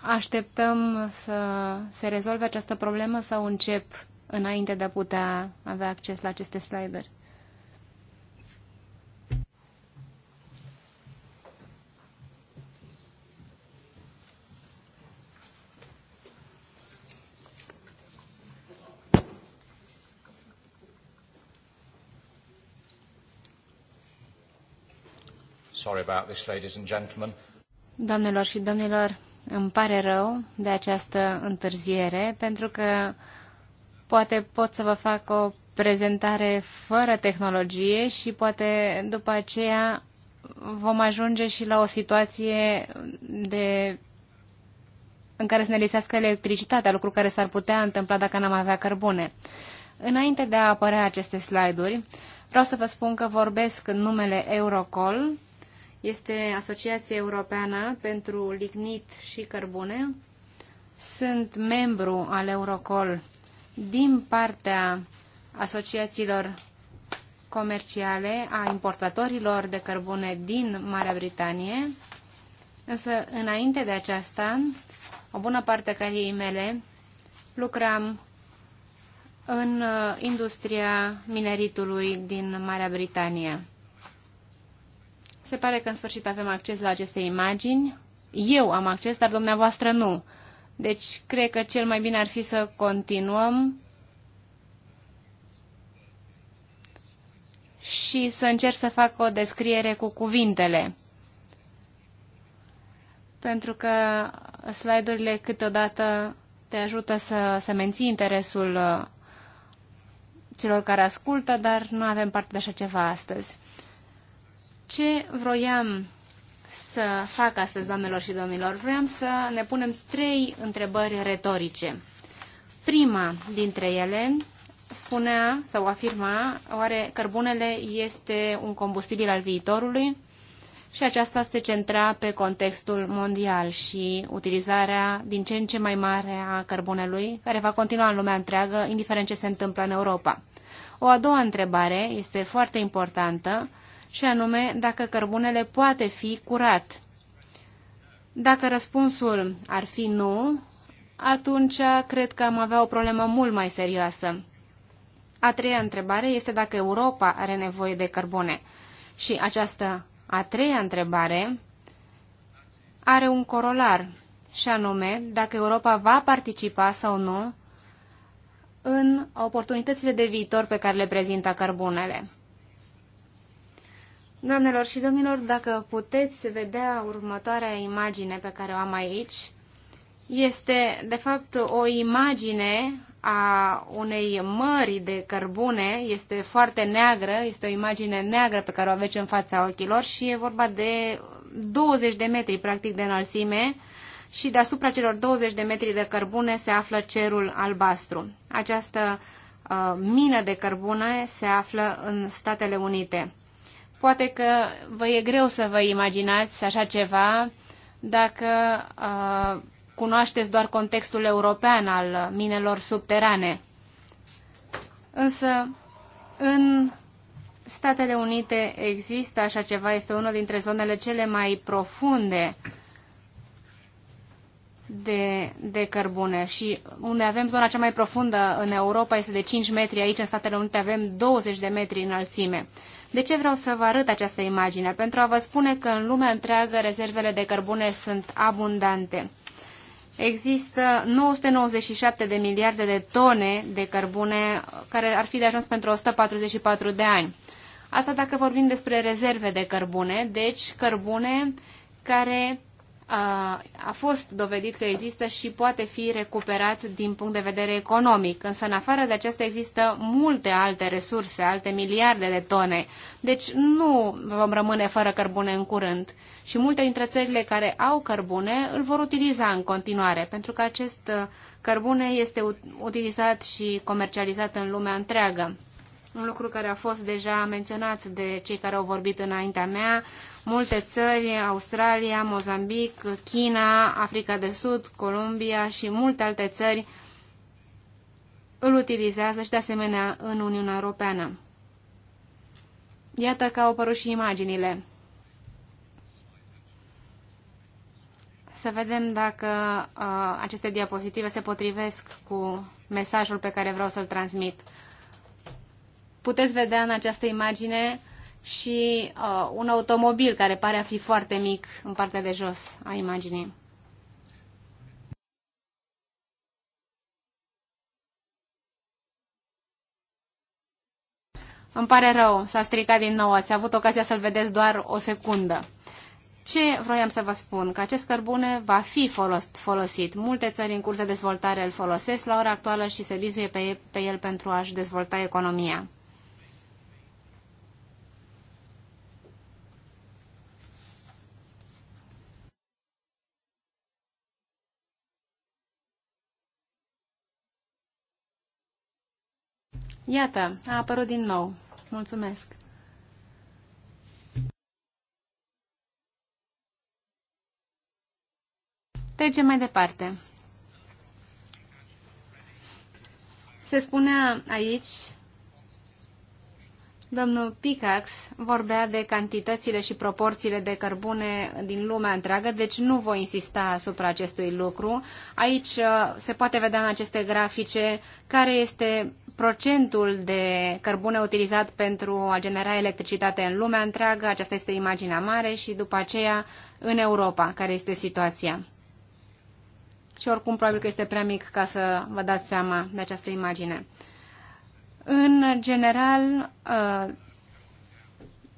așteptăm să se rezolve această problemă sau încep înainte de a putea avea acces la aceste slider. Sorry about this, ladies and gentlemen. Doamnelor și domnilor, îmi pare rău de această întârziere, pentru că Poate pot să vă fac o prezentare fără tehnologie și poate după aceea vom ajunge și la o situație de în care să ne lisească electricitatea, lucru care s-ar putea întâmpla dacă n-am avea cărbune. Înainte de a apărea aceste slide-uri, vreau să vă spun că vorbesc în numele Eurocol, este Asociația Europeană pentru Lignit și Cărbune. Sunt membru al Eurocol din partea asociațiilor comerciale a importatorilor de cărbune din Marea Britanie, însă înainte de aceasta, o bună parte a carierei mele lucram în uh, industria mineritului din Marea Britanie. Se pare că în sfârșit avem acces la aceste imagini. Eu am acces, dar dumneavoastră nu. Deci, cred că cel mai bine ar fi să continuăm și să încerc să fac o descriere cu cuvintele. Pentru că slide-urile câteodată te ajută să, să menții interesul uh, celor care ascultă, dar nu avem parte de așa ceva astăzi. Ce vroiam să fac astăzi, doamnelor și domnilor. Vreau să ne punem trei întrebări retorice. Prima dintre ele spunea sau afirma, oare cărbunele este un combustibil al viitorului? Și aceasta se centra pe contextul mondial și utilizarea din ce în ce mai mare a cărbunelui, care va continua în lumea întreagă, indiferent ce se întâmplă în Europa. O a doua întrebare este foarte importantă și anume dacă cărbunele poate fi curat. Dacă răspunsul ar fi nu, atunci cred că am avea o problemă mult mai serioasă. A treia întrebare este dacă Europa are nevoie de cărbune. Și această a treia întrebare are un corolar, și anume dacă Europa va participa sau nu în oportunitățile de viitor pe care le prezintă cărbunele. Doamnelor și domnilor, dacă puteți vedea următoarea imagine pe care o am aici, este de fapt o imagine a unei mări de cărbune, este foarte neagră, este o imagine neagră pe care o aveți în fața ochilor și e vorba de 20 de metri practic de înălțime și deasupra celor 20 de metri de cărbune se află cerul albastru. Această uh, mină de cărbune se află în Statele Unite. Poate că vă e greu să vă imaginați așa ceva dacă uh, cunoașteți doar contextul european al minelor subterane. Însă, în Statele Unite există așa ceva, este una dintre zonele cele mai profunde de, de cărbune și unde avem zona cea mai profundă în Europa este de 5 metri, aici în Statele Unite avem 20 de metri înălțime. De ce vreau să vă arăt această imagine? Pentru a vă spune că în lumea întreagă rezervele de cărbune sunt abundante. Există 997 de miliarde de tone de cărbune care ar fi de ajuns pentru 144 de ani. Asta dacă vorbim despre rezerve de cărbune, deci cărbune care a fost dovedit că există și poate fi recuperat din punct de vedere economic. Însă, în afară de acestea, există multe alte resurse, alte miliarde de tone. Deci nu vom rămâne fără cărbune în curând. Și multe dintre țările care au cărbune îl vor utiliza în continuare, pentru că acest uh, cărbune este utilizat și comercializat în lumea întreagă un lucru care a fost deja menționat de cei care au vorbit înaintea mea. Multe țări, Australia, Mozambic, China, Africa de Sud, Columbia și multe alte țări îl utilizează și de asemenea în Uniunea Europeană. Iată că au apărut și imaginile. Să vedem dacă uh, aceste diapozitive se potrivesc cu mesajul pe care vreau să-l transmit puteți vedea în această imagine și uh, un automobil care pare a fi foarte mic în partea de jos a imaginii. Îmi pare rău, s-a stricat din nou, ați avut ocazia să-l vedeți doar o secundă. Ce vroiam să vă spun? Că acest cărbune va fi folos folosit. Multe țări în curs de dezvoltare îl folosesc la ora actuală și se vizuie pe, pe el pentru a-și dezvolta economia. Iată, a apărut din nou. Mulțumesc! Trecem mai departe. Se spunea aici, domnul Picax vorbea de cantitățile și proporțiile de cărbune din lumea întreagă, deci nu voi insista asupra acestui lucru. Aici uh, se poate vedea în aceste grafice care este procentul de cărbune utilizat pentru a genera electricitate în lumea întreagă, aceasta este imaginea mare și după aceea în Europa, care este situația. Și oricum probabil că este prea mic ca să vă dați seama de această imagine. În general, uh,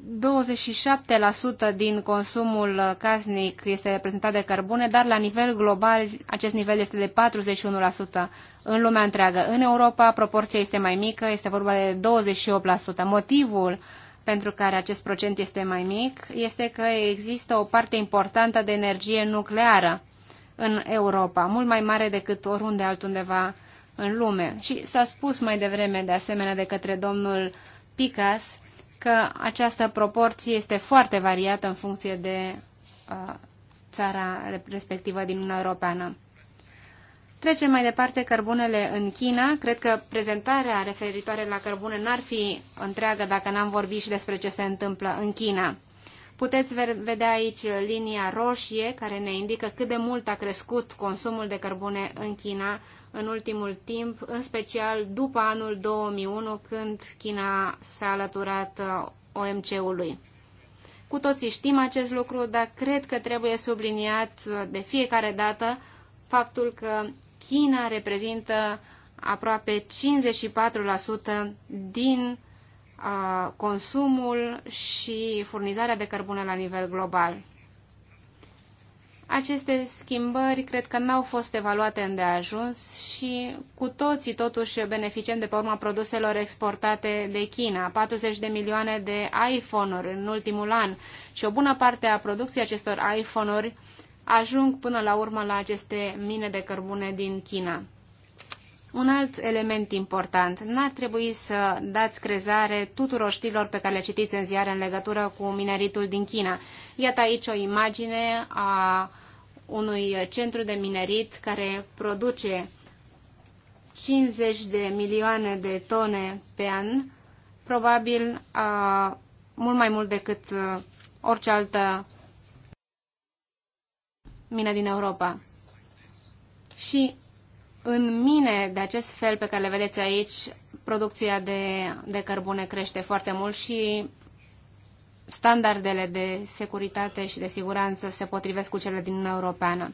27% din consumul casnic este reprezentat de cărbune, dar la nivel global acest nivel este de 41% în lumea întreagă. În Europa proporția este mai mică, este vorba de 28%. Motivul pentru care acest procent este mai mic este că există o parte importantă de energie nucleară în Europa, mult mai mare decât oriunde altundeva în lume. Și s-a spus mai devreme de asemenea de către domnul Picas că această proporție este foarte variată în funcție de uh, țara respectivă din Uniunea Europeană. Trecem mai departe cărbunele în China. Cred că prezentarea referitoare la cărbune n-ar fi întreagă dacă n-am vorbit și despre ce se întâmplă în China. Puteți vedea aici linia roșie care ne indică cât de mult a crescut consumul de cărbune în China în ultimul timp, în special după anul 2001, când China s-a alăturat uh, OMC-ului. Cu toții știm acest lucru, dar cred că trebuie subliniat uh, de fiecare dată faptul că China reprezintă aproape 54% din uh, consumul și furnizarea de cărbune la nivel global. Aceste schimbări cred că n-au fost evaluate îndeajuns și cu toții totuși beneficiem de pe urma produselor exportate de China. 40 de milioane de iPhone-uri în ultimul an și o bună parte a producției acestor iPhone-uri ajung până la urmă la aceste mine de cărbune din China. Un alt element important. N-ar trebui să dați crezare tuturor știrilor pe care le citiți în ziare în legătură cu mineritul din China. Iată aici o imagine a unui centru de minerit care produce 50 de milioane de tone pe an, probabil a, mult mai mult decât uh, orice altă mină din Europa. Și în mine de acest fel pe care le vedeți aici, producția de, de cărbune crește foarte mult și standardele de securitate și de siguranță se potrivesc cu cele din Uniunea Europeană.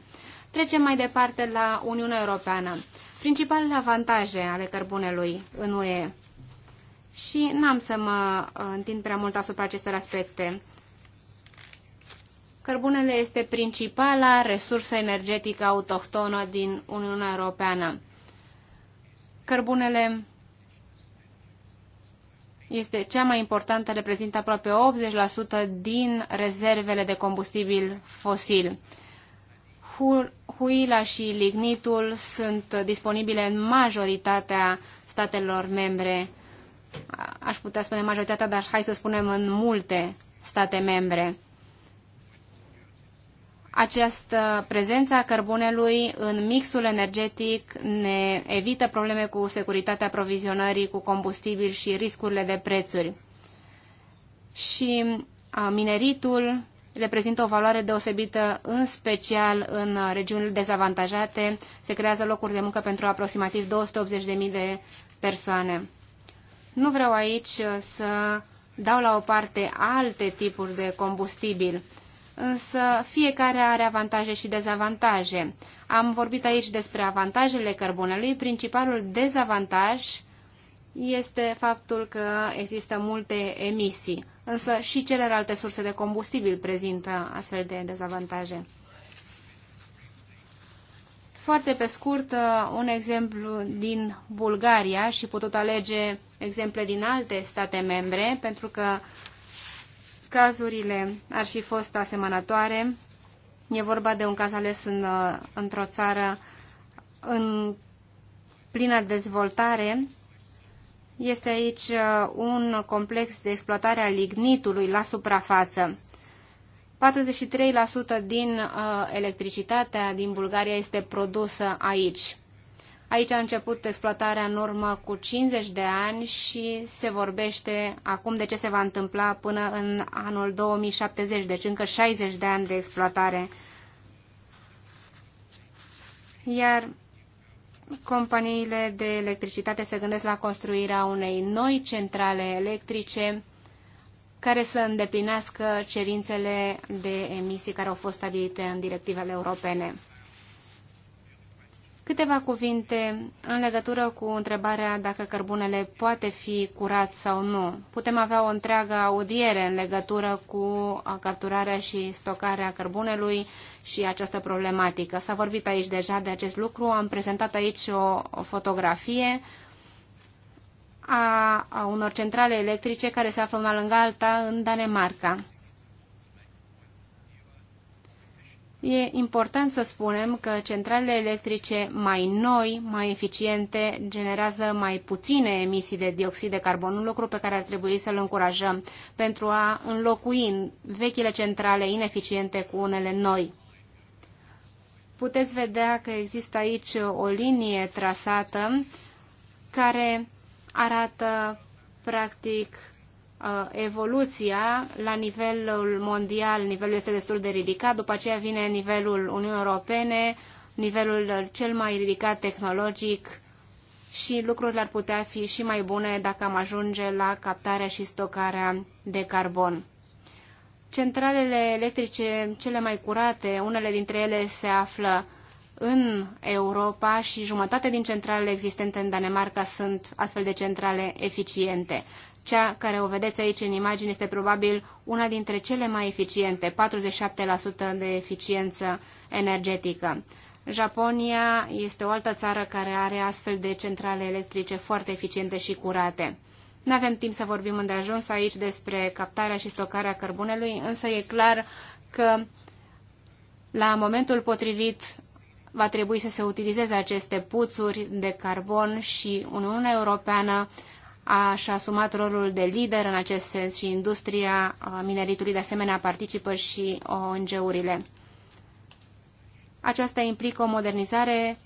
Trecem mai departe la Uniunea Europeană. Principalele avantaje ale cărbunelui în UE. Și n-am să mă uh, întind prea mult asupra acestor aspecte. Cărbunele este principala resursă energetică autohtonă din Uniunea Europeană. Cărbunele este cea mai importantă, reprezintă aproape 80% din rezervele de combustibil fosil. Huila și lignitul sunt disponibile în majoritatea statelor membre, aș putea spune majoritatea, dar hai să spunem în multe state membre. Această prezență a cărbunelui în mixul energetic ne evită probleme cu securitatea aprovizionării cu combustibil și riscurile de prețuri. Și mineritul reprezintă o valoare deosebită, în special în regiunile dezavantajate. Se creează locuri de muncă pentru aproximativ 280.000 de persoane. Nu vreau aici uh, să dau la o parte alte tipuri de combustibil însă fiecare are avantaje și dezavantaje. Am vorbit aici despre avantajele cărbunelui. Principalul dezavantaj este faptul că există multe emisii, însă și celelalte surse de combustibil prezintă astfel de dezavantaje. Foarte pe scurt, uh, un exemplu din Bulgaria și putut alege exemple din alte state membre, pentru că cazurile ar fi fost asemănătoare. E vorba de un caz ales în, uh, într-o țară în plină dezvoltare. Este aici uh, un complex de exploatare a lignitului la suprafață. 43% din uh, electricitatea din Bulgaria este produsă aici. Aici a început exploatarea în urmă cu 50 de ani și se vorbește acum de ce se va întâmpla până în anul 2070, deci încă 60 de ani de exploatare. Iar companiile de electricitate se gândesc la construirea unei noi centrale electrice care să îndeplinească cerințele de emisii care au fost stabilite în directivele europene. Câteva cuvinte în legătură cu întrebarea dacă cărbunele poate fi curat sau nu. Putem avea o întreagă audiere în legătură cu capturarea și stocarea cărbunelui și această problematică. S-a vorbit aici deja de acest lucru, am prezentat aici o, o fotografie a, a unor centrale electrice care se află una lângă alta în Danemarca. E important să spunem că centralele electrice mai noi, mai eficiente, generează mai puține emisii de dioxid de carbon, un lucru pe care ar trebui să-l încurajăm pentru a înlocui vechile centrale ineficiente cu unele noi. Puteți vedea că există aici o linie trasată care arată practic Uh, evoluția la nivelul mondial, nivelul este destul de ridicat, după aceea vine nivelul Uniunii Europene, nivelul cel mai ridicat tehnologic și lucrurile ar putea fi și mai bune dacă am ajunge la captarea și stocarea de carbon. Centralele electrice cele mai curate, unele dintre ele se află în Europa și jumătate din centralele existente în Danemarca sunt astfel de centrale eficiente. Cea care o vedeți aici în imagine este probabil una dintre cele mai eficiente, 47% de eficiență energetică. Japonia este o altă țară care are astfel de centrale electrice foarte eficiente și curate. Nu avem timp să vorbim îndeajuns aici despre captarea și stocarea cărbunelui, însă e clar că la momentul potrivit va trebui să se utilizeze aceste puțuri de carbon și Uniunea Europeană a și-a asumat rolul de lider în acest sens și industria mineritului de asemenea participă și ONG-urile. Aceasta implică o modernizare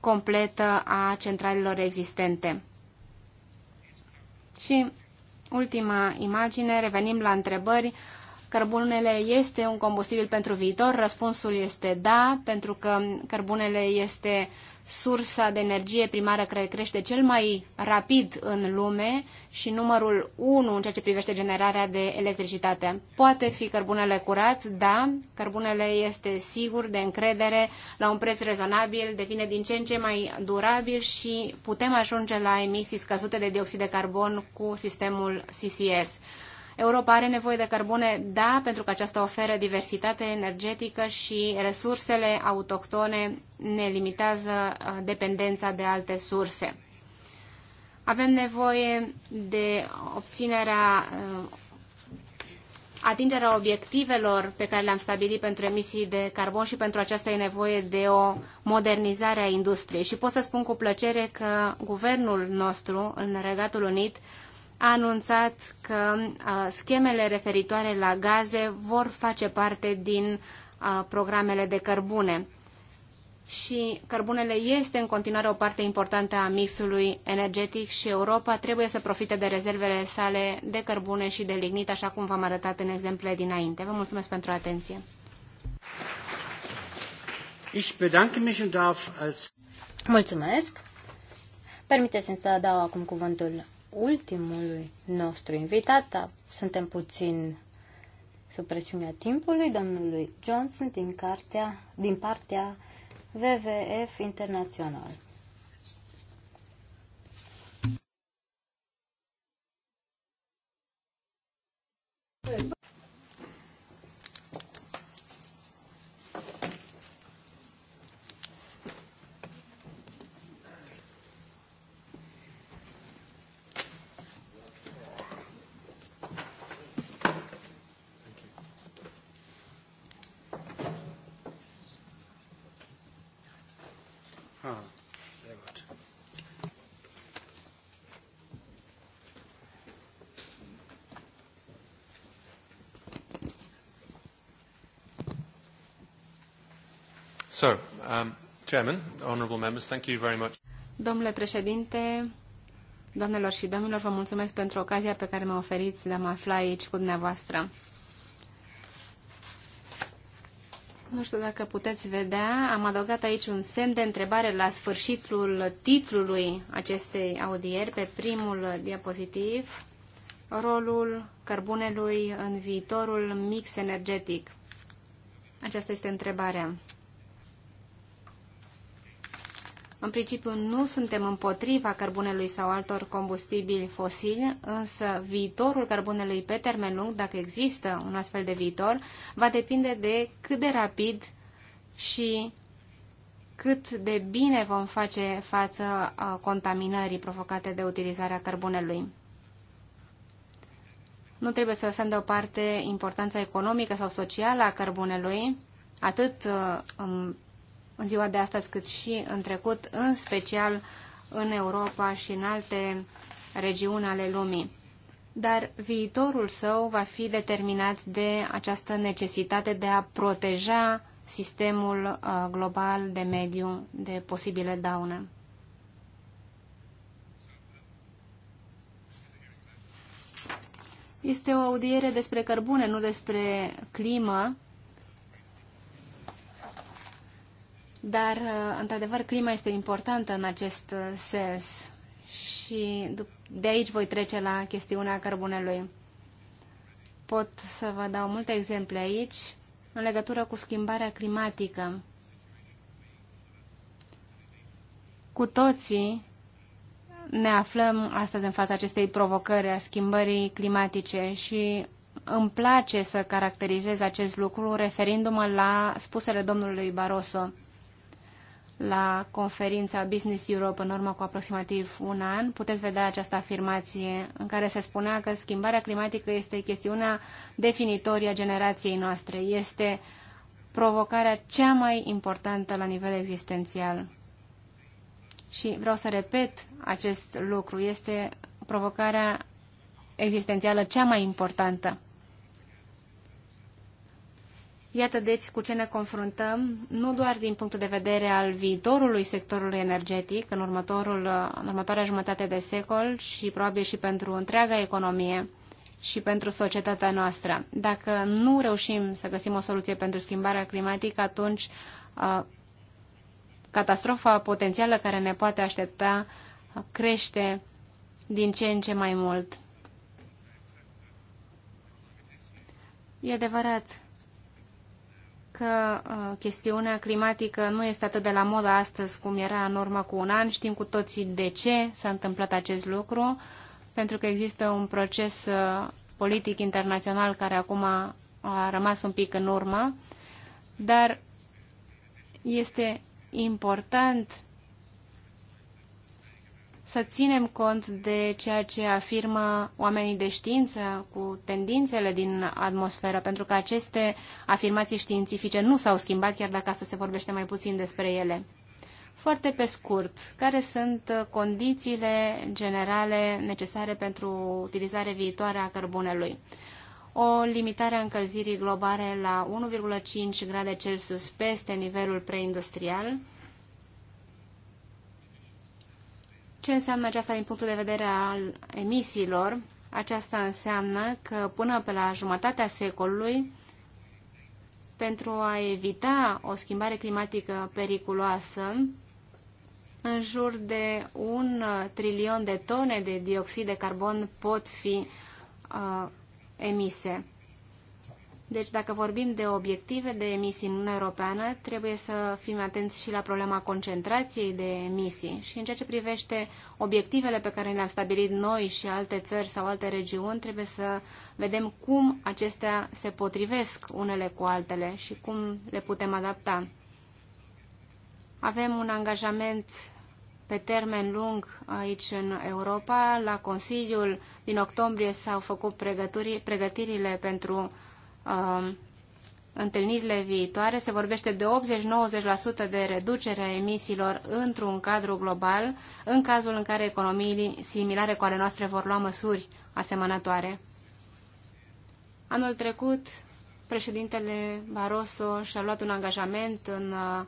completă a centralelor existente. Și ultima imagine, revenim la întrebări cărbunele este un combustibil pentru viitor? Răspunsul este da, pentru că cărbunele este sursa de energie primară care crește cel mai rapid în lume și numărul 1 în ceea ce privește generarea de electricitate. Poate fi cărbunele curat, da, cărbunele este sigur, de încredere, la un preț rezonabil, devine din ce în ce mai durabil și putem ajunge la emisii scăzute de dioxid de carbon cu sistemul CCS. Europa are nevoie de cărbune, da, pentru că aceasta oferă diversitate energetică și resursele autohtone ne limitează uh, dependența de alte surse. Avem nevoie de obținerea uh, atingerea obiectivelor pe care le-am stabilit pentru emisii de carbon și pentru aceasta e nevoie de o modernizare a industriei. Și pot să spun cu plăcere că guvernul nostru în Regatul Unit a anunțat că schemele referitoare la gaze vor face parte din programele de cărbune. Și cărbunele este în continuare o parte importantă a mixului energetic și Europa trebuie să profite de rezervele sale de cărbune și de lignit, așa cum v-am arătat în exemple dinainte. Vă mulțumesc pentru atenție. Ich bedanke mich und darf als Mulțumesc. Permiteți-mi să dau acum cuvântul ultimului nostru invitat. Da, suntem puțin sub presiunea timpului domnului Johnson din, cartea, din partea WWF Internațional. So, um, Chairman, honorable members, thank you very much. Domnule președinte, doamnelor și domnilor, vă mulțumesc pentru ocazia pe care mă oferiți de a mă afla aici cu dumneavoastră. Nu știu dacă puteți vedea, am adăugat aici un semn de întrebare la sfârșitul titlului acestei audieri, pe primul diapozitiv, rolul cărbunelui în viitorul mix energetic. Aceasta este întrebarea. În principiu nu suntem împotriva cărbunelui sau altor combustibili fosili, însă viitorul cărbunelui pe termen lung, dacă există un astfel de viitor, va depinde de cât de rapid și cât de bine vom face față contaminării provocate de utilizarea cărbunelui. Nu trebuie să lăsăm deoparte importanța economică sau socială a cărbunelui, atât în în ziua de astăzi cât și în trecut, în special în Europa și în alte regiuni ale lumii. Dar viitorul său va fi determinat de această necesitate de a proteja sistemul uh, global de mediu de posibile daune. Este o audiere despre cărbune, nu despre climă Dar, uh, într-adevăr, clima este importantă în acest uh, sens și de aici voi trece la chestiunea cărbunelui. Pot să vă dau multe exemple aici în legătură cu schimbarea climatică. Cu toții ne aflăm astăzi în fața acestei provocări a schimbării climatice și îmi place să caracterizez acest lucru referindu-mă la spusele domnului Barroso la conferința Business Europe în urmă cu aproximativ un an. Puteți vedea această afirmație în care se spunea că schimbarea climatică este chestiunea definitorie a generației noastre. Este provocarea cea mai importantă la nivel existențial. Și vreau să repet acest lucru. Este provocarea existențială cea mai importantă. Iată deci cu ce ne confruntăm, nu doar din punctul de vedere al viitorului sectorului energetic în, următorul, în următoarea jumătate de secol și probabil și pentru întreaga economie și pentru societatea noastră. Dacă nu reușim să găsim o soluție pentru schimbarea climatică, atunci a, catastrofa potențială care ne poate aștepta crește din ce în ce mai mult. E adevărat că uh, chestiunea climatică nu este atât de la modă astăzi cum era în urmă cu un an. Știm cu toții de ce s-a întâmplat acest lucru, pentru că există un proces uh, politic internațional care acum a, a rămas un pic în urmă, dar este important să ținem cont de ceea ce afirmă oamenii de știință cu tendințele din atmosferă, pentru că aceste afirmații științifice nu s-au schimbat, chiar dacă asta se vorbește mai puțin despre ele. Foarte pe scurt, care sunt condițiile generale necesare pentru utilizarea viitoare a cărbunelui? O limitare a încălzirii globale la 1,5 grade Celsius peste nivelul preindustrial, Ce înseamnă aceasta din punctul de vedere al emisiilor? Aceasta înseamnă că până pe la jumătatea secolului, pentru a evita o schimbare climatică periculoasă, în jur de un trilion de tone de dioxid de carbon pot fi uh, emise. Deci, dacă vorbim de obiective de emisii în Uniunea Europeană, trebuie să fim atenți și la problema concentrației de emisii. Și în ceea ce privește obiectivele pe care le-am stabilit noi și alte țări sau alte regiuni, trebuie să vedem cum acestea se potrivesc unele cu altele și cum le putem adapta. Avem un angajament pe termen lung aici în Europa. La Consiliul din octombrie s-au făcut pregătirile pentru Um, întâlnirile viitoare se vorbește de 80-90% de reducere a emisiilor într-un cadru global, în cazul în care economii similare cu ale noastre vor lua măsuri asemănătoare. Anul trecut, președintele Barroso și-a luat un angajament în uh,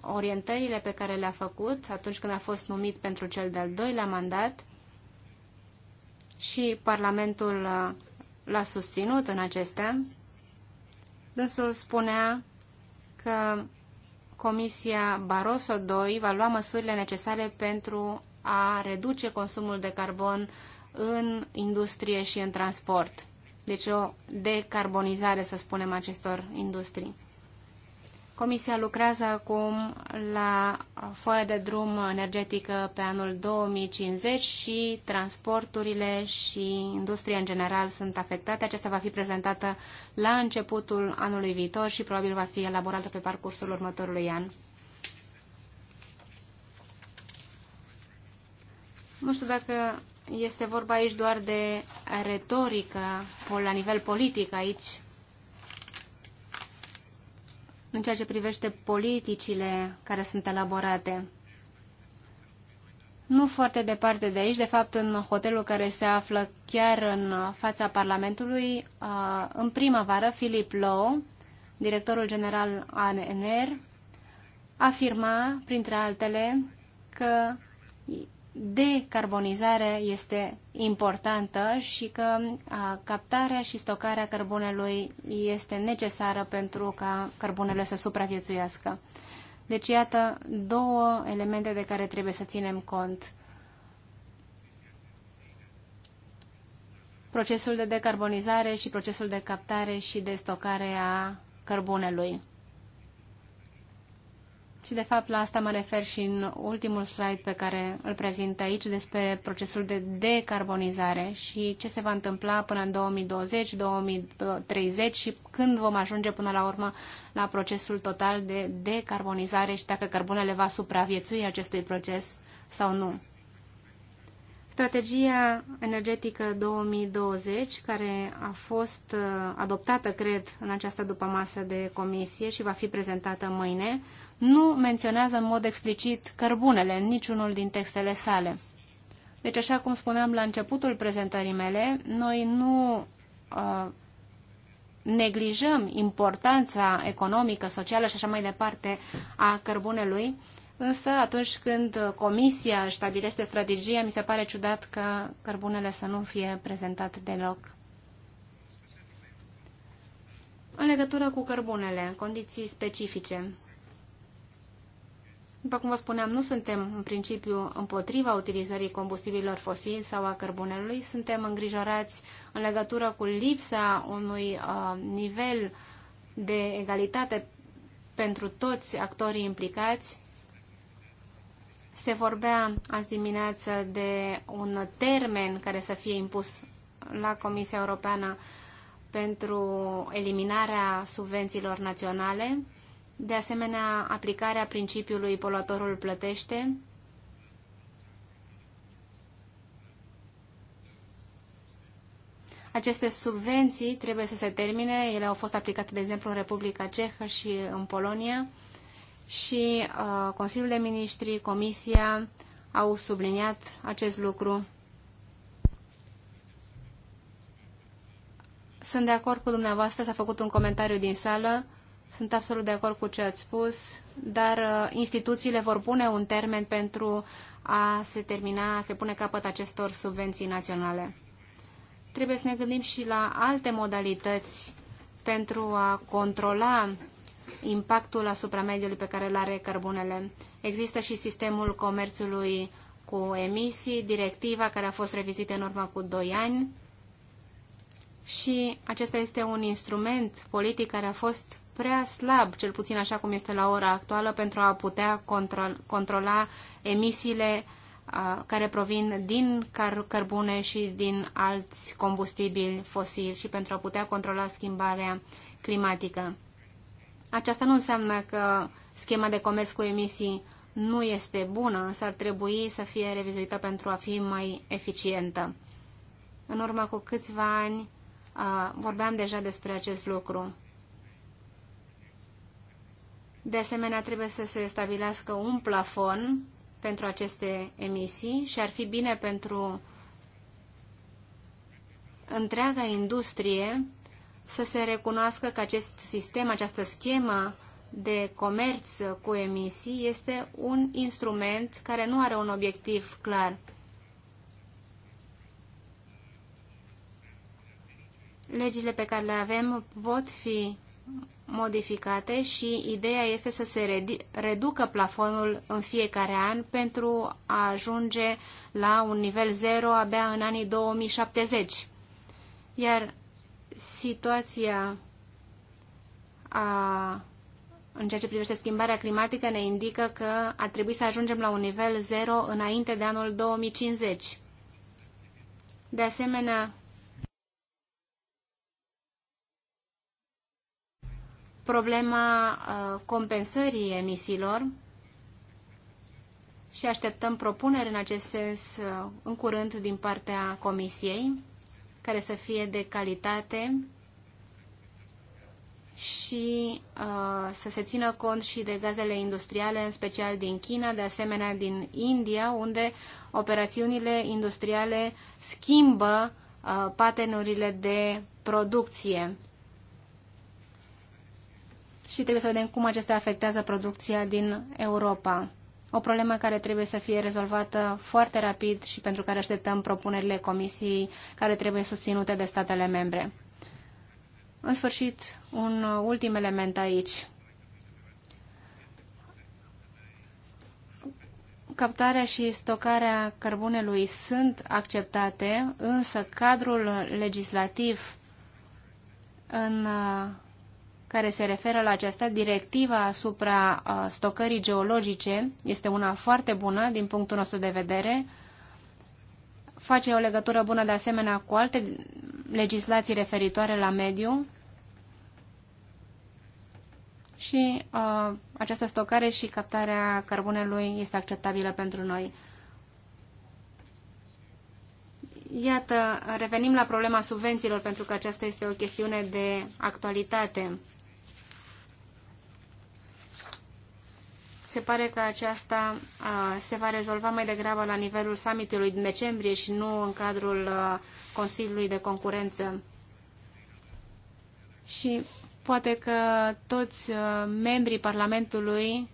orientările pe care le-a făcut atunci când a fost numit pentru cel de-al doilea mandat și Parlamentul uh, l-a susținut în acestea. Dânsul spunea că Comisia Barroso II va lua măsurile necesare pentru a reduce consumul de carbon în industrie și în transport. Deci o decarbonizare, să spunem, acestor industrii. Comisia lucrează acum la foaia de drum energetică pe anul 2050 și transporturile și industria în general sunt afectate. Aceasta va fi prezentată la începutul anului viitor și probabil va fi elaborată pe parcursul următorului an. Nu știu dacă este vorba aici doar de retorică la nivel politic aici în ceea ce privește politicile care sunt elaborate. Nu foarte departe de aici, de fapt în hotelul care se află chiar în fața Parlamentului, în primăvară, Philip Lowe, directorul general ANR, afirma, printre altele, că decarbonizare este importantă și că captarea și stocarea cărbunelui este necesară pentru ca cărbunele să supraviețuiască. Deci, iată două elemente de care trebuie să ținem cont. Procesul de decarbonizare și procesul de captare și de stocare a cărbunelui. Și de fapt la asta mă refer și în ultimul slide pe care îl prezint aici despre procesul de decarbonizare și ce se va întâmpla până în 2020-2030 și când vom ajunge până la urmă la procesul total de decarbonizare și dacă cărbunele va supraviețui acestui proces sau nu. Strategia energetică 2020, care a fost uh, adoptată, cred, în această dupămasă de comisie și va fi prezentată mâine, nu menționează în mod explicit cărbunele în niciunul din textele sale. Deci, așa cum spuneam la începutul prezentării mele, noi nu uh, neglijăm importanța economică, socială și așa mai departe a cărbunelui, însă atunci când Comisia își stabilește strategia, mi se pare ciudat că cărbunele să nu fie prezentate deloc. În legătură cu cărbunele, condiții specifice, după cum vă spuneam, nu suntem în principiu împotriva utilizării combustibililor fosili sau a cărbunelui. Suntem îngrijorați în legătură cu lipsa unui uh, nivel de egalitate pentru toți actorii implicați. Se vorbea azi dimineață de un termen care să fie impus la Comisia Europeană pentru eliminarea subvențiilor naționale de asemenea aplicarea principiului poluatorul plătește, Aceste subvenții trebuie să se termine. Ele au fost aplicate, de exemplu, în Republica Cehă și în Polonia și uh, Consiliul de Ministri, Comisia au subliniat acest lucru. Sunt de acord cu dumneavoastră, s-a făcut un comentariu din sală sunt absolut de acord cu ce ați spus, dar uh, instituțiile vor pune un termen pentru a se termina, a se pune capăt acestor subvenții naționale. Trebuie să ne gândim și la alte modalități pentru a controla impactul asupra mediului pe care îl are cărbunele. Există și sistemul comerțului cu emisii, directiva care a fost revizuită în urmă cu 2 ani, și acesta este un instrument politic care a fost prea slab, cel puțin așa cum este la ora actuală, pentru a putea control, controla emisiile uh, care provin din car cărbune și din alți combustibili fosili și pentru a putea controla schimbarea climatică. Aceasta nu înseamnă că schema de comerț cu emisii nu este bună, însă ar trebui să fie revizuită pentru a fi mai eficientă. În urmă cu câțiva ani, Vorbeam deja despre acest lucru. De asemenea, trebuie să se stabilească un plafon pentru aceste emisii și ar fi bine pentru întreaga industrie să se recunoască că acest sistem, această schemă de comerț cu emisii este un instrument care nu are un obiectiv clar. legile pe care le avem pot fi modificate și ideea este să se reducă plafonul în fiecare an pentru a ajunge la un nivel zero abia în anii 2070. Iar situația a, în ceea ce privește schimbarea climatică ne indică că ar trebui să ajungem la un nivel zero înainte de anul 2050. De asemenea, problema uh, compensării emisiilor și așteptăm propuneri în acest sens uh, în curând din partea Comisiei, care să fie de calitate și uh, să se țină cont și de gazele industriale, în special din China, de asemenea din India, unde operațiunile industriale schimbă uh, patenurile de producție și trebuie să vedem cum acestea afectează producția din Europa. O problemă care trebuie să fie rezolvată foarte rapid și pentru care așteptăm propunerile comisiei care trebuie susținute de statele membre. În sfârșit, un ultim element aici. captarea și stocarea cărbunelui sunt acceptate, însă cadrul legislativ în care se referă la această directivă asupra uh, stocării geologice este una foarte bună din punctul nostru de vedere. Face o legătură bună de asemenea cu alte legislații referitoare la mediu și uh, această stocare și captarea carbonelui este acceptabilă pentru noi. Iată, revenim la problema subvențiilor, pentru că aceasta este o chestiune de actualitate. Se pare că aceasta se va rezolva mai degrabă la nivelul summitului din decembrie și nu în cadrul Consiliului de Concurență. Și poate că toți membrii Parlamentului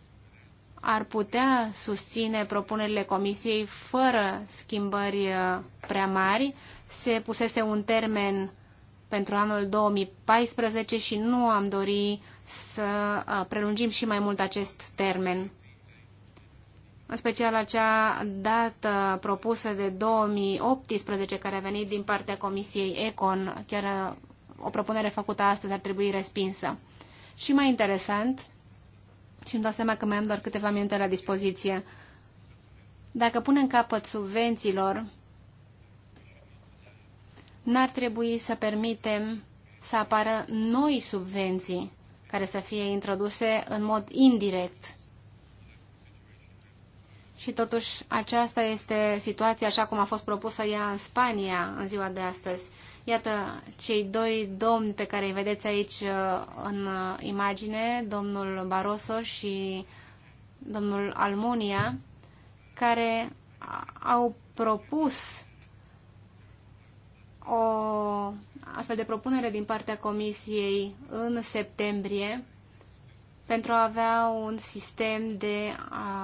ar putea susține propunerile Comisiei fără schimbări prea mari. Se pusese un termen pentru anul 2014 și nu am dori să prelungim și mai mult acest termen în special acea dată propusă de 2018 care a venit din partea Comisiei Econ, chiar o propunere făcută astăzi ar trebui respinsă. Și mai interesant, și îmi dau seama că mai am doar câteva minute la dispoziție, dacă punem capăt subvențiilor, n-ar trebui să permitem să apară noi subvenții care să fie introduse în mod indirect. Și totuși aceasta este situația așa cum a fost propusă ea în Spania în ziua de astăzi. Iată cei doi domni pe care îi vedeți aici uh, în uh, imagine, domnul Barroso și domnul Almunia, care au propus o astfel de propunere din partea Comisiei în septembrie pentru a avea un sistem de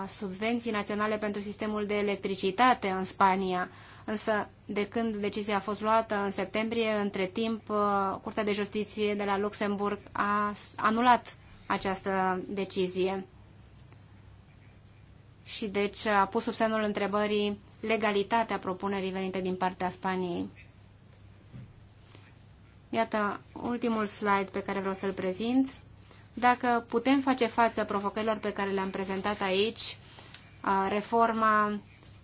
subvenții naționale pentru sistemul de electricitate în Spania. Însă, de când decizia a fost luată în septembrie, între timp, uh, Curtea de Justiție de la Luxemburg a anulat această decizie. Și deci a pus sub semnul întrebării legalitatea propunerii venite din partea Spaniei. Iată ultimul slide pe care vreau să-l prezint. Dacă putem face față provocărilor pe care le-am prezentat aici, reforma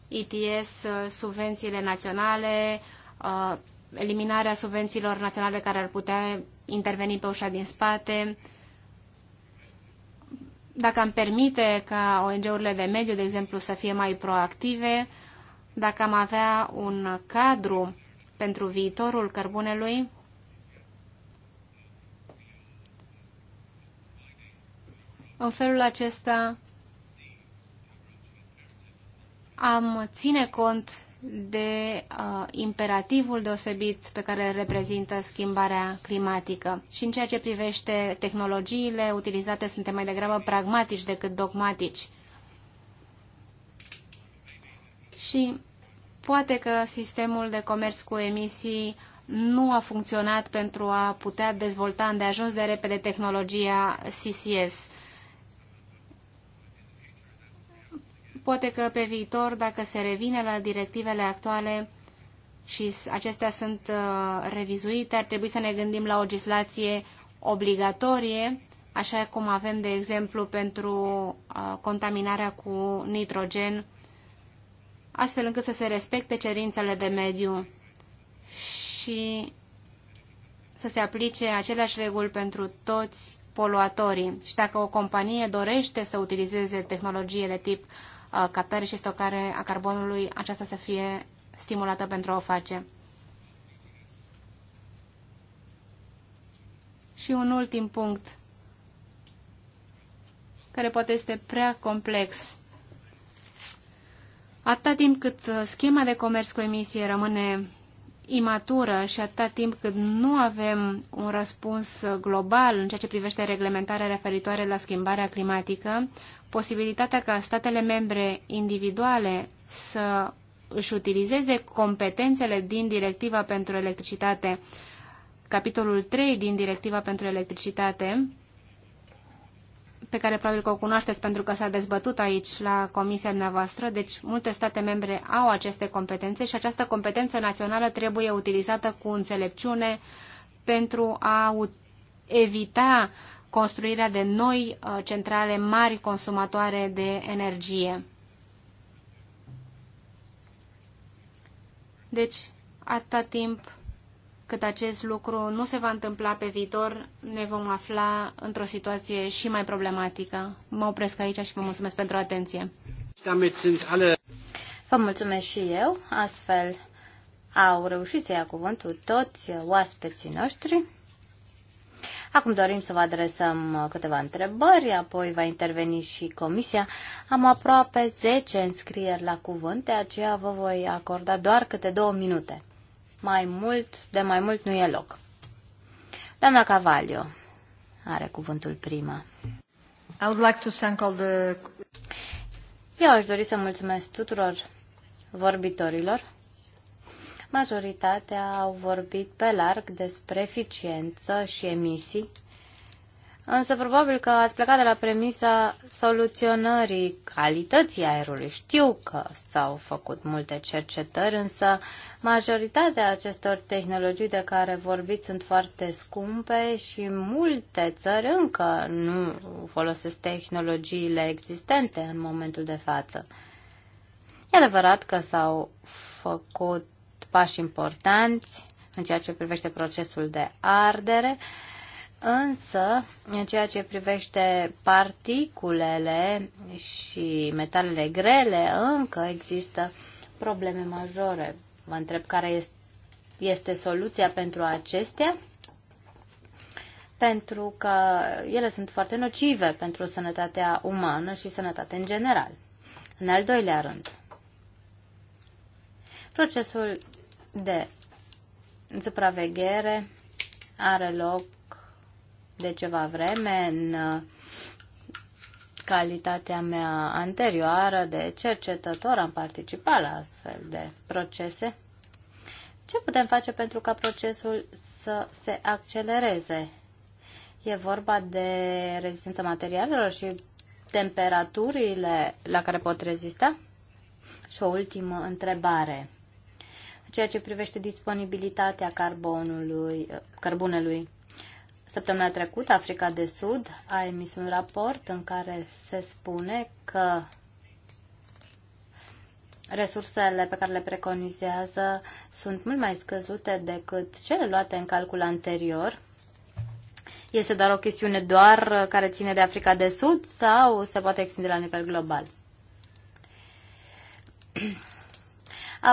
ITS, subvențiile naționale, eliminarea subvențiilor naționale care ar putea interveni pe ușa din spate, dacă am permite ca ONG-urile de mediu, de exemplu, să fie mai proactive, dacă am avea un cadru pentru viitorul cărbunelui, În felul acesta am ține cont de uh, imperativul deosebit pe care îl reprezintă schimbarea climatică. Și în ceea ce privește tehnologiile utilizate, suntem mai degrabă pragmatici decât dogmatici. Și poate că sistemul de comerț cu emisii nu a funcționat pentru a putea dezvolta îndeajuns de repede tehnologia CCS Poate că pe viitor, dacă se revine la directivele actuale și acestea sunt uh, revizuite, ar trebui să ne gândim la o legislație obligatorie, așa cum avem, de exemplu, pentru uh, contaminarea cu nitrogen, astfel încât să se respecte cerințele de mediu și să se aplice aceleași reguli pentru toți poluatorii. Și dacă o companie dorește să utilizeze tehnologie de tip Uh, captare și stocare a carbonului, aceasta să fie stimulată pentru a o face. Și un ultim punct, care poate este prea complex. Atâta timp cât uh, schema de comerț cu emisie rămâne imatură și atâta timp cât nu avem un răspuns uh, global în ceea ce privește reglementarea referitoare la schimbarea climatică, posibilitatea ca statele membre individuale să își utilizeze competențele din directiva pentru electricitate, capitolul 3 din directiva pentru electricitate, pe care probabil că o cunoașteți pentru că s-a dezbătut aici la comisia noastră, deci multe state membre au aceste competențe și această competență națională trebuie utilizată cu înțelepciune pentru a evita construirea de noi uh, centrale mari consumatoare de energie. Deci, atâta timp cât acest lucru nu se va întâmpla pe viitor, ne vom afla într-o situație și mai problematică. Mă opresc aici și vă mulțumesc pentru atenție. Vă mulțumesc și eu. Astfel au reușit să ia cuvântul toți oaspeții noștri. Acum dorim să vă adresăm uh, câteva întrebări, apoi va interveni și comisia. Am aproape 10 înscrieri la cuvânt, de aceea vă voi acorda doar câte două minute. Mai mult, de mai mult nu e loc. Doamna Cavalio are cuvântul prima. I would like to thank all the... Eu aș dori să mulțumesc tuturor vorbitorilor Majoritatea au vorbit pe larg despre eficiență și emisii, însă probabil că ați plecat de la premisa soluționării calității aerului. Știu că s-au făcut multe cercetări, însă majoritatea acestor tehnologii de care vorbiți sunt foarte scumpe și multe țări încă nu folosesc tehnologiile existente în momentul de față. E adevărat că s-au făcut pași importanți în ceea ce privește procesul de ardere, însă în ceea ce privește particulele și metalele grele, încă există probleme majore. Vă întreb care este soluția pentru acestea, pentru că ele sunt foarte nocive pentru sănătatea umană și sănătatea în general. În al doilea rând, procesul de supraveghere are loc de ceva vreme în uh, calitatea mea anterioară de cercetător am participat la astfel de procese. Ce putem face pentru ca procesul să se accelereze? E vorba de rezistența materialelor și temperaturile la care pot rezista? Și o ultimă întrebare ceea ce privește disponibilitatea carbonului, cărbunelui. Săptămâna trecută, Africa de Sud a emis un raport în care se spune că resursele pe care le preconizează sunt mult mai scăzute decât cele luate în calcul anterior. Este doar o chestiune doar care ține de Africa de Sud sau se poate extinde la nivel global? <clears throat>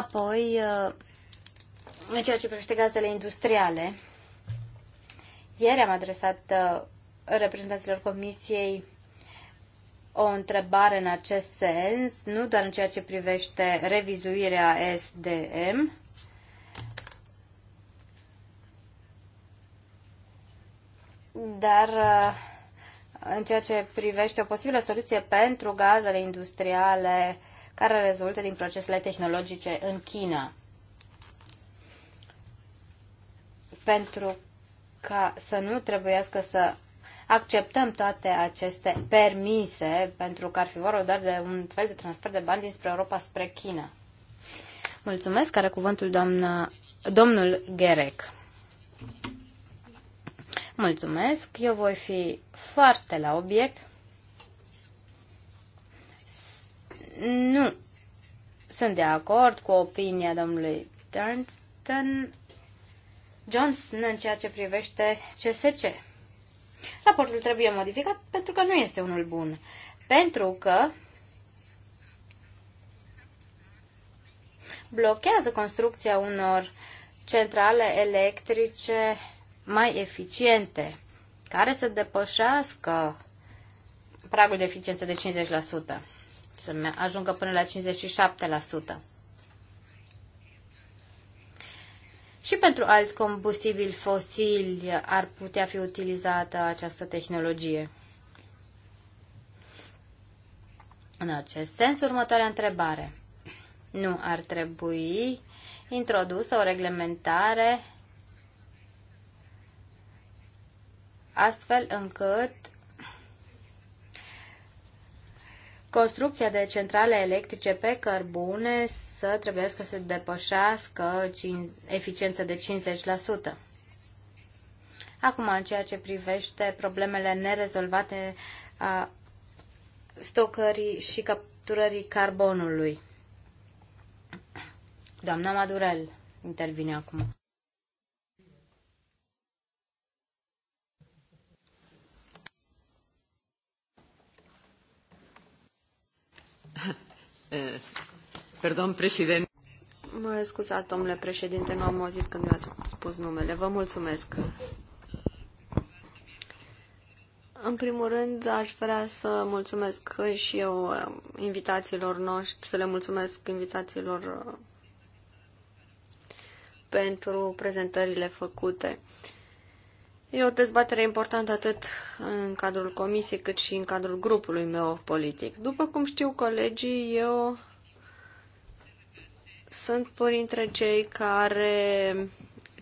Apoi, în ceea ce privește gazele industriale, ieri am adresat uh, reprezentanților Comisiei o întrebare în acest sens, nu doar în ceea ce privește revizuirea SDM, dar uh, în ceea ce privește o posibilă soluție pentru gazele industriale care rezultă din procesele tehnologice în China. pentru ca să nu trebuiască să acceptăm toate aceste permise, pentru că ar fi vorba doar de un fel de transfer de bani dinspre Europa spre China. Mulțumesc, are cuvântul doamna, domnul Gerec. Mulțumesc, eu voi fi foarte la obiect. Nu sunt de acord cu opinia domnului Dunstan Johnson în ceea ce privește CSC. Raportul trebuie modificat pentru că nu este unul bun. Pentru că blochează construcția unor centrale electrice mai eficiente, care să depășească pragul de eficiență de 50%, să ajungă până la 57%. și pentru alți combustibili fosili ar putea fi utilizată această tehnologie. În acest sens, următoarea întrebare. Nu ar trebui introdusă o reglementare astfel încât construcția de centrale electrice pe cărbune să trebuie să se depășească eficiență de 50%. Acum, în ceea ce privește problemele nerezolvate a stocării și capturării carbonului. Doamna Madurel intervine acum. Eh, perdon, președinte. Mă scuzați, domnule președinte, nu am auzit când mi-ați spus numele. Vă mulțumesc. În primul rând, aș vrea să mulțumesc și eu eh, invitațiilor noștri, să le mulțumesc invitațiilor eh, pentru prezentările făcute. Uh, E o dezbatere importantă atât în cadrul comisiei cât și în cadrul grupului meu politic. După cum știu colegii, eu sunt printre cei care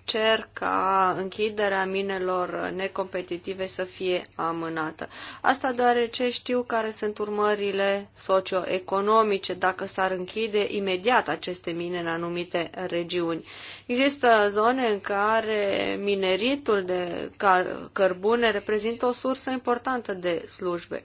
cer ca închiderea minelor necompetitive să fie amânată. Asta deoarece știu care sunt urmările socioeconomice dacă s-ar închide imediat aceste mine în anumite regiuni. Există zone în care mineritul de cărbune reprezintă o sursă importantă de slujbe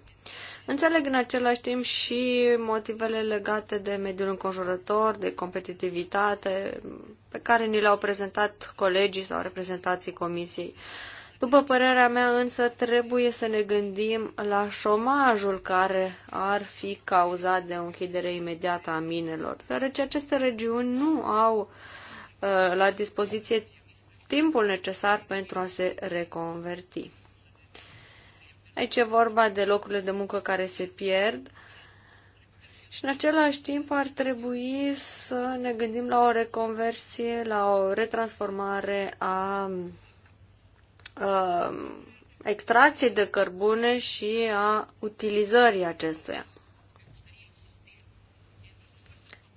Înțeleg în același timp și motivele legate de mediul înconjurător, de competitivitate, pe care ni le-au prezentat colegii sau reprezentații comisiei. După părerea mea însă trebuie să ne gândim la șomajul care ar fi cauzat de o închidere imediată a minelor, deoarece aceste regiuni nu au uh, la dispoziție timpul necesar pentru a se reconverti. Aici e vorba de locurile de muncă care se pierd și în același timp ar trebui să ne gândim la o reconversie, la o retransformare a, a uh, extracției de cărbune și a utilizării acestuia.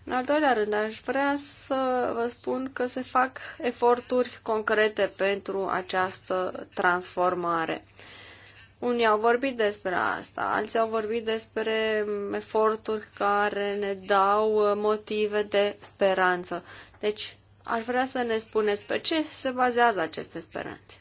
În al doilea rând, aș vrea să vă spun că se fac eforturi concrete pentru această transformare. Unii au vorbit despre asta, alții au vorbit despre eforturi care ne dau uh, motive de speranță. Deci, aș vrea să ne spuneți pe ce se bazează aceste speranțe.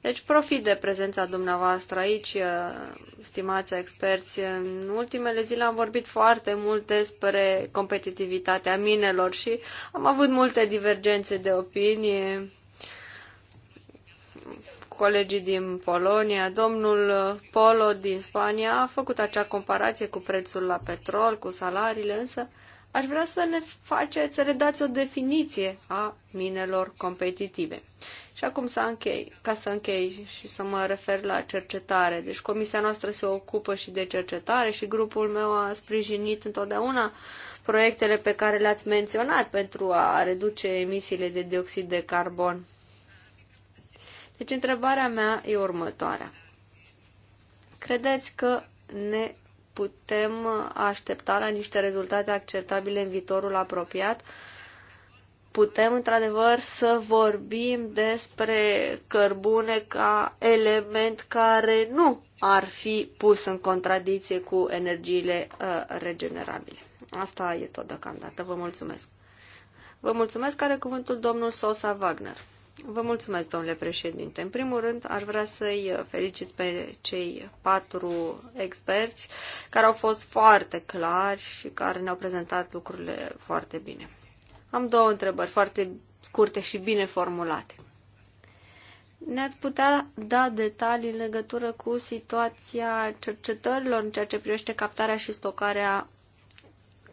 Deci profit de prezența dumneavoastră aici, uh, stimați experți. În ultimele zile am vorbit foarte mult despre competitivitatea minelor și am avut multe divergențe de opinie colegii din Polonia, domnul Polo din Spania a făcut acea comparație cu prețul la petrol, cu salariile, însă aș vrea să ne faceți, să ne dați o definiție a minelor competitive. Și acum să închei, ca să închei și să mă refer la cercetare. Deci comisia noastră se ocupă și de cercetare și grupul meu a sprijinit întotdeauna proiectele pe care le-ați menționat pentru a reduce emisiile de dioxid de carbon deci întrebarea mea e următoarea. Credeți că ne putem aștepta la niște rezultate acceptabile în viitorul apropiat? Putem într-adevăr să vorbim despre cărbune ca element care nu ar fi pus în contradicție cu energiile uh, regenerabile. Asta e tot deocamdată. Vă mulțumesc. Vă mulțumesc. Are cuvântul domnul Sosa Wagner. Vă mulțumesc, domnule președinte. În primul rând, aș vrea să-i felicit pe cei patru experți care au fost foarte clari și care ne-au prezentat lucrurile foarte bine. Am două întrebări foarte scurte și bine formulate. Ne-ați putea da detalii în legătură cu situația cercetărilor în ceea ce privește captarea și stocarea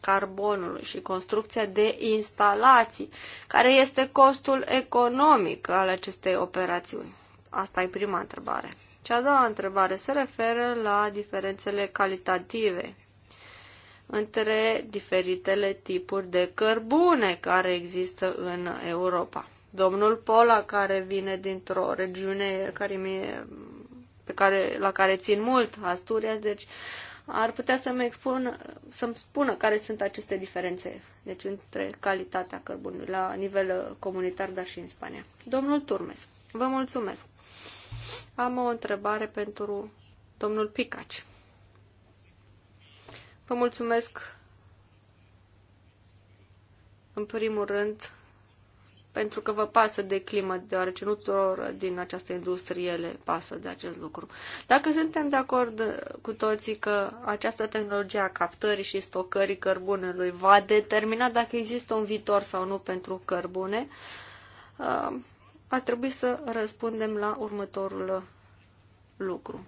carbonului și construcția de instalații, care este costul economic al acestei operațiuni? Asta e prima întrebare. Cea a doua întrebare se referă la diferențele calitative între diferitele tipuri de cărbune care există în Europa. Domnul Pola, care vine dintr-o regiune care mie, pe care, la care țin mult, Asturias, deci ar putea să-mi, expun, să-mi spună care sunt aceste diferențe, deci între calitatea cărbunului la nivel uh, comunitar, dar și în Spania. Domnul Turmes, vă mulțumesc. Am o întrebare pentru domnul Picaci. Vă mulțumesc în primul rând pentru că vă pasă de climă, deoarece nu tuturor din această industrie le pasă de acest lucru. Dacă suntem de acord cu toții că această tehnologie a captării și stocării cărbunelui va determina dacă există un viitor sau nu pentru cărbune, uh, ar trebui să răspundem la următorul lucru.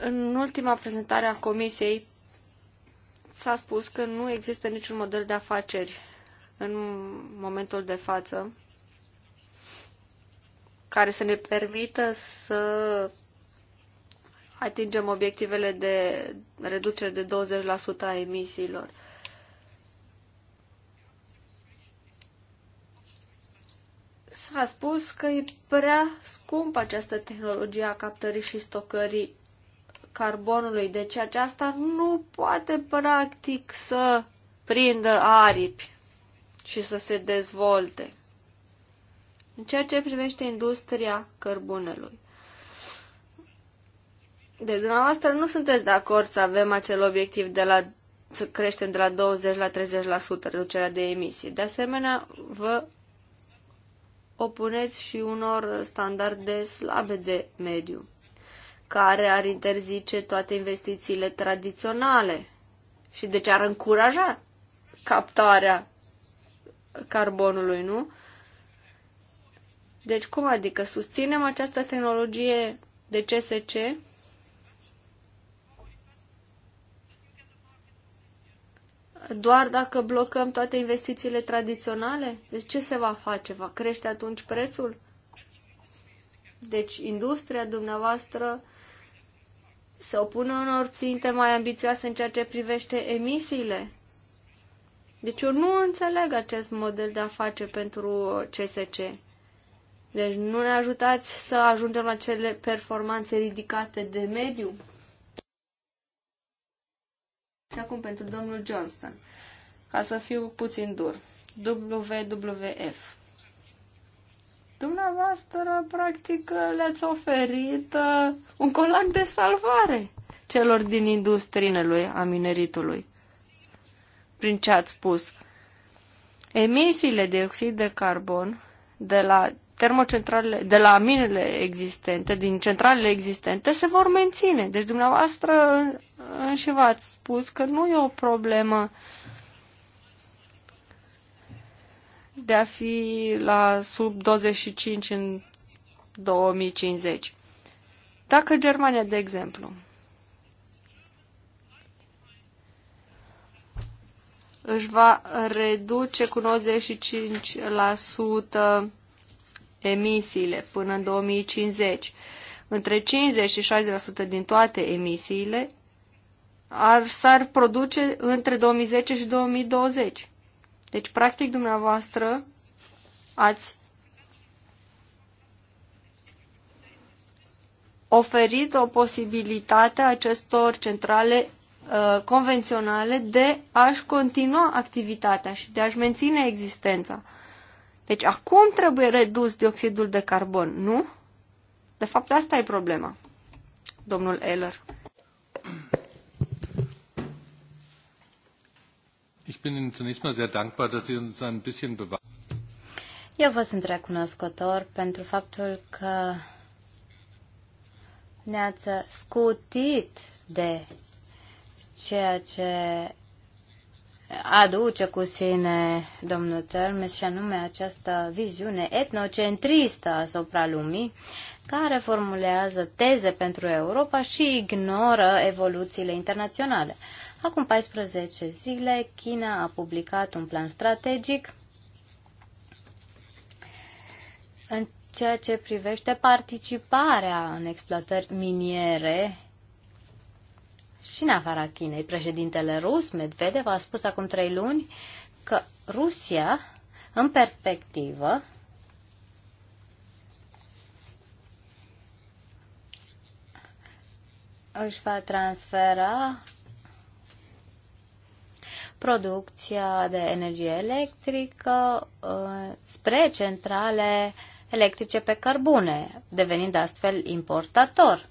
În ultima prezentare a Comisiei s-a spus că nu există niciun model de afaceri în momentul de față care să ne permită să atingem obiectivele de reducere de 20% a emisiilor. S-a spus că e prea scump această tehnologie a captării și stocării carbonului. Deci aceasta nu poate practic să prindă aripi și să se dezvolte. În ceea ce privește industria cărbunelui. Deci dumneavoastră nu sunteți de acord să avem acel obiectiv de la să creștem de la 20 la 30% reducerea de emisii. De asemenea, vă opuneți și unor standarde slabe de mediu care ar interzice toate investițiile tradiționale și deci ar încuraja captarea carbonului, nu? Deci cum adică susținem această tehnologie de CSC? Doar dacă blocăm toate investițiile tradiționale? Deci ce se va face? Va crește atunci prețul? Deci industria dumneavoastră să opună unor ținte mai ambițioase în ceea ce privește emisiile. Deci eu nu înțeleg acest model de a face pentru CSC. Deci nu ne ajutați să ajungem la cele performanțe ridicate de mediu. Și acum pentru domnul Johnston, ca să fiu puțin dur. WWF. Dumneavoastră, practic, le-ați oferit uh, un colac de salvare celor din industrinelui a mineritului. Prin ce ați spus, emisiile de oxid de carbon de la termocentralele, de la minele existente, din centralele existente, se vor menține. Deci dumneavoastră înși v-ați spus că nu e o problemă uh, de a fi la sub 25 în 2050. Dacă Germania, de exemplu, își va reduce cu 95% emisiile până în 2050, între 50 și 60% din toate emisiile ar, s-ar produce între 2010 și 2020. Deci, practic, dumneavoastră ați oferit o posibilitate acestor centrale uh, convenționale de a-și continua activitatea și de a-și menține existența. Deci acum trebuie redus dioxidul de carbon, nu? De fapt, asta e problema, domnul Eller. Ich bin Ihnen zunächst mal sehr dankbar, dass Sie uns ein bisschen bewahren. Eu vă sunt recunoscător pentru faptul că ne-ați scutit de ceea ce aduce cu sine domnul Termes și anume această viziune etnocentristă asupra lumii care formulează teze pentru Europa și ignoră evoluțiile internaționale. Acum 14 zile, China a publicat un plan strategic în ceea ce privește participarea în exploatări miniere și în afara Chinei. Președintele rus, Medvedev, a spus acum trei luni că Rusia, în perspectivă, își va transfera producția de energie electrică uh, spre centrale electrice pe cărbune, devenind astfel importator.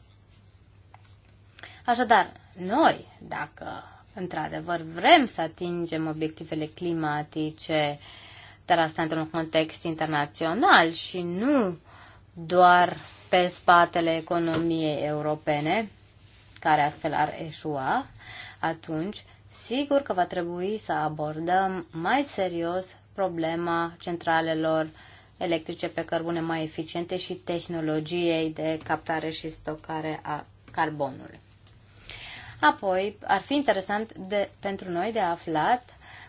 Așadar, noi, dacă într-adevăr vrem să atingem obiectivele climatice, dar asta într-un context internațional și nu doar pe spatele economiei europene, care astfel ar eșua, atunci Sigur că va trebui să abordăm mai serios problema centralelor electrice pe cărbune mai eficiente și tehnologiei de captare și stocare a carbonului. Apoi, ar fi interesant de, pentru noi de aflat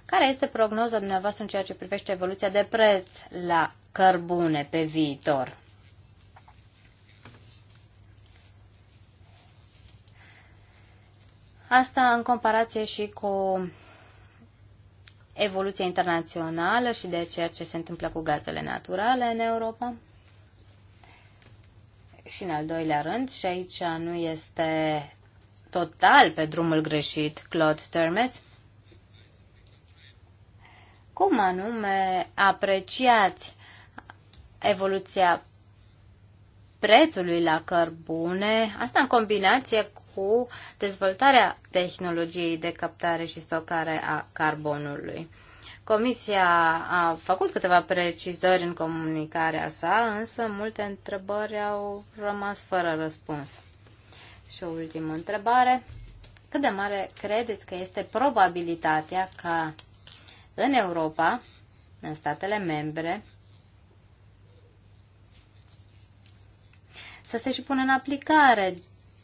care este prognoza dumneavoastră în ceea ce privește evoluția de preț la cărbune pe viitor. Asta în comparație și cu evoluția internațională și de ceea ce se întâmplă cu gazele naturale în Europa. Și în al doilea rând, și aici nu este total pe drumul greșit Claude Termes, cum anume apreciați evoluția prețului la cărbune, asta în combinație cu dezvoltarea tehnologiei de captare și stocare a carbonului. Comisia a făcut câteva precizări în comunicarea sa, însă multe întrebări au rămas fără răspuns. Și o ultimă întrebare. Cât de mare credeți că este probabilitatea ca în Europa, în statele membre, să se și pună în aplicare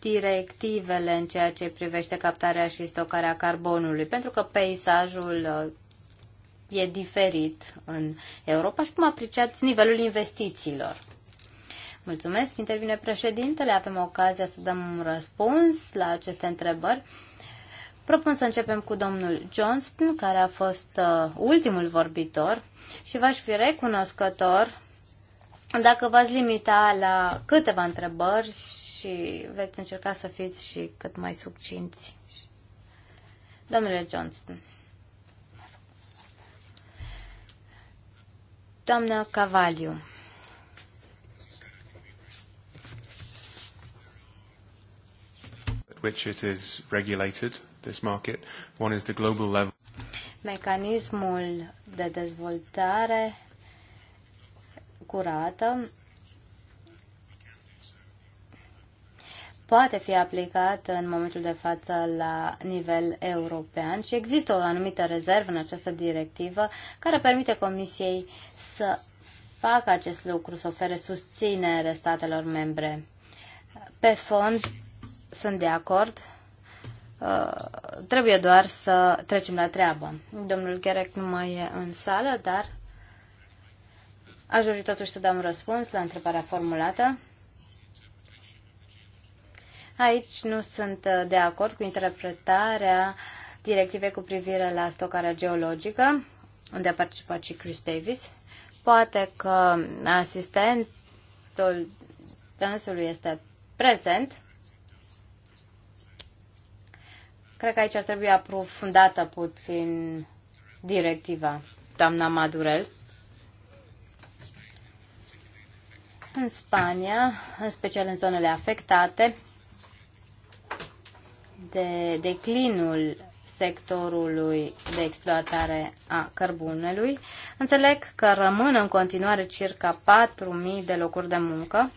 directivele în ceea ce privește captarea și stocarea carbonului, pentru că peisajul uh, e diferit în Europa și cum apreciați nivelul investițiilor. Mulțumesc, intervine președintele, avem ocazia să dăm un răspuns la aceste întrebări. Propun să începem cu domnul Johnston, care a fost uh, ultimul vorbitor și v-aș fi recunoscător dacă v-ați limita la câteva întrebări și veți încerca să fiți și cât mai succinți. Domnule Johnston. Doamnă Cavaliu. which it is regulated, this market. One is the global level. Mecanismul de dezvoltare curată poate fi aplicat în momentul de față la nivel european și există o anumită rezervă în această directivă care permite Comisiei să facă acest lucru, să ofere susținere statelor membre. Pe fond, sunt de acord. Uh, trebuie doar să trecem la treabă. Domnul Gerec nu mai e în sală, dar Aș dori totuși să dau un răspuns la întrebarea formulată. Aici nu sunt uh, de acord cu interpretarea directivei cu privire la stocarea geologică, unde a participat și Chris Davis. Poate că asistentul dânsului este prezent. Cred că aici ar trebui aprofundată puțin directiva, doamna Madurel. în Spania, în special în zonele afectate de declinul sectorului de exploatare a cărbunelui, înțeleg că rămân în continuare circa 4.000 de locuri de muncă,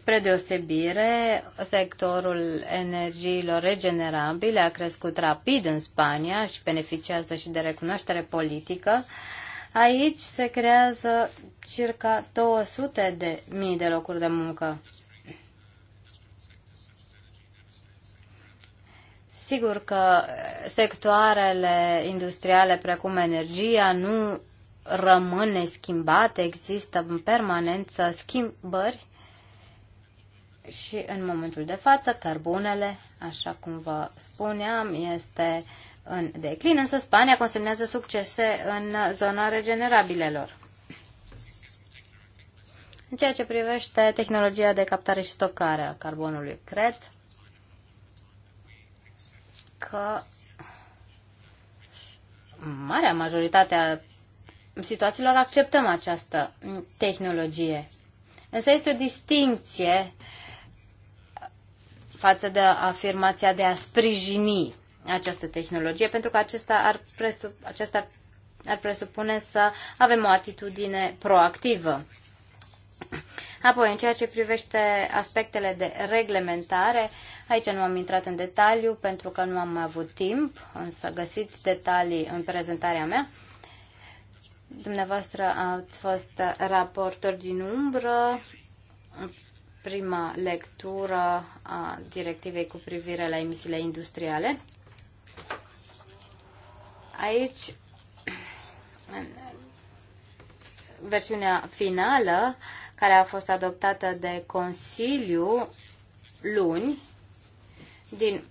Spre deosebire, sectorul energiilor regenerabile a crescut rapid în Spania și beneficiază și de recunoaștere politică. Aici se creează circa 200 de mii de locuri de muncă. Sigur că sectoarele industriale precum energia nu rămâne schimbate, există în permanență schimbări și în momentul de față, cărbunele, așa cum vă spuneam, este în declin, însă Spania consemnează succese în zona regenerabilelor. În ceea ce privește tehnologia de captare și stocare a carbonului, cred că marea majoritate a situațiilor acceptăm această tehnologie. Însă este o distinție uh, față de afirmația de a sprijini această tehnologie, pentru că acesta ar, presup, acesta ar, ar presupune să avem o atitudine proactivă. Apoi, în ceea ce privește aspectele de reglementare, aici nu am intrat în detaliu pentru că nu am avut timp, însă găsiți detalii în prezentarea mea. Dumneavoastră ați fost raportori din umbră prima lectură a directivei cu privire la emisiile industriale. Aici, în versiunea finală, care a fost adoptată de Consiliu luni, din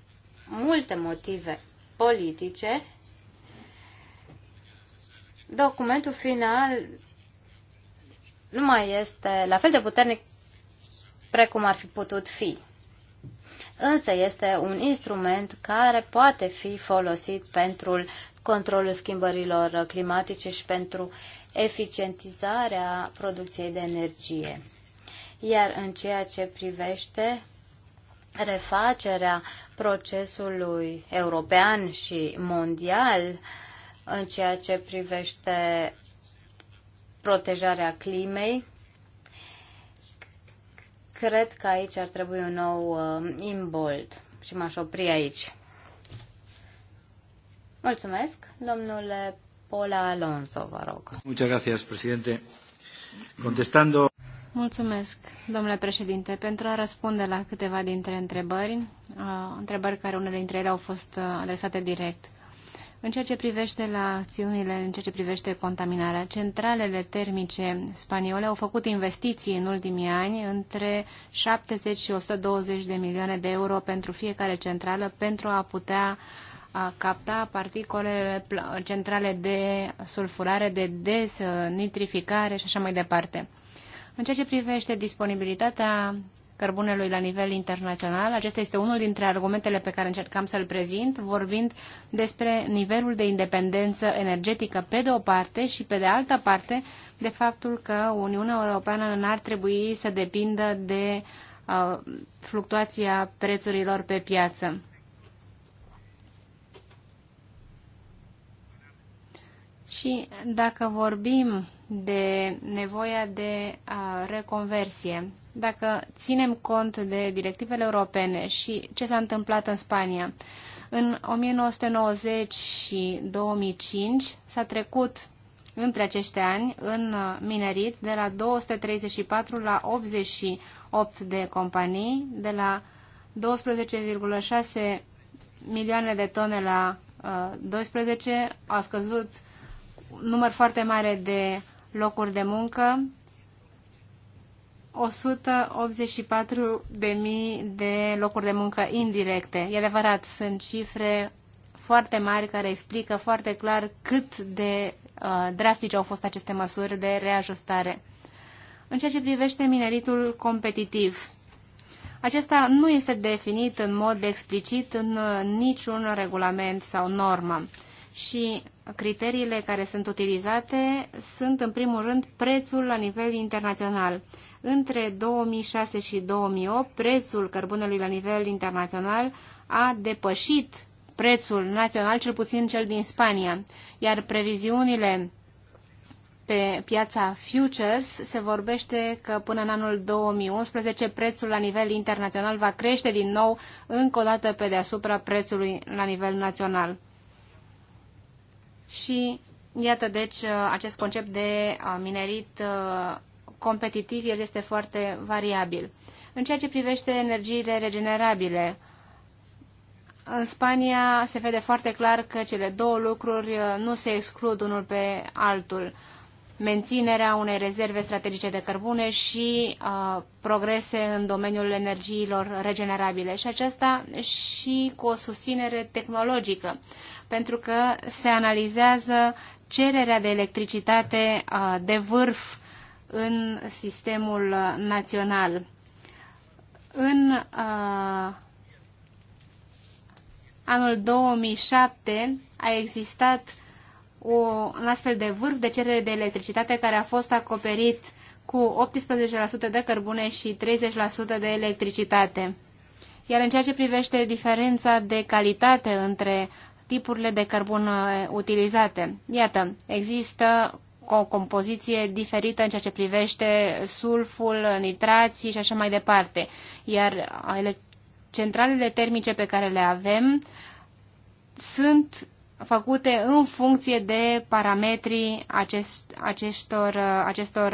multe motive politice, documentul final nu mai este la fel de puternic precum ar fi putut fi. Însă este un instrument care poate fi folosit pentru controlul schimbărilor climatice și pentru eficientizarea producției de energie. Iar în ceea ce privește refacerea procesului european și mondial în ceea ce privește protejarea climei, Cred că aici ar trebui un nou uh, imbold și m-aș opri aici. Mulțumesc, domnule Pola Alonso, vă rog. Muchas gracias, presidente. Contestando... Mulțumesc, domnule președinte. Pentru a răspunde la câteva dintre întrebări, uh, întrebări care unele dintre ele au fost uh, adresate direct. În ceea ce privește la acțiunile, în ceea ce privește contaminarea, centralele termice spaniole au făcut investiții în ultimii ani între 70 și 120 de milioane de euro pentru fiecare centrală pentru a putea a capta particolele centrale de sulfurare, de desnitrificare și așa mai departe. În ceea ce privește disponibilitatea cărbunelui la nivel internațional. Acesta este unul dintre argumentele pe care încercam să-l prezint, vorbind despre nivelul de independență energetică pe de o parte și pe de altă parte de faptul că Uniunea Europeană n-ar trebui să depindă de uh, fluctuația prețurilor pe piață. Și dacă vorbim de nevoia de uh, reconversie. Dacă ținem cont de directivele europene și ce s-a întâmplat în Spania, în 1990 și 2005 s-a trecut între acești ani în minerit de la 234 la 88 de companii, de la 12,6 milioane de tone la uh, 12, a scăzut număr foarte mare de locuri de muncă, 184.000 de locuri de muncă indirecte. E adevărat, sunt cifre foarte mari care explică foarte clar cât de uh, drastice au fost aceste măsuri de reajustare. În ceea ce privește mineritul competitiv, acesta nu este definit în mod explicit în uh, niciun regulament sau normă și criteriile care sunt utilizate sunt în primul rând prețul la nivel internațional. Între 2006 și 2008, prețul cărbunelui la nivel internațional a depășit prețul național, cel puțin cel din Spania, iar previziunile pe piața futures se vorbește că până în anul 2011 prețul la nivel internațional va crește din nou încă o dată pe deasupra prețului la nivel național. Și iată, deci, uh, acest concept de uh, minerit uh, competitiv, el este foarte variabil. În ceea ce privește energiile regenerabile, în Spania se vede foarte clar că cele două lucruri nu se exclud unul pe altul menținerea unei rezerve strategice de cărbune și uh, progrese în domeniul energiilor regenerabile și aceasta și cu o susținere tehnologică, pentru că se analizează cererea de electricitate uh, de vârf în sistemul uh, național. În uh, anul 2007 a existat uh, o, un astfel de vârf de cerere de electricitate care a fost acoperit cu 18% de cărbune și 30% de electricitate. Iar în ceea ce privește diferența de calitate între tipurile de cărbun uh, utilizate, iată, există o compoziție diferită în ceea ce privește sulful, nitrații și așa mai departe. Iar uh, centralele termice pe care le avem sunt făcute în funcție de parametrii acest, acestor, acestor,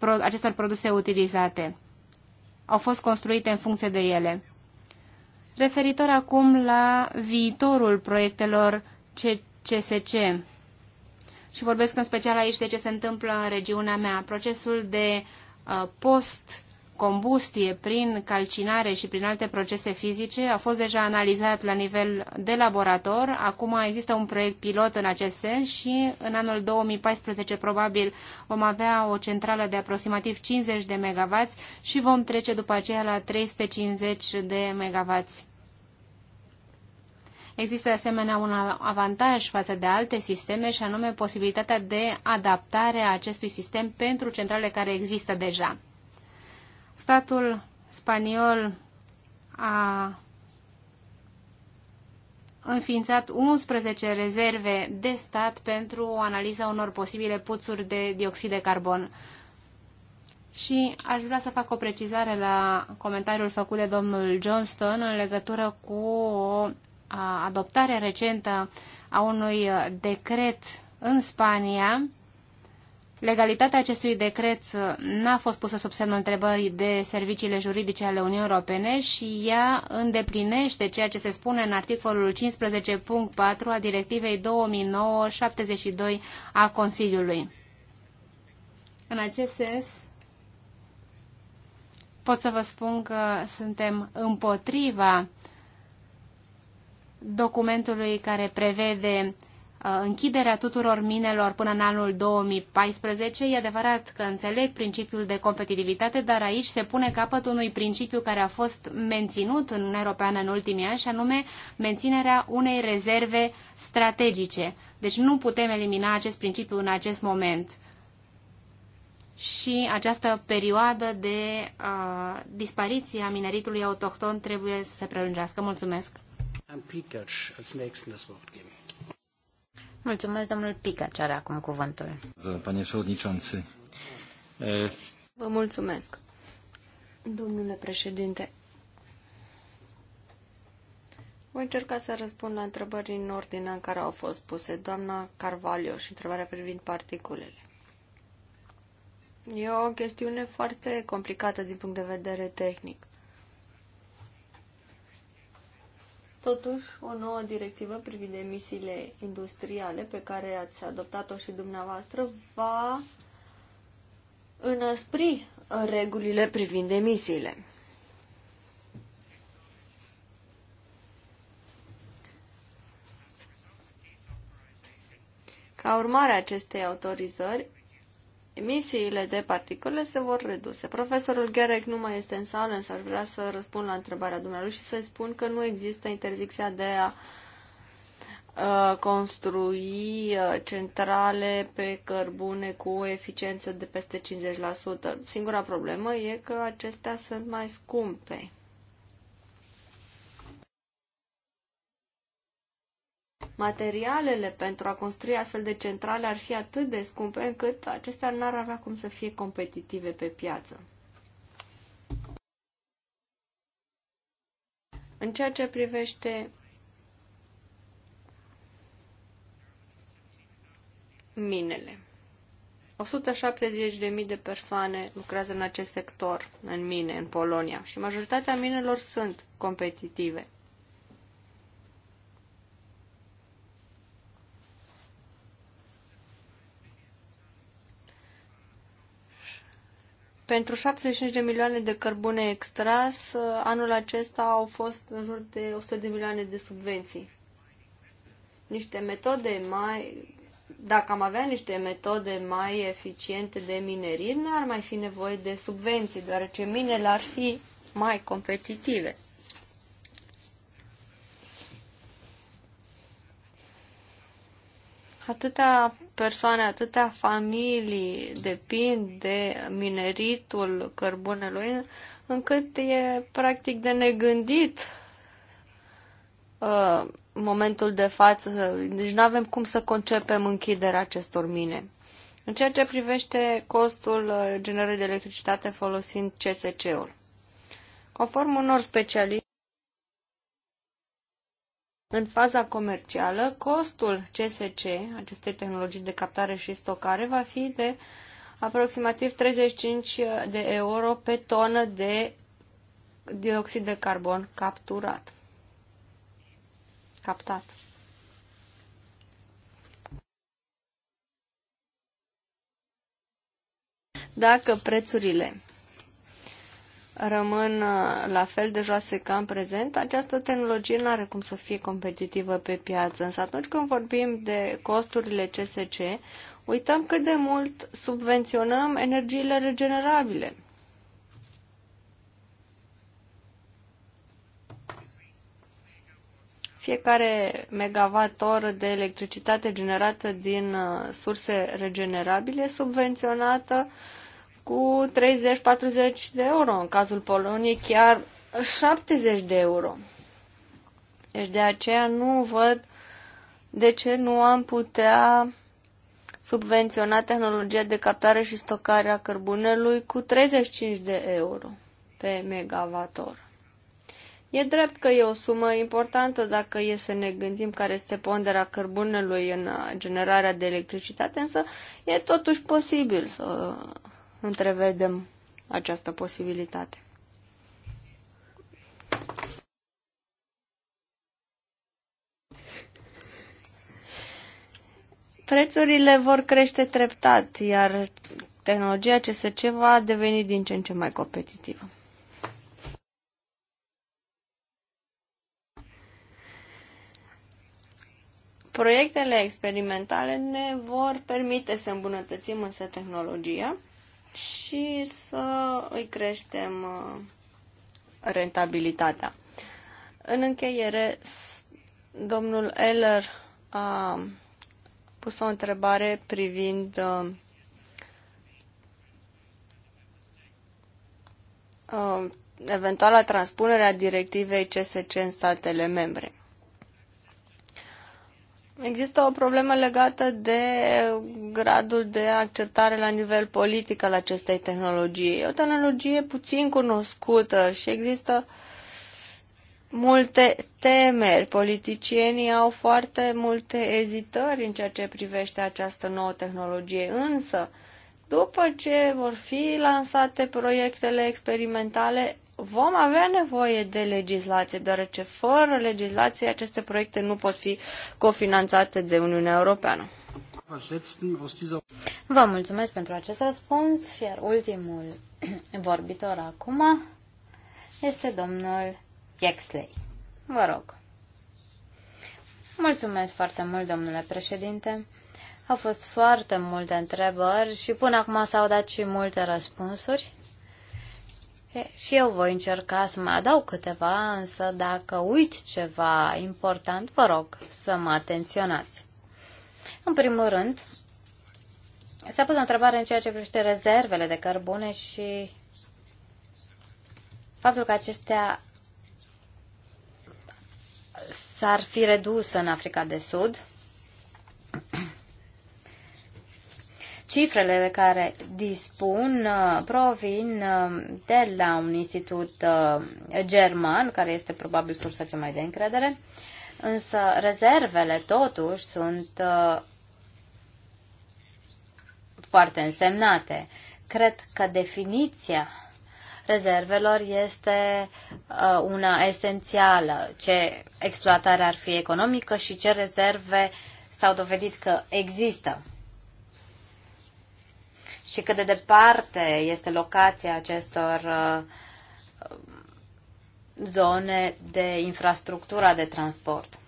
acestor produse utilizate. Au fost construite în funcție de ele. Referitor acum la viitorul proiectelor CCSC, și vorbesc în special aici de ce se întâmplă în regiunea mea, procesul de uh, post combustie prin calcinare și prin alte procese fizice a fost deja analizat la nivel de laborator. Acum există un proiect pilot în acest sens și în anul 2014 probabil vom avea o centrală de aproximativ 50 de MW și vom trece după aceea la 350 de MW. Există de asemenea un avantaj față de alte sisteme și anume posibilitatea de adaptare a acestui sistem pentru centrale care există deja. Statul spaniol a înființat 11 rezerve de stat pentru analiza unor posibile puțuri de dioxid de carbon. Și aș vrea să fac o precizare la comentariul făcut de domnul Johnston în legătură cu o adoptare recentă a unui decret în Spania Legalitatea acestui decret uh, n-a fost pusă sub semnul întrebării de serviciile juridice ale Uniunii Europene și ea îndeplinește ceea ce se spune în articolul 15.4 a Directivei 2009-72 a Consiliului. În acest sens, pot să vă spun că suntem împotriva documentului care prevede uh, Uh, închiderea tuturor minelor până în anul 2014. E adevărat că înțeleg principiul de competitivitate, dar aici se pune capăt unui principiu care a fost menținut în Uniunea Europeană în ultimii ani, și anume menținerea unei rezerve strategice. Deci nu putem elimina acest principiu în acest moment și această perioadă de uh, dispariție a mineritului autohton trebuie să se prelungească. Mulțumesc! Mulțumesc, domnul Pică, ce are acum cuvântul. Pane Șornicianțe. Vă mulțumesc, domnule președinte. Voi încerca să răspund la întrebări în ordinea în care au fost puse doamna Carvalho și întrebarea privind particulele. E o chestiune foarte complicată din punct de vedere tehnic. Totuși, o nouă directivă privind emisiile industriale pe care ați adoptat-o și dumneavoastră va înăspri regulile privind emisiile. Ca urmare a acestei autorizări, emisiile de particule se vor reduce. Profesorul Gerec nu mai este în sală, însă aș vrea să răspund la întrebarea dumneavoastră și să-i spun că nu există interzicția de a construi centrale pe cărbune cu o eficiență de peste 50%. Singura problemă e că acestea sunt mai scumpe. materialele pentru a construi astfel de centrale ar fi atât de scumpe încât acestea n-ar avea cum să fie competitive pe piață. În ceea ce privește minele. 170.000 de persoane lucrează în acest sector, în mine, în Polonia, și majoritatea minelor sunt competitive. Pentru 75 de milioane de cărbune extras, uh, anul acesta au fost în jur de 100 de milioane de subvenții. Niște metode mai... Dacă am avea niște metode mai eficiente de minerit, n-ar mai fi nevoie de subvenții, deoarece minele ar fi mai competitive. Atâtea persoane, atâtea familii depind de mineritul cărbunelui, încât e practic de negândit uh, momentul de față. Deci nu avem cum să concepem închiderea acestor mine. În ceea ce privește costul uh, generării de electricitate folosind CSC-ul. Conform unor specialiști, în faza comercială, costul CSC, acestei tehnologii de captare și stocare, va fi de aproximativ 35 de euro pe tonă de dioxid de carbon capturat. Captat. Dacă prețurile rămân uh, la fel de joase ca în prezent, această tehnologie nu are cum să fie competitivă pe piață. Însă atunci când vorbim de costurile CSC, uităm cât de mult subvenționăm energiile regenerabile. Fiecare megawattor de electricitate generată din uh, surse regenerabile subvenționată uh, cu 30-40 de euro, în cazul Poloniei chiar 70 de euro. Deci de aceea nu văd de ce nu am putea subvenționa tehnologia de captare și stocare a cărbunelui cu 35 de euro pe megavator. E drept că e o sumă importantă dacă e să ne gândim care este ponderea cărbunelui în generarea de electricitate, însă e totuși posibil să întrevedem această posibilitate. Prețurile vor crește treptat, iar tehnologia CSC va deveni din ce în ce mai competitivă. Proiectele experimentale ne vor permite să îmbunătățim însă tehnologia și să îi creștem uh, rentabilitatea. În încheiere, domnul Eller a pus o întrebare privind uh, uh, eventuala transpunere a directivei CSC în statele membre. Există o problemă legată de gradul de acceptare la nivel politic al acestei tehnologii. E o tehnologie puțin cunoscută și există multe temeri. Politicienii au foarte multe ezitări în ceea ce privește această nouă tehnologie, însă după ce vor fi lansate proiectele experimentale, vom avea nevoie de legislație, deoarece fără legislație aceste proiecte nu pot fi cofinanțate de Uniunea Europeană. Vă mulțumesc pentru acest răspuns, iar ultimul <clears throat> vorbitor acum este domnul Exley. Vă rog. Mulțumesc foarte mult, domnule președinte. Au fost foarte multe întrebări și până acum s-au dat și multe răspunsuri. E, și eu voi încerca să mă adaug câteva, însă dacă uit ceva important, vă rog să mă atenționați. În primul rând, s-a pus o întrebare în ceea ce privește rezervele de cărbune și faptul că acestea s-ar fi redus în Africa de Sud. Cifrele de care dispun uh, provin uh, de la un institut uh, german, care este probabil sursa cea mai de încredere, însă rezervele totuși sunt foarte însemnate. Cred că definiția rezervelor este una esențială, ce exploatare ar fi economică și ce rezerve s-au dovedit că există și cât de departe este locația acestor uh, zone de infrastructura de transport.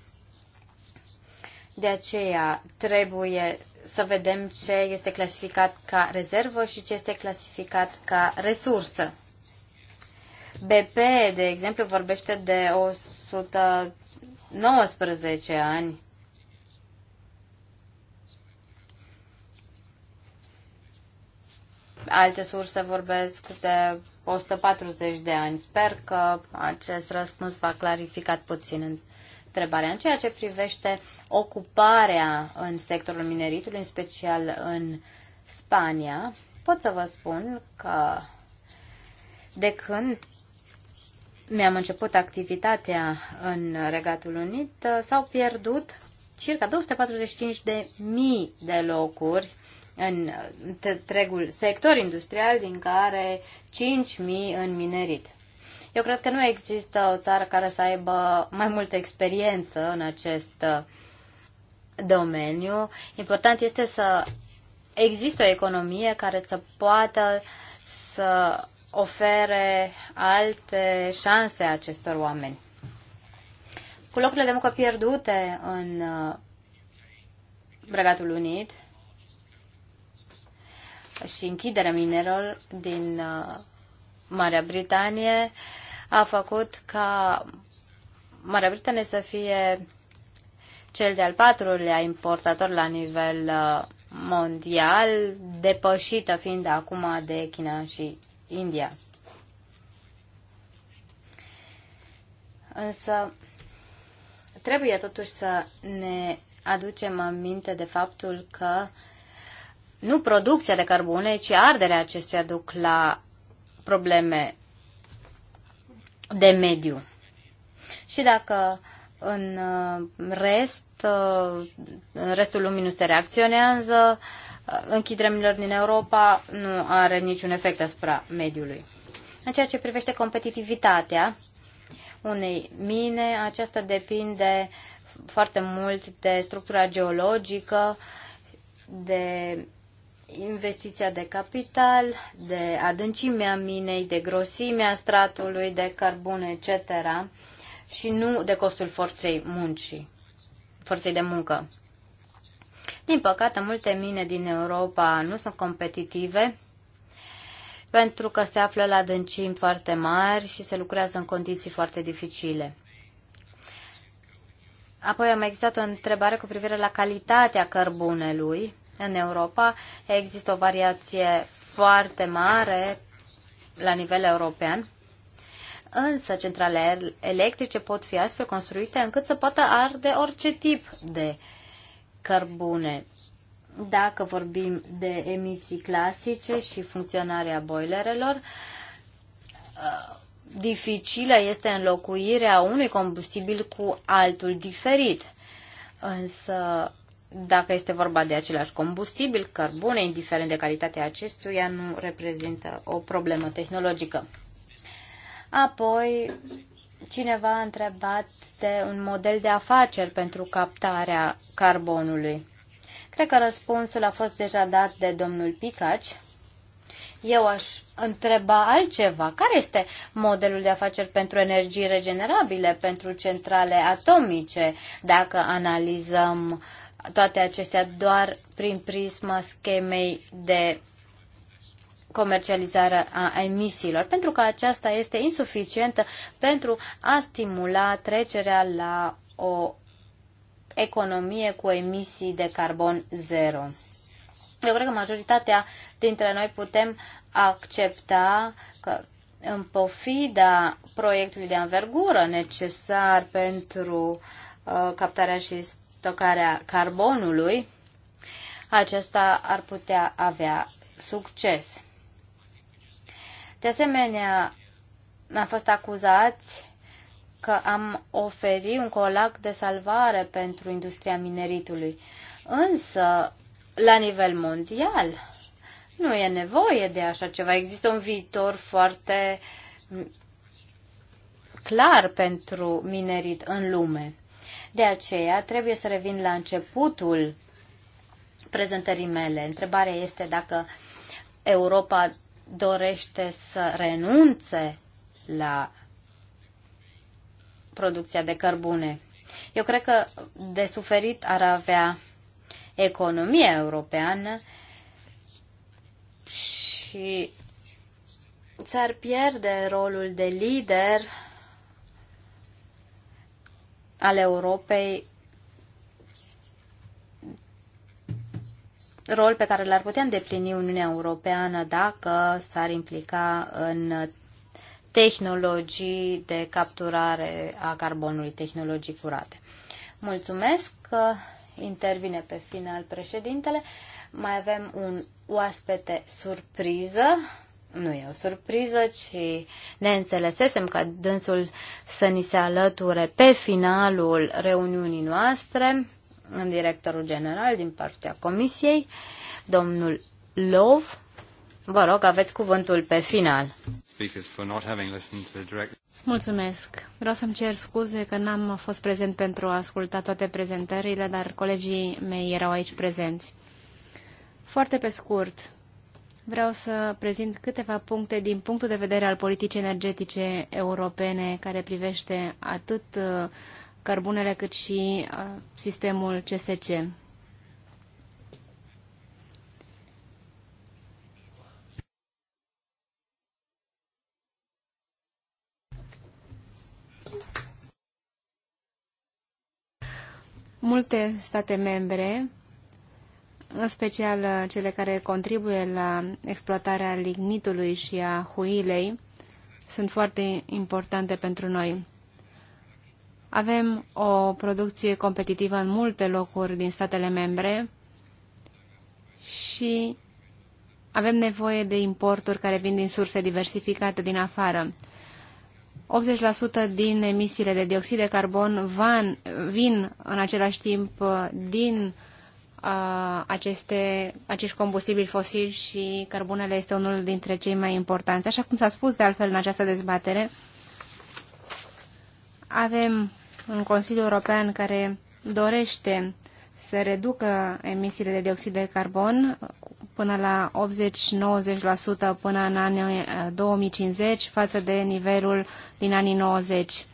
De aceea trebuie să vedem ce este clasificat ca rezervă și ce este clasificat ca resursă. BP, de exemplu, vorbește de 119 ani Alte surse vorbesc de 140 de ani. Sper că acest răspuns va clarificat puțin întrebarea. În ceea ce privește ocuparea în sectorul mineritului, în special în Spania, pot să vă spun că de când mi-am început activitatea în Regatul Unit, s-au pierdut circa 245 de mii de locuri în întregul sector industrial, din care 5.000 în minerit. Eu cred că nu există o țară care să aibă mai multă experiență în acest uh, domeniu. Important este să există o economie care să poată să ofere alte șanse acestor oameni. Cu locurile de muncă pierdute în Bregatul uh, Unit, și închiderea minerilor din uh, Marea Britanie a făcut ca Marea Britanie să fie cel de-al patrulea importator la nivel uh, mondial, depășită fiind acum de China și India. Însă trebuie totuși să ne aducem aminte de faptul că uh, nu producția de cărbune, ci arderea acestuia duc la probleme de mediu. Și dacă în uh, rest, în uh, restul lumii nu se reacționează, uh, închiderea din Europa nu are niciun efect asupra mediului. În ceea ce privește competitivitatea unei mine, aceasta depinde foarte mult de structura geologică, de investiția de capital, de adâncimea minei, de grosimea stratului de cărbun, etc. și nu de costul forței muncii, forței de muncă. Din păcate, multe mine din Europa nu sunt competitive pentru că se află la adâncimi foarte mari și se lucrează în condiții foarte dificile. Apoi am existat o întrebare cu privire la calitatea cărbunelui în Europa există o variație foarte mare la nivel european, însă centrale electrice pot fi astfel construite încât să poată arde orice tip de cărbune. Dacă vorbim de emisii clasice și funcționarea boilerelor, dificilă este înlocuirea unui combustibil cu altul diferit. Însă dacă este vorba de același combustibil, cărbune, indiferent de calitatea acestuia, nu reprezintă o problemă tehnologică. Apoi, cineva a întrebat de un model de afaceri pentru captarea carbonului. Cred că răspunsul a fost deja dat de domnul Picaci. Eu aș întreba altceva. Care este modelul de afaceri pentru energii regenerabile, pentru centrale atomice, dacă analizăm toate acestea doar prin prisma schemei de comercializare a emisiilor, pentru că aceasta este insuficientă pentru a stimula trecerea la o economie cu emisii de carbon zero. Eu cred că majoritatea dintre noi putem accepta că în pofida proiectului de anvergură necesar pentru uh, captarea și stocarea carbonului, acesta ar putea avea succes. De asemenea, am fost acuzați că am oferit un colac de salvare pentru industria mineritului. Însă, la nivel mondial, nu e nevoie de așa ceva. Există un viitor foarte clar pentru minerit în lume. De aceea trebuie să revin la începutul prezentării mele. Întrebarea este dacă Europa dorește să renunțe la producția de cărbune. Eu cred că de suferit ar avea economia europeană și ți-ar pierde rolul de lider al Europei rol pe care l-ar putea îndeplini Uniunea Europeană dacă s-ar implica în tehnologii de capturare a carbonului, tehnologii curate. Mulțumesc că intervine pe final președintele. Mai avem un oaspete surpriză nu e o surpriză, ci ne înțelesesem că dânsul să ni se alăture pe finalul reuniunii noastre, în directorul general din partea comisiei, domnul Lov. Vă rog, aveți cuvântul pe final. Mulțumesc. Vreau să-mi cer scuze că n-am fost prezent pentru a asculta toate prezentările, dar colegii mei erau aici prezenți. Foarte pe scurt, vreau să prezint câteva puncte din punctul de vedere al politicii energetice europene care privește atât uh, cărbunele cât și uh, sistemul CSC. Multe state membre în special uh, cele care contribuie la exploatarea lignitului și a huilei, sunt foarte importante pentru noi. Avem o producție competitivă în multe locuri din statele membre și avem nevoie de importuri care vin din surse diversificate din afară. 80% din emisiile de dioxid de carbon van, vin în același timp uh, din uh, aceste, acești combustibili fosili și cărbunele este unul dintre cei mai importanți. Așa cum s-a spus de altfel în această dezbatere, avem un Consiliu European care dorește să reducă emisiile de dioxid de carbon până la 80-90% până în anii 2050 eh, față de nivelul din anii 90.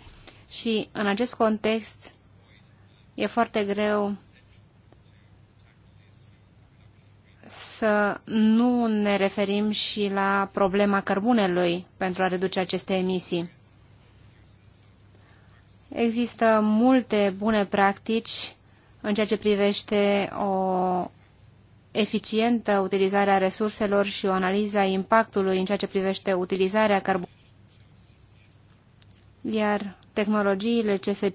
Și în acest context e foarte greu să nu ne referim și la problema cărbunelui pentru a reduce aceste emisii. Există multe bune practici în ceea ce privește o eficientă utilizare a resurselor și o analiză a impactului în ceea ce privește utilizarea cărbunelui. Iar tehnologiile CSC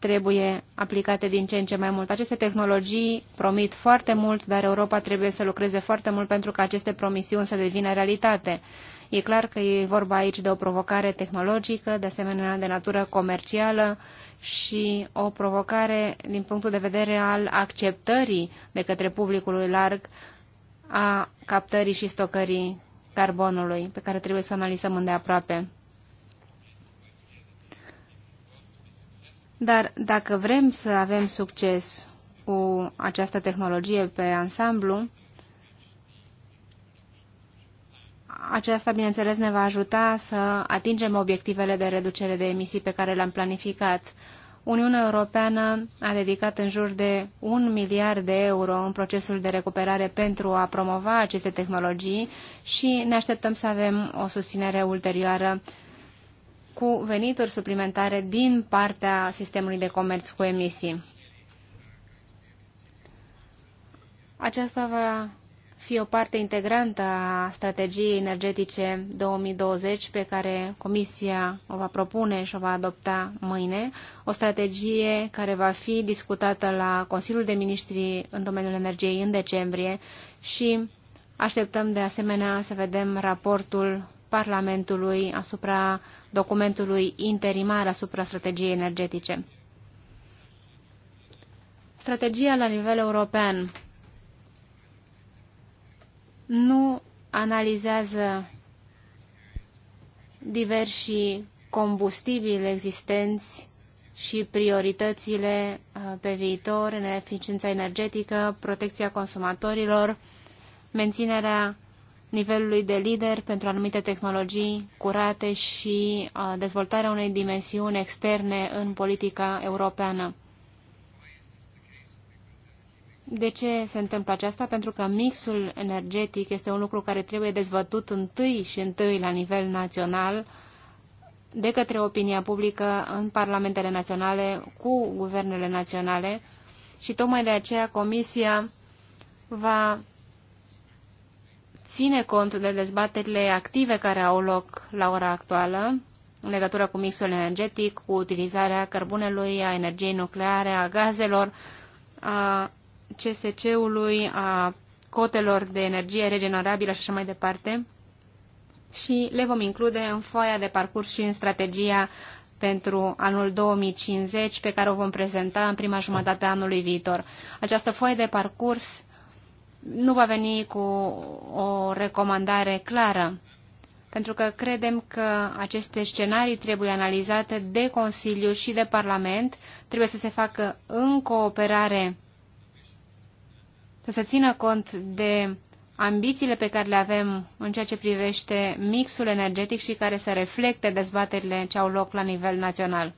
trebuie aplicate din ce în ce mai mult. Aceste tehnologii promit foarte mult, dar Europa trebuie să lucreze foarte mult pentru ca aceste promisiuni să devină realitate. E clar că e vorba aici de o provocare tehnologică, de asemenea de natură comercială și o provocare din punctul de vedere al acceptării de către publicul larg a captării și stocării carbonului, pe care trebuie să o analizăm îndeaproape. Dar dacă vrem să avem succes cu această tehnologie pe ansamblu, aceasta, bineînțeles, ne va ajuta să atingem obiectivele de reducere de emisii pe care le-am planificat. Uniunea Europeană a dedicat în jur de un miliard de euro în procesul de recuperare pentru a promova aceste tehnologii și ne așteptăm să avem o susținere ulterioară uh, cu venituri suplimentare din partea sistemului de comerț cu emisii. Aceasta va fi o parte integrantă a strategiei energetice 2020 pe care Comisia o va propune și o va adopta mâine, o strategie care va fi discutată la Consiliul de Ministri în domeniul energiei în decembrie și așteptăm de asemenea să vedem raportul Parlamentului asupra documentului interimar asupra strategiei energetice. Strategia la nivel european nu analizează diversi combustibili existenți și prioritățile uh, pe viitor în eficiența energetică, protecția consumatorilor, menținerea nivelului de lider pentru anumite tehnologii curate și uh, dezvoltarea unei dimensiuni externe în politica europeană. De ce se întâmplă aceasta? Pentru că mixul energetic este un lucru care trebuie dezvătut întâi și întâi la nivel național de către opinia publică în parlamentele naționale cu guvernele naționale și tocmai de aceea Comisia va ține cont de dezbaterile active care au loc la ora actuală în legătură cu mixul energetic, cu utilizarea cărbunelui, a energiei nucleare, a gazelor, a CSC-ului, a cotelor de energie regenerabilă și așa mai departe. Și le vom include în foaia de parcurs și în strategia pentru anul 2050, pe care o vom prezenta în prima jumătate a anului viitor. Această foaie de parcurs nu va veni cu o recomandare clară, pentru că credem că aceste scenarii trebuie analizate de Consiliu și de Parlament, trebuie să se facă în cooperare, să se țină cont de ambițiile pe care le avem în ceea ce privește mixul energetic și care să reflecte dezbaterile ce au loc la nivel național.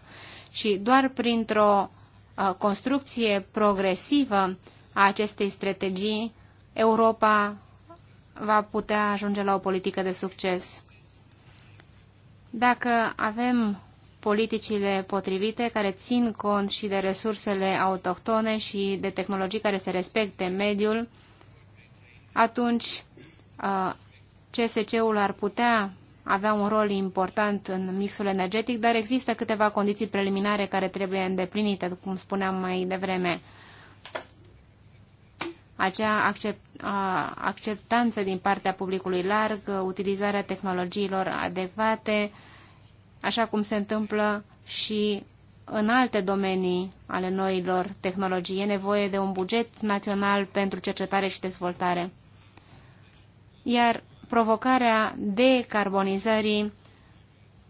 Și doar printr-o uh, construcție progresivă a acestei strategii Europa va putea ajunge la o politică de succes. Dacă avem politicile potrivite care țin cont și de resursele autohtone și de tehnologii care se respecte mediul, atunci uh, CSC-ul ar putea avea un rol important în mixul energetic, dar există câteva condiții preliminare care trebuie îndeplinite, cum spuneam mai devreme acea accept, acceptanță din partea publicului larg, utilizarea tehnologiilor adecvate, așa cum se întâmplă și în alte domenii ale noilor tehnologii. E nevoie de un buget național pentru cercetare și dezvoltare. Iar provocarea decarbonizării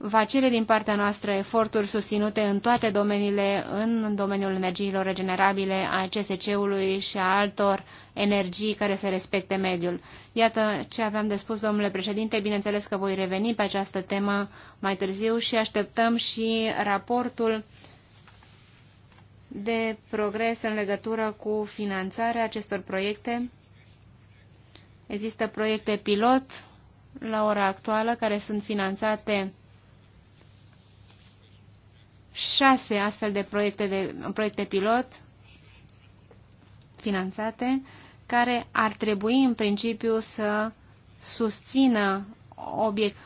va cere din partea noastră eforturi susținute în toate domeniile, în domeniul energiilor regenerabile, a CSC-ului și a altor energii care să respecte mediul. Iată ce aveam de spus, domnule președinte. Bineînțeles că voi reveni pe această temă mai târziu și așteptăm și raportul de progres în legătură cu finanțarea acestor proiecte. Există proiecte pilot la ora actuală care sunt finanțate șase astfel de proiecte, de proiecte pilot finanțate, care ar trebui în principiu să susțină obiect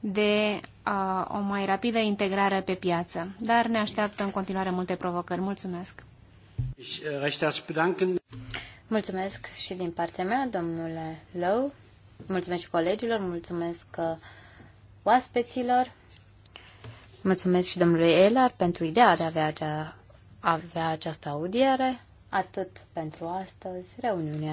de uh, o mai rapidă integrare pe piață. Dar ne așteaptă în continuare multe provocări. Mulțumesc! Mulțumesc și din partea mea, domnule Lău. Mulțumesc și colegilor, mulțumesc uh, oaspeților. Mulțumesc și domnului Elar pentru ideea de a avea, avea această audiere, atât pentru astăzi, reuniunea.